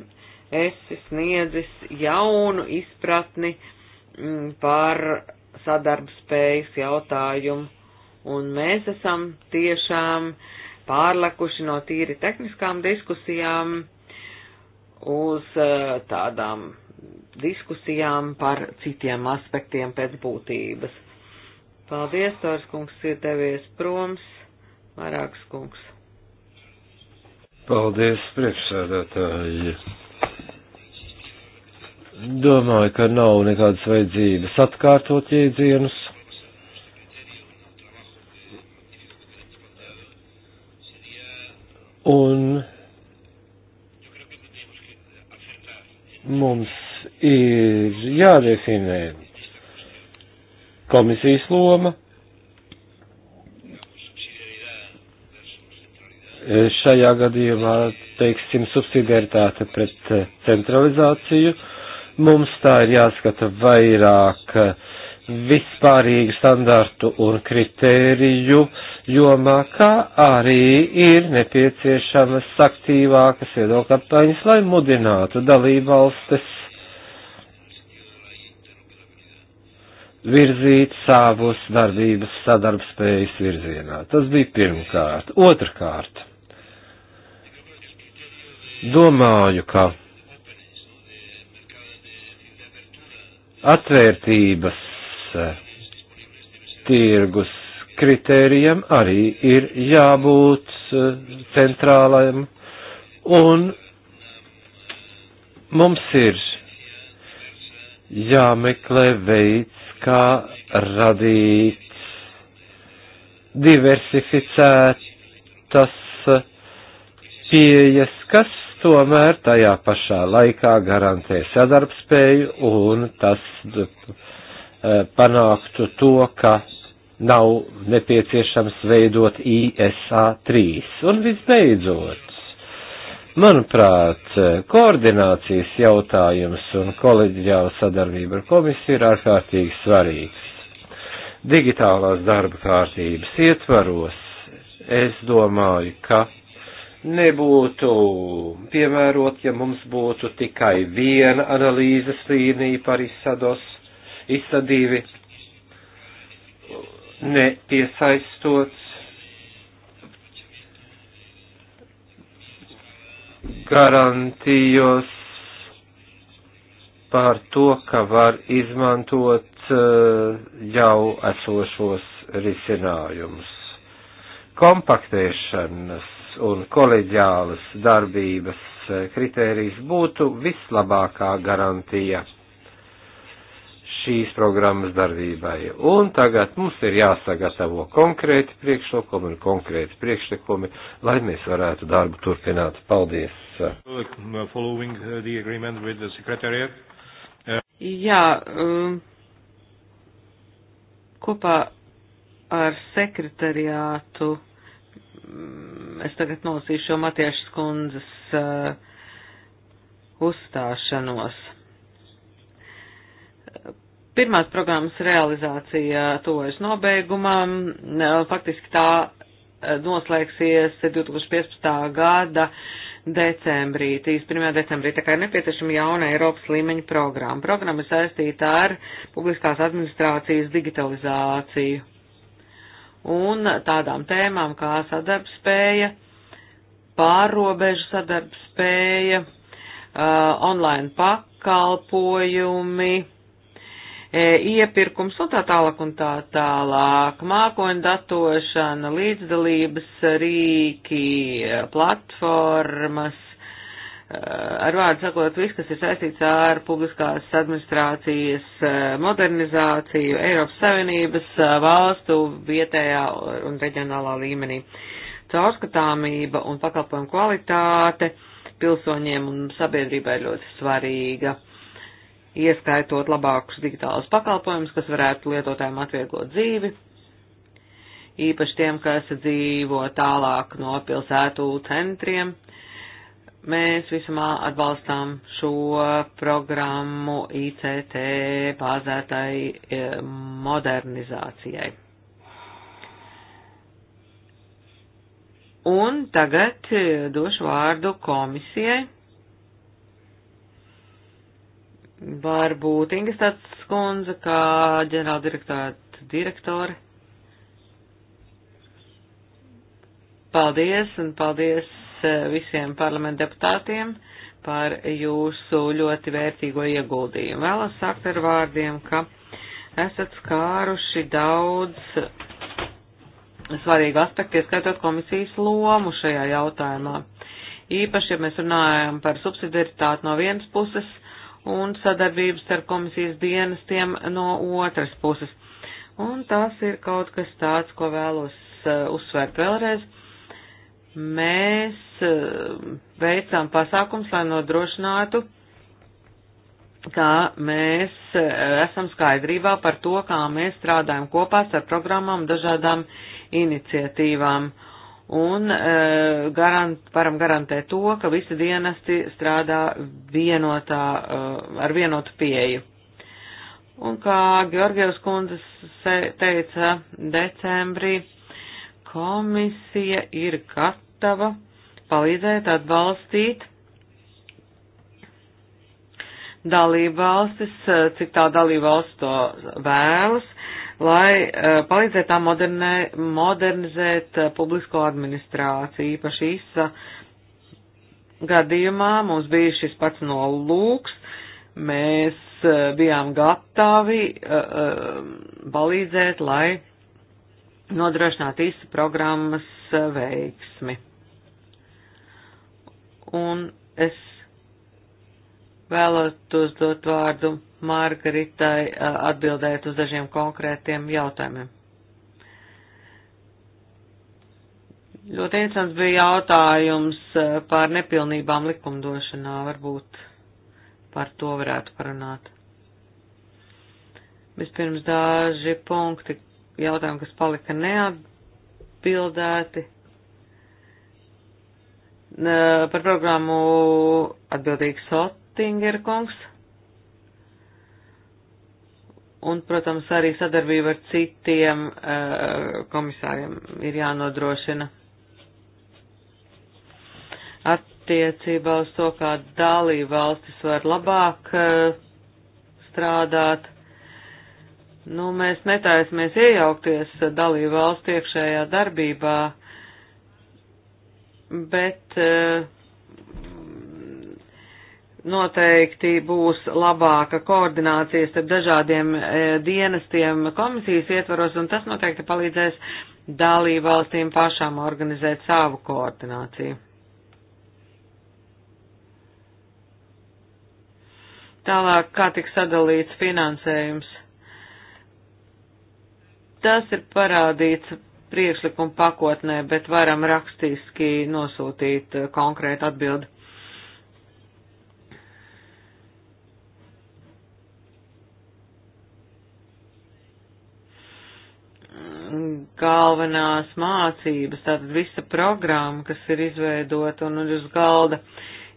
esi sniedzis jaunu izpratni mm, par sadarbspējas jautājumu, un mēs esam tiešām pārlekuši no tīri tehniskām diskusijām uz uh, tādām diskusijām par citiem aspektiem pēc būtības. Paldies, Tors kungs ir devies proms, vairāks kungs. Paldies, priekšsēdētāji. Domāju, ka nav nekādas vajadzības atkārtot jēdzienus. Un mums ir jādefinē komisijas loma šajā gadījumā, teiksim, subsidiaritāte pret eh, centralizāciju. Mums tā ir jāskata vairāk eh, vispārīgu standartu un kritēriju jomā, kā arī ir nepieciešamas aktīvākas viedokļu apmaiņas, lai mudinātu dalībvalstis virzīt savus darbības sadarbspējas virzienā. Tas bija pirmkārt. Otrkārt, domāju, ka atvērtības eh, tirgus kritērijam arī ir jābūt eh, centrālajam, un mums ir jāmeklē veids, kā radīt diversificētas pieejas, kas tomēr tajā pašā laikā garantē sadarbspēju un tas eh, panāktu to, ka nav nepieciešams veidot ISA 3. Un visbeidzot, Manuprāt, koordinācijas jautājums un koleģiāla sadarbība ar komisiju ir ārkārtīgi svarīgs. Digitālās darba kārtības ietvaros es domāju, ka nebūtu piemērot, ja mums būtu tikai viena analīzes līnija par izsados, izsadīvi, nepiesaistot garantijos par to, ka var izmantot eh, jau esošos risinājumus. Kompaktēšanas un koleģiālas darbības eh, kritērijas būtu vislabākā garantija šīs programmas darbībai. Un tagad mums ir jāsagatavo konkrēti priekšlikumi un konkrēti priekšlikumi, lai mēs varētu darbu turpināt. Paldies! Uh, uh, Jā, um, kopā ar sekretariātu mm, es tagad nolasīšu Matiešas kundzes uh, uzstāšanos. Pirmās programmas realizācija tojas nobeigumam, faktiski tā eh, noslēgsies 2015. gada decembrī, 31. decembrī, tā kā ir nepieciešama jauna Eiropas līmeņa programma. Programma ir saistīta ar publiskās administrācijas digitalizāciju un tādām tēmām kā sadarbspēja, pārrobežu sadarbspēja, uh, online pakalpojumi, E, iepirkums un tā tālāk un tā tālāk, mākoņu datošana, līdzdalības rīki, platformas, e, ar vārdu sakot, viss, kas ir saistīts ar publiskās administrācijas e, modernizāciju Eiropas Savienības valstu vietējā un reģionālā līmenī. Caurskatāmība un pakalpojumu kvalitāte pilsoņiem un sabiedrībai ļoti svarīga ieskaitot labākus digitālus pakalpojumus, kas varētu lietotājiem atvieglot dzīvi, īpaši tiem, kas dzīvo tālāk no pilsētu centriem. Mēs visumā atbalstām šo programmu ICT bāzētai e, modernizācijai. Un tagad e, došu vārdu komisijai. Varbūt Ingestāts skundze, kā ģenerāldirektāta direktore. Paldies un paldies eh, visiem parlamenta deputātiem par jūsu ļoti vērtīgo ieguldījumu. Vēlos sākt ar vārdiem, ka esat skāruši daudz svarīgu aspektu, ieskaitot komisijas lomu šajā jautājumā. Īpaši, ja mēs runājam par subsidiaritāti no vienas puses, un sadarbības ar komisijas dienestiem no otras puses. Un tas ir kaut kas tāds, ko vēlos uh, uzsvērt vēlreiz. Mēs uh, veicām pasākums, lai nodrošinātu, ka mēs uh, esam skaidrībā par to, kā mēs strādājam kopā ar programmām, dažādām iniciatīvām. Uh, un e, garant, varam garantēt to, ka visi dienesti strādā vienotā, e, ar vienotu pieeju. Un kā Georgievs kundzes teica decembrī, komisija ir gatava palīdzēt atbalstīt dalībvalstis, eh, cik tā dalībvalsts to vēlas, lai eh, palīdzētu tā modernē, modernizēt eh, publisko administrāciju. Īpaši īsa gadījumā mums bija šis pats nolūks. Mēs eh, bijām gatavi palīdzēt, lai nodrošinātu īsa programmas veiksmi. Un es vēlētos dot vārdu Margaritai atbildēt uz dažiem konkrētiem jautājumiem. Ļoti interesants bija jautājums par nepilnībām likumdošanā, varbūt par to varētu parunāt. Vispirms daži punkti, jautājumi, kas palika neatbildēti. Par programmu atbildīgs SOT Oettinger kungs. Un, protams, arī sadarbība ar citiem uh, komisāriem ir jānodrošina. Attiecībā uz to, kā dalība valstis var labāk uh, strādāt, nu, mēs netaisamies iejaukties dalību valstu iekšējā darbībā, bet uh, noteikti būs labāka koordinācija starp dažādiem e, dienestiem komisijas ietvaros, un tas noteikti palīdzēs dalībvalstīm pašām organizēt savu koordināciju. Tālāk, kā tiks sadalīts finansējums? Tas ir parādīts priekšlikuma pakotnē, bet varam rakstiski nosūtīt e, konkrētu atbildi. galvenās mācības, tātad visa programma, kas ir izveidota un uz galda,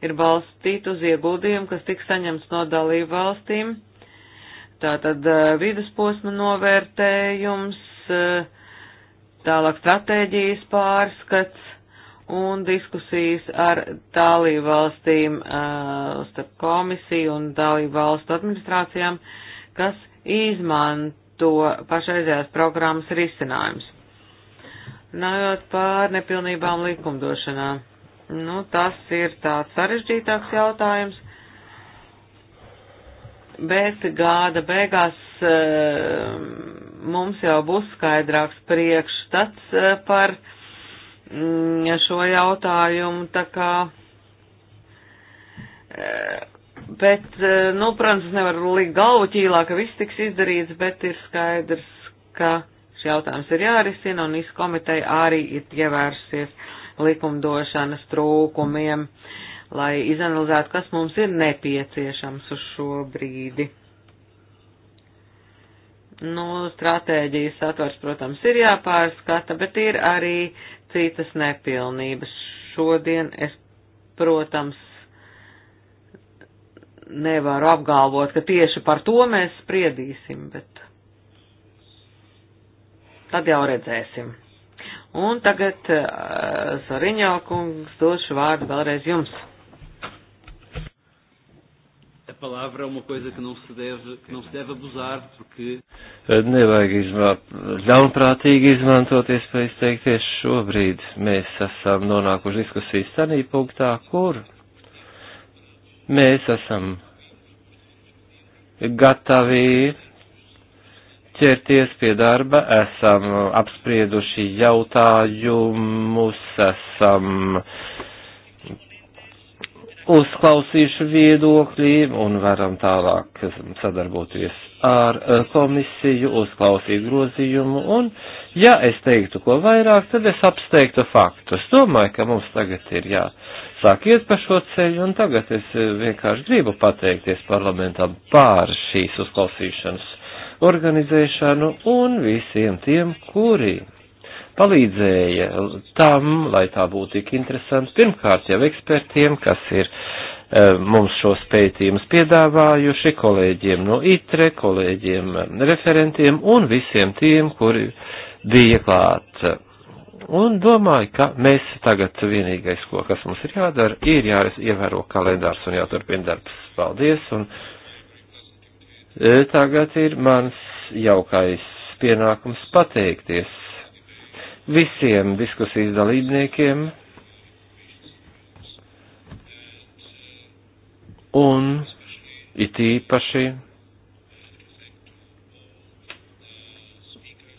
ir balstīta uz ieguldījumu, kas tiks saņemts no dalību valstīm. Tātad eh, vidusposma novērtējums, eh, tālāk stratēģijas pārskats un diskusijas ar dalību valstīm, eh, starp komisiju un dalību valstu administrācijām, kas izmanto to pašreizējās programmas risinājums. Nājot pār nepilnībām likumdošanā. Nu, tas ir tāds sarežģītāks jautājums, bet gada beigās eh, mums jau būs skaidrāks priekšstats eh, par mm, šo jautājumu, tā kā eh, Bet, eh, nu, protams, nevar likt galvu ķīlā, ka viss tiks izdarīts, bet ir skaidrs, ka šis jautājums ir jārisina un viss komiteja arī ir ievērsies likumdošanas trūkumiem, lai izanalizētu, kas mums ir nepieciešams uz šo brīdi. Nu, stratēģijas atvars, protams, ir jāpārskata, bet ir arī citas nepilnības. Šodien es, protams, nevaru apgalvot, ka tieši par to mēs spriedīsim, bet tad jau redzēsim. Un tagad uh, eh, Sariņā kungs došu vārdu vēlreiz jums. A palavra é uma coisa que não se deve, que não se deve abusar, porque. Eh, nevajag ļaunprātīgi izmantot iespēju izteikties šobrīd. Mēs esam nonākuši diskusijas sanī punktā, kur mēs esam gatavi ķerties pie darba, esam apsprieduši jautājumus, esam uzklausījuši viedokļi un varam tālāk sadarboties ar eh, komisiju, uzklausīt grozījumu un, ja es teiktu ko vairāk, tad es apsteigtu faktus. Domāju, ka mums tagad ir jā, sāk iet pa šo ceļu, un tagad es eh, vienkārši gribu pateikties parlamentam pār šīs uzklausīšanas organizēšanu un visiem tiem, kuri palīdzēja tam, lai tā būtu tik interesanta. Pirmkārt jau ekspertiem, kas ir eh, mums šos pētījumus piedāvājuši, kolēģiem no ITRE, kolēģiem referentiem un visiem tiem, kuri bija klāt Un domāju, ka mēs tagad vienīgais, ko, kas mums ir jādara, ir jāievēro kalendārs un jāturpina darbs. Paldies! Un e, tagad ir mans jaukais pienākums pateikties visiem diskusijas dalībniekiem. Un it īpaši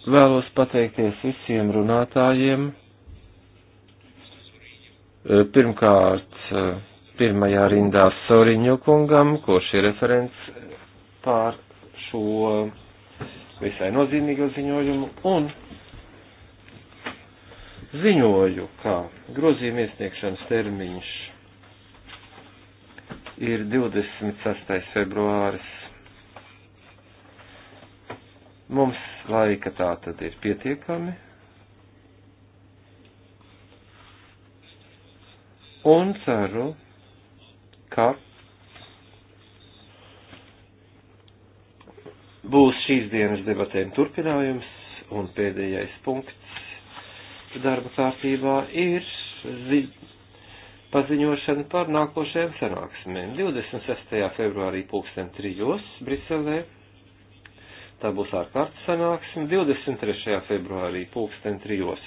Vēlos pateikties visiem runātājiem. Eh, pirmkārt, eh, pirmajā rindā Soriņu kungam, kurš ir referents pār šo visai nozīmīgo ziņojumu, un ziņoju, ka grozījuma iesniegšanas termiņš ir 26. februāris. Mums laika tā tad ir pietiekami. Un ceru, ka būs šīs dienas debatēm turpinājums un pēdējais punkts darba kārtībā ir paziņošana par nākošajām sanāksmēm. 26. februārī pulksten trijos Briselē. Tā būs ārkārtas sanāksme 23. februārī pulksten trijos.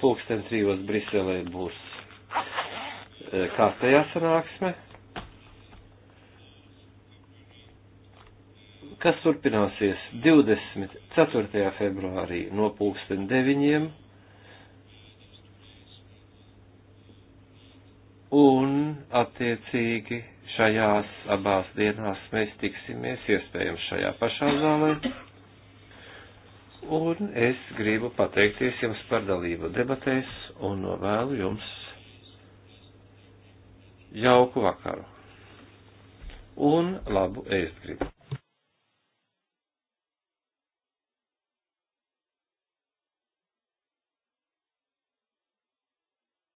Pulksten trijos Briselē būs e, kārtējā sanāksme, kas turpināsies 24. februārī no pulksten 9. un attiecīgi šajās abās dienās mēs tiksimies iespējams šajā pašā zālē. Un es gribu pateikties jums par dalību debatēs un novēlu jums jauku vakaru un labu ēst gribu.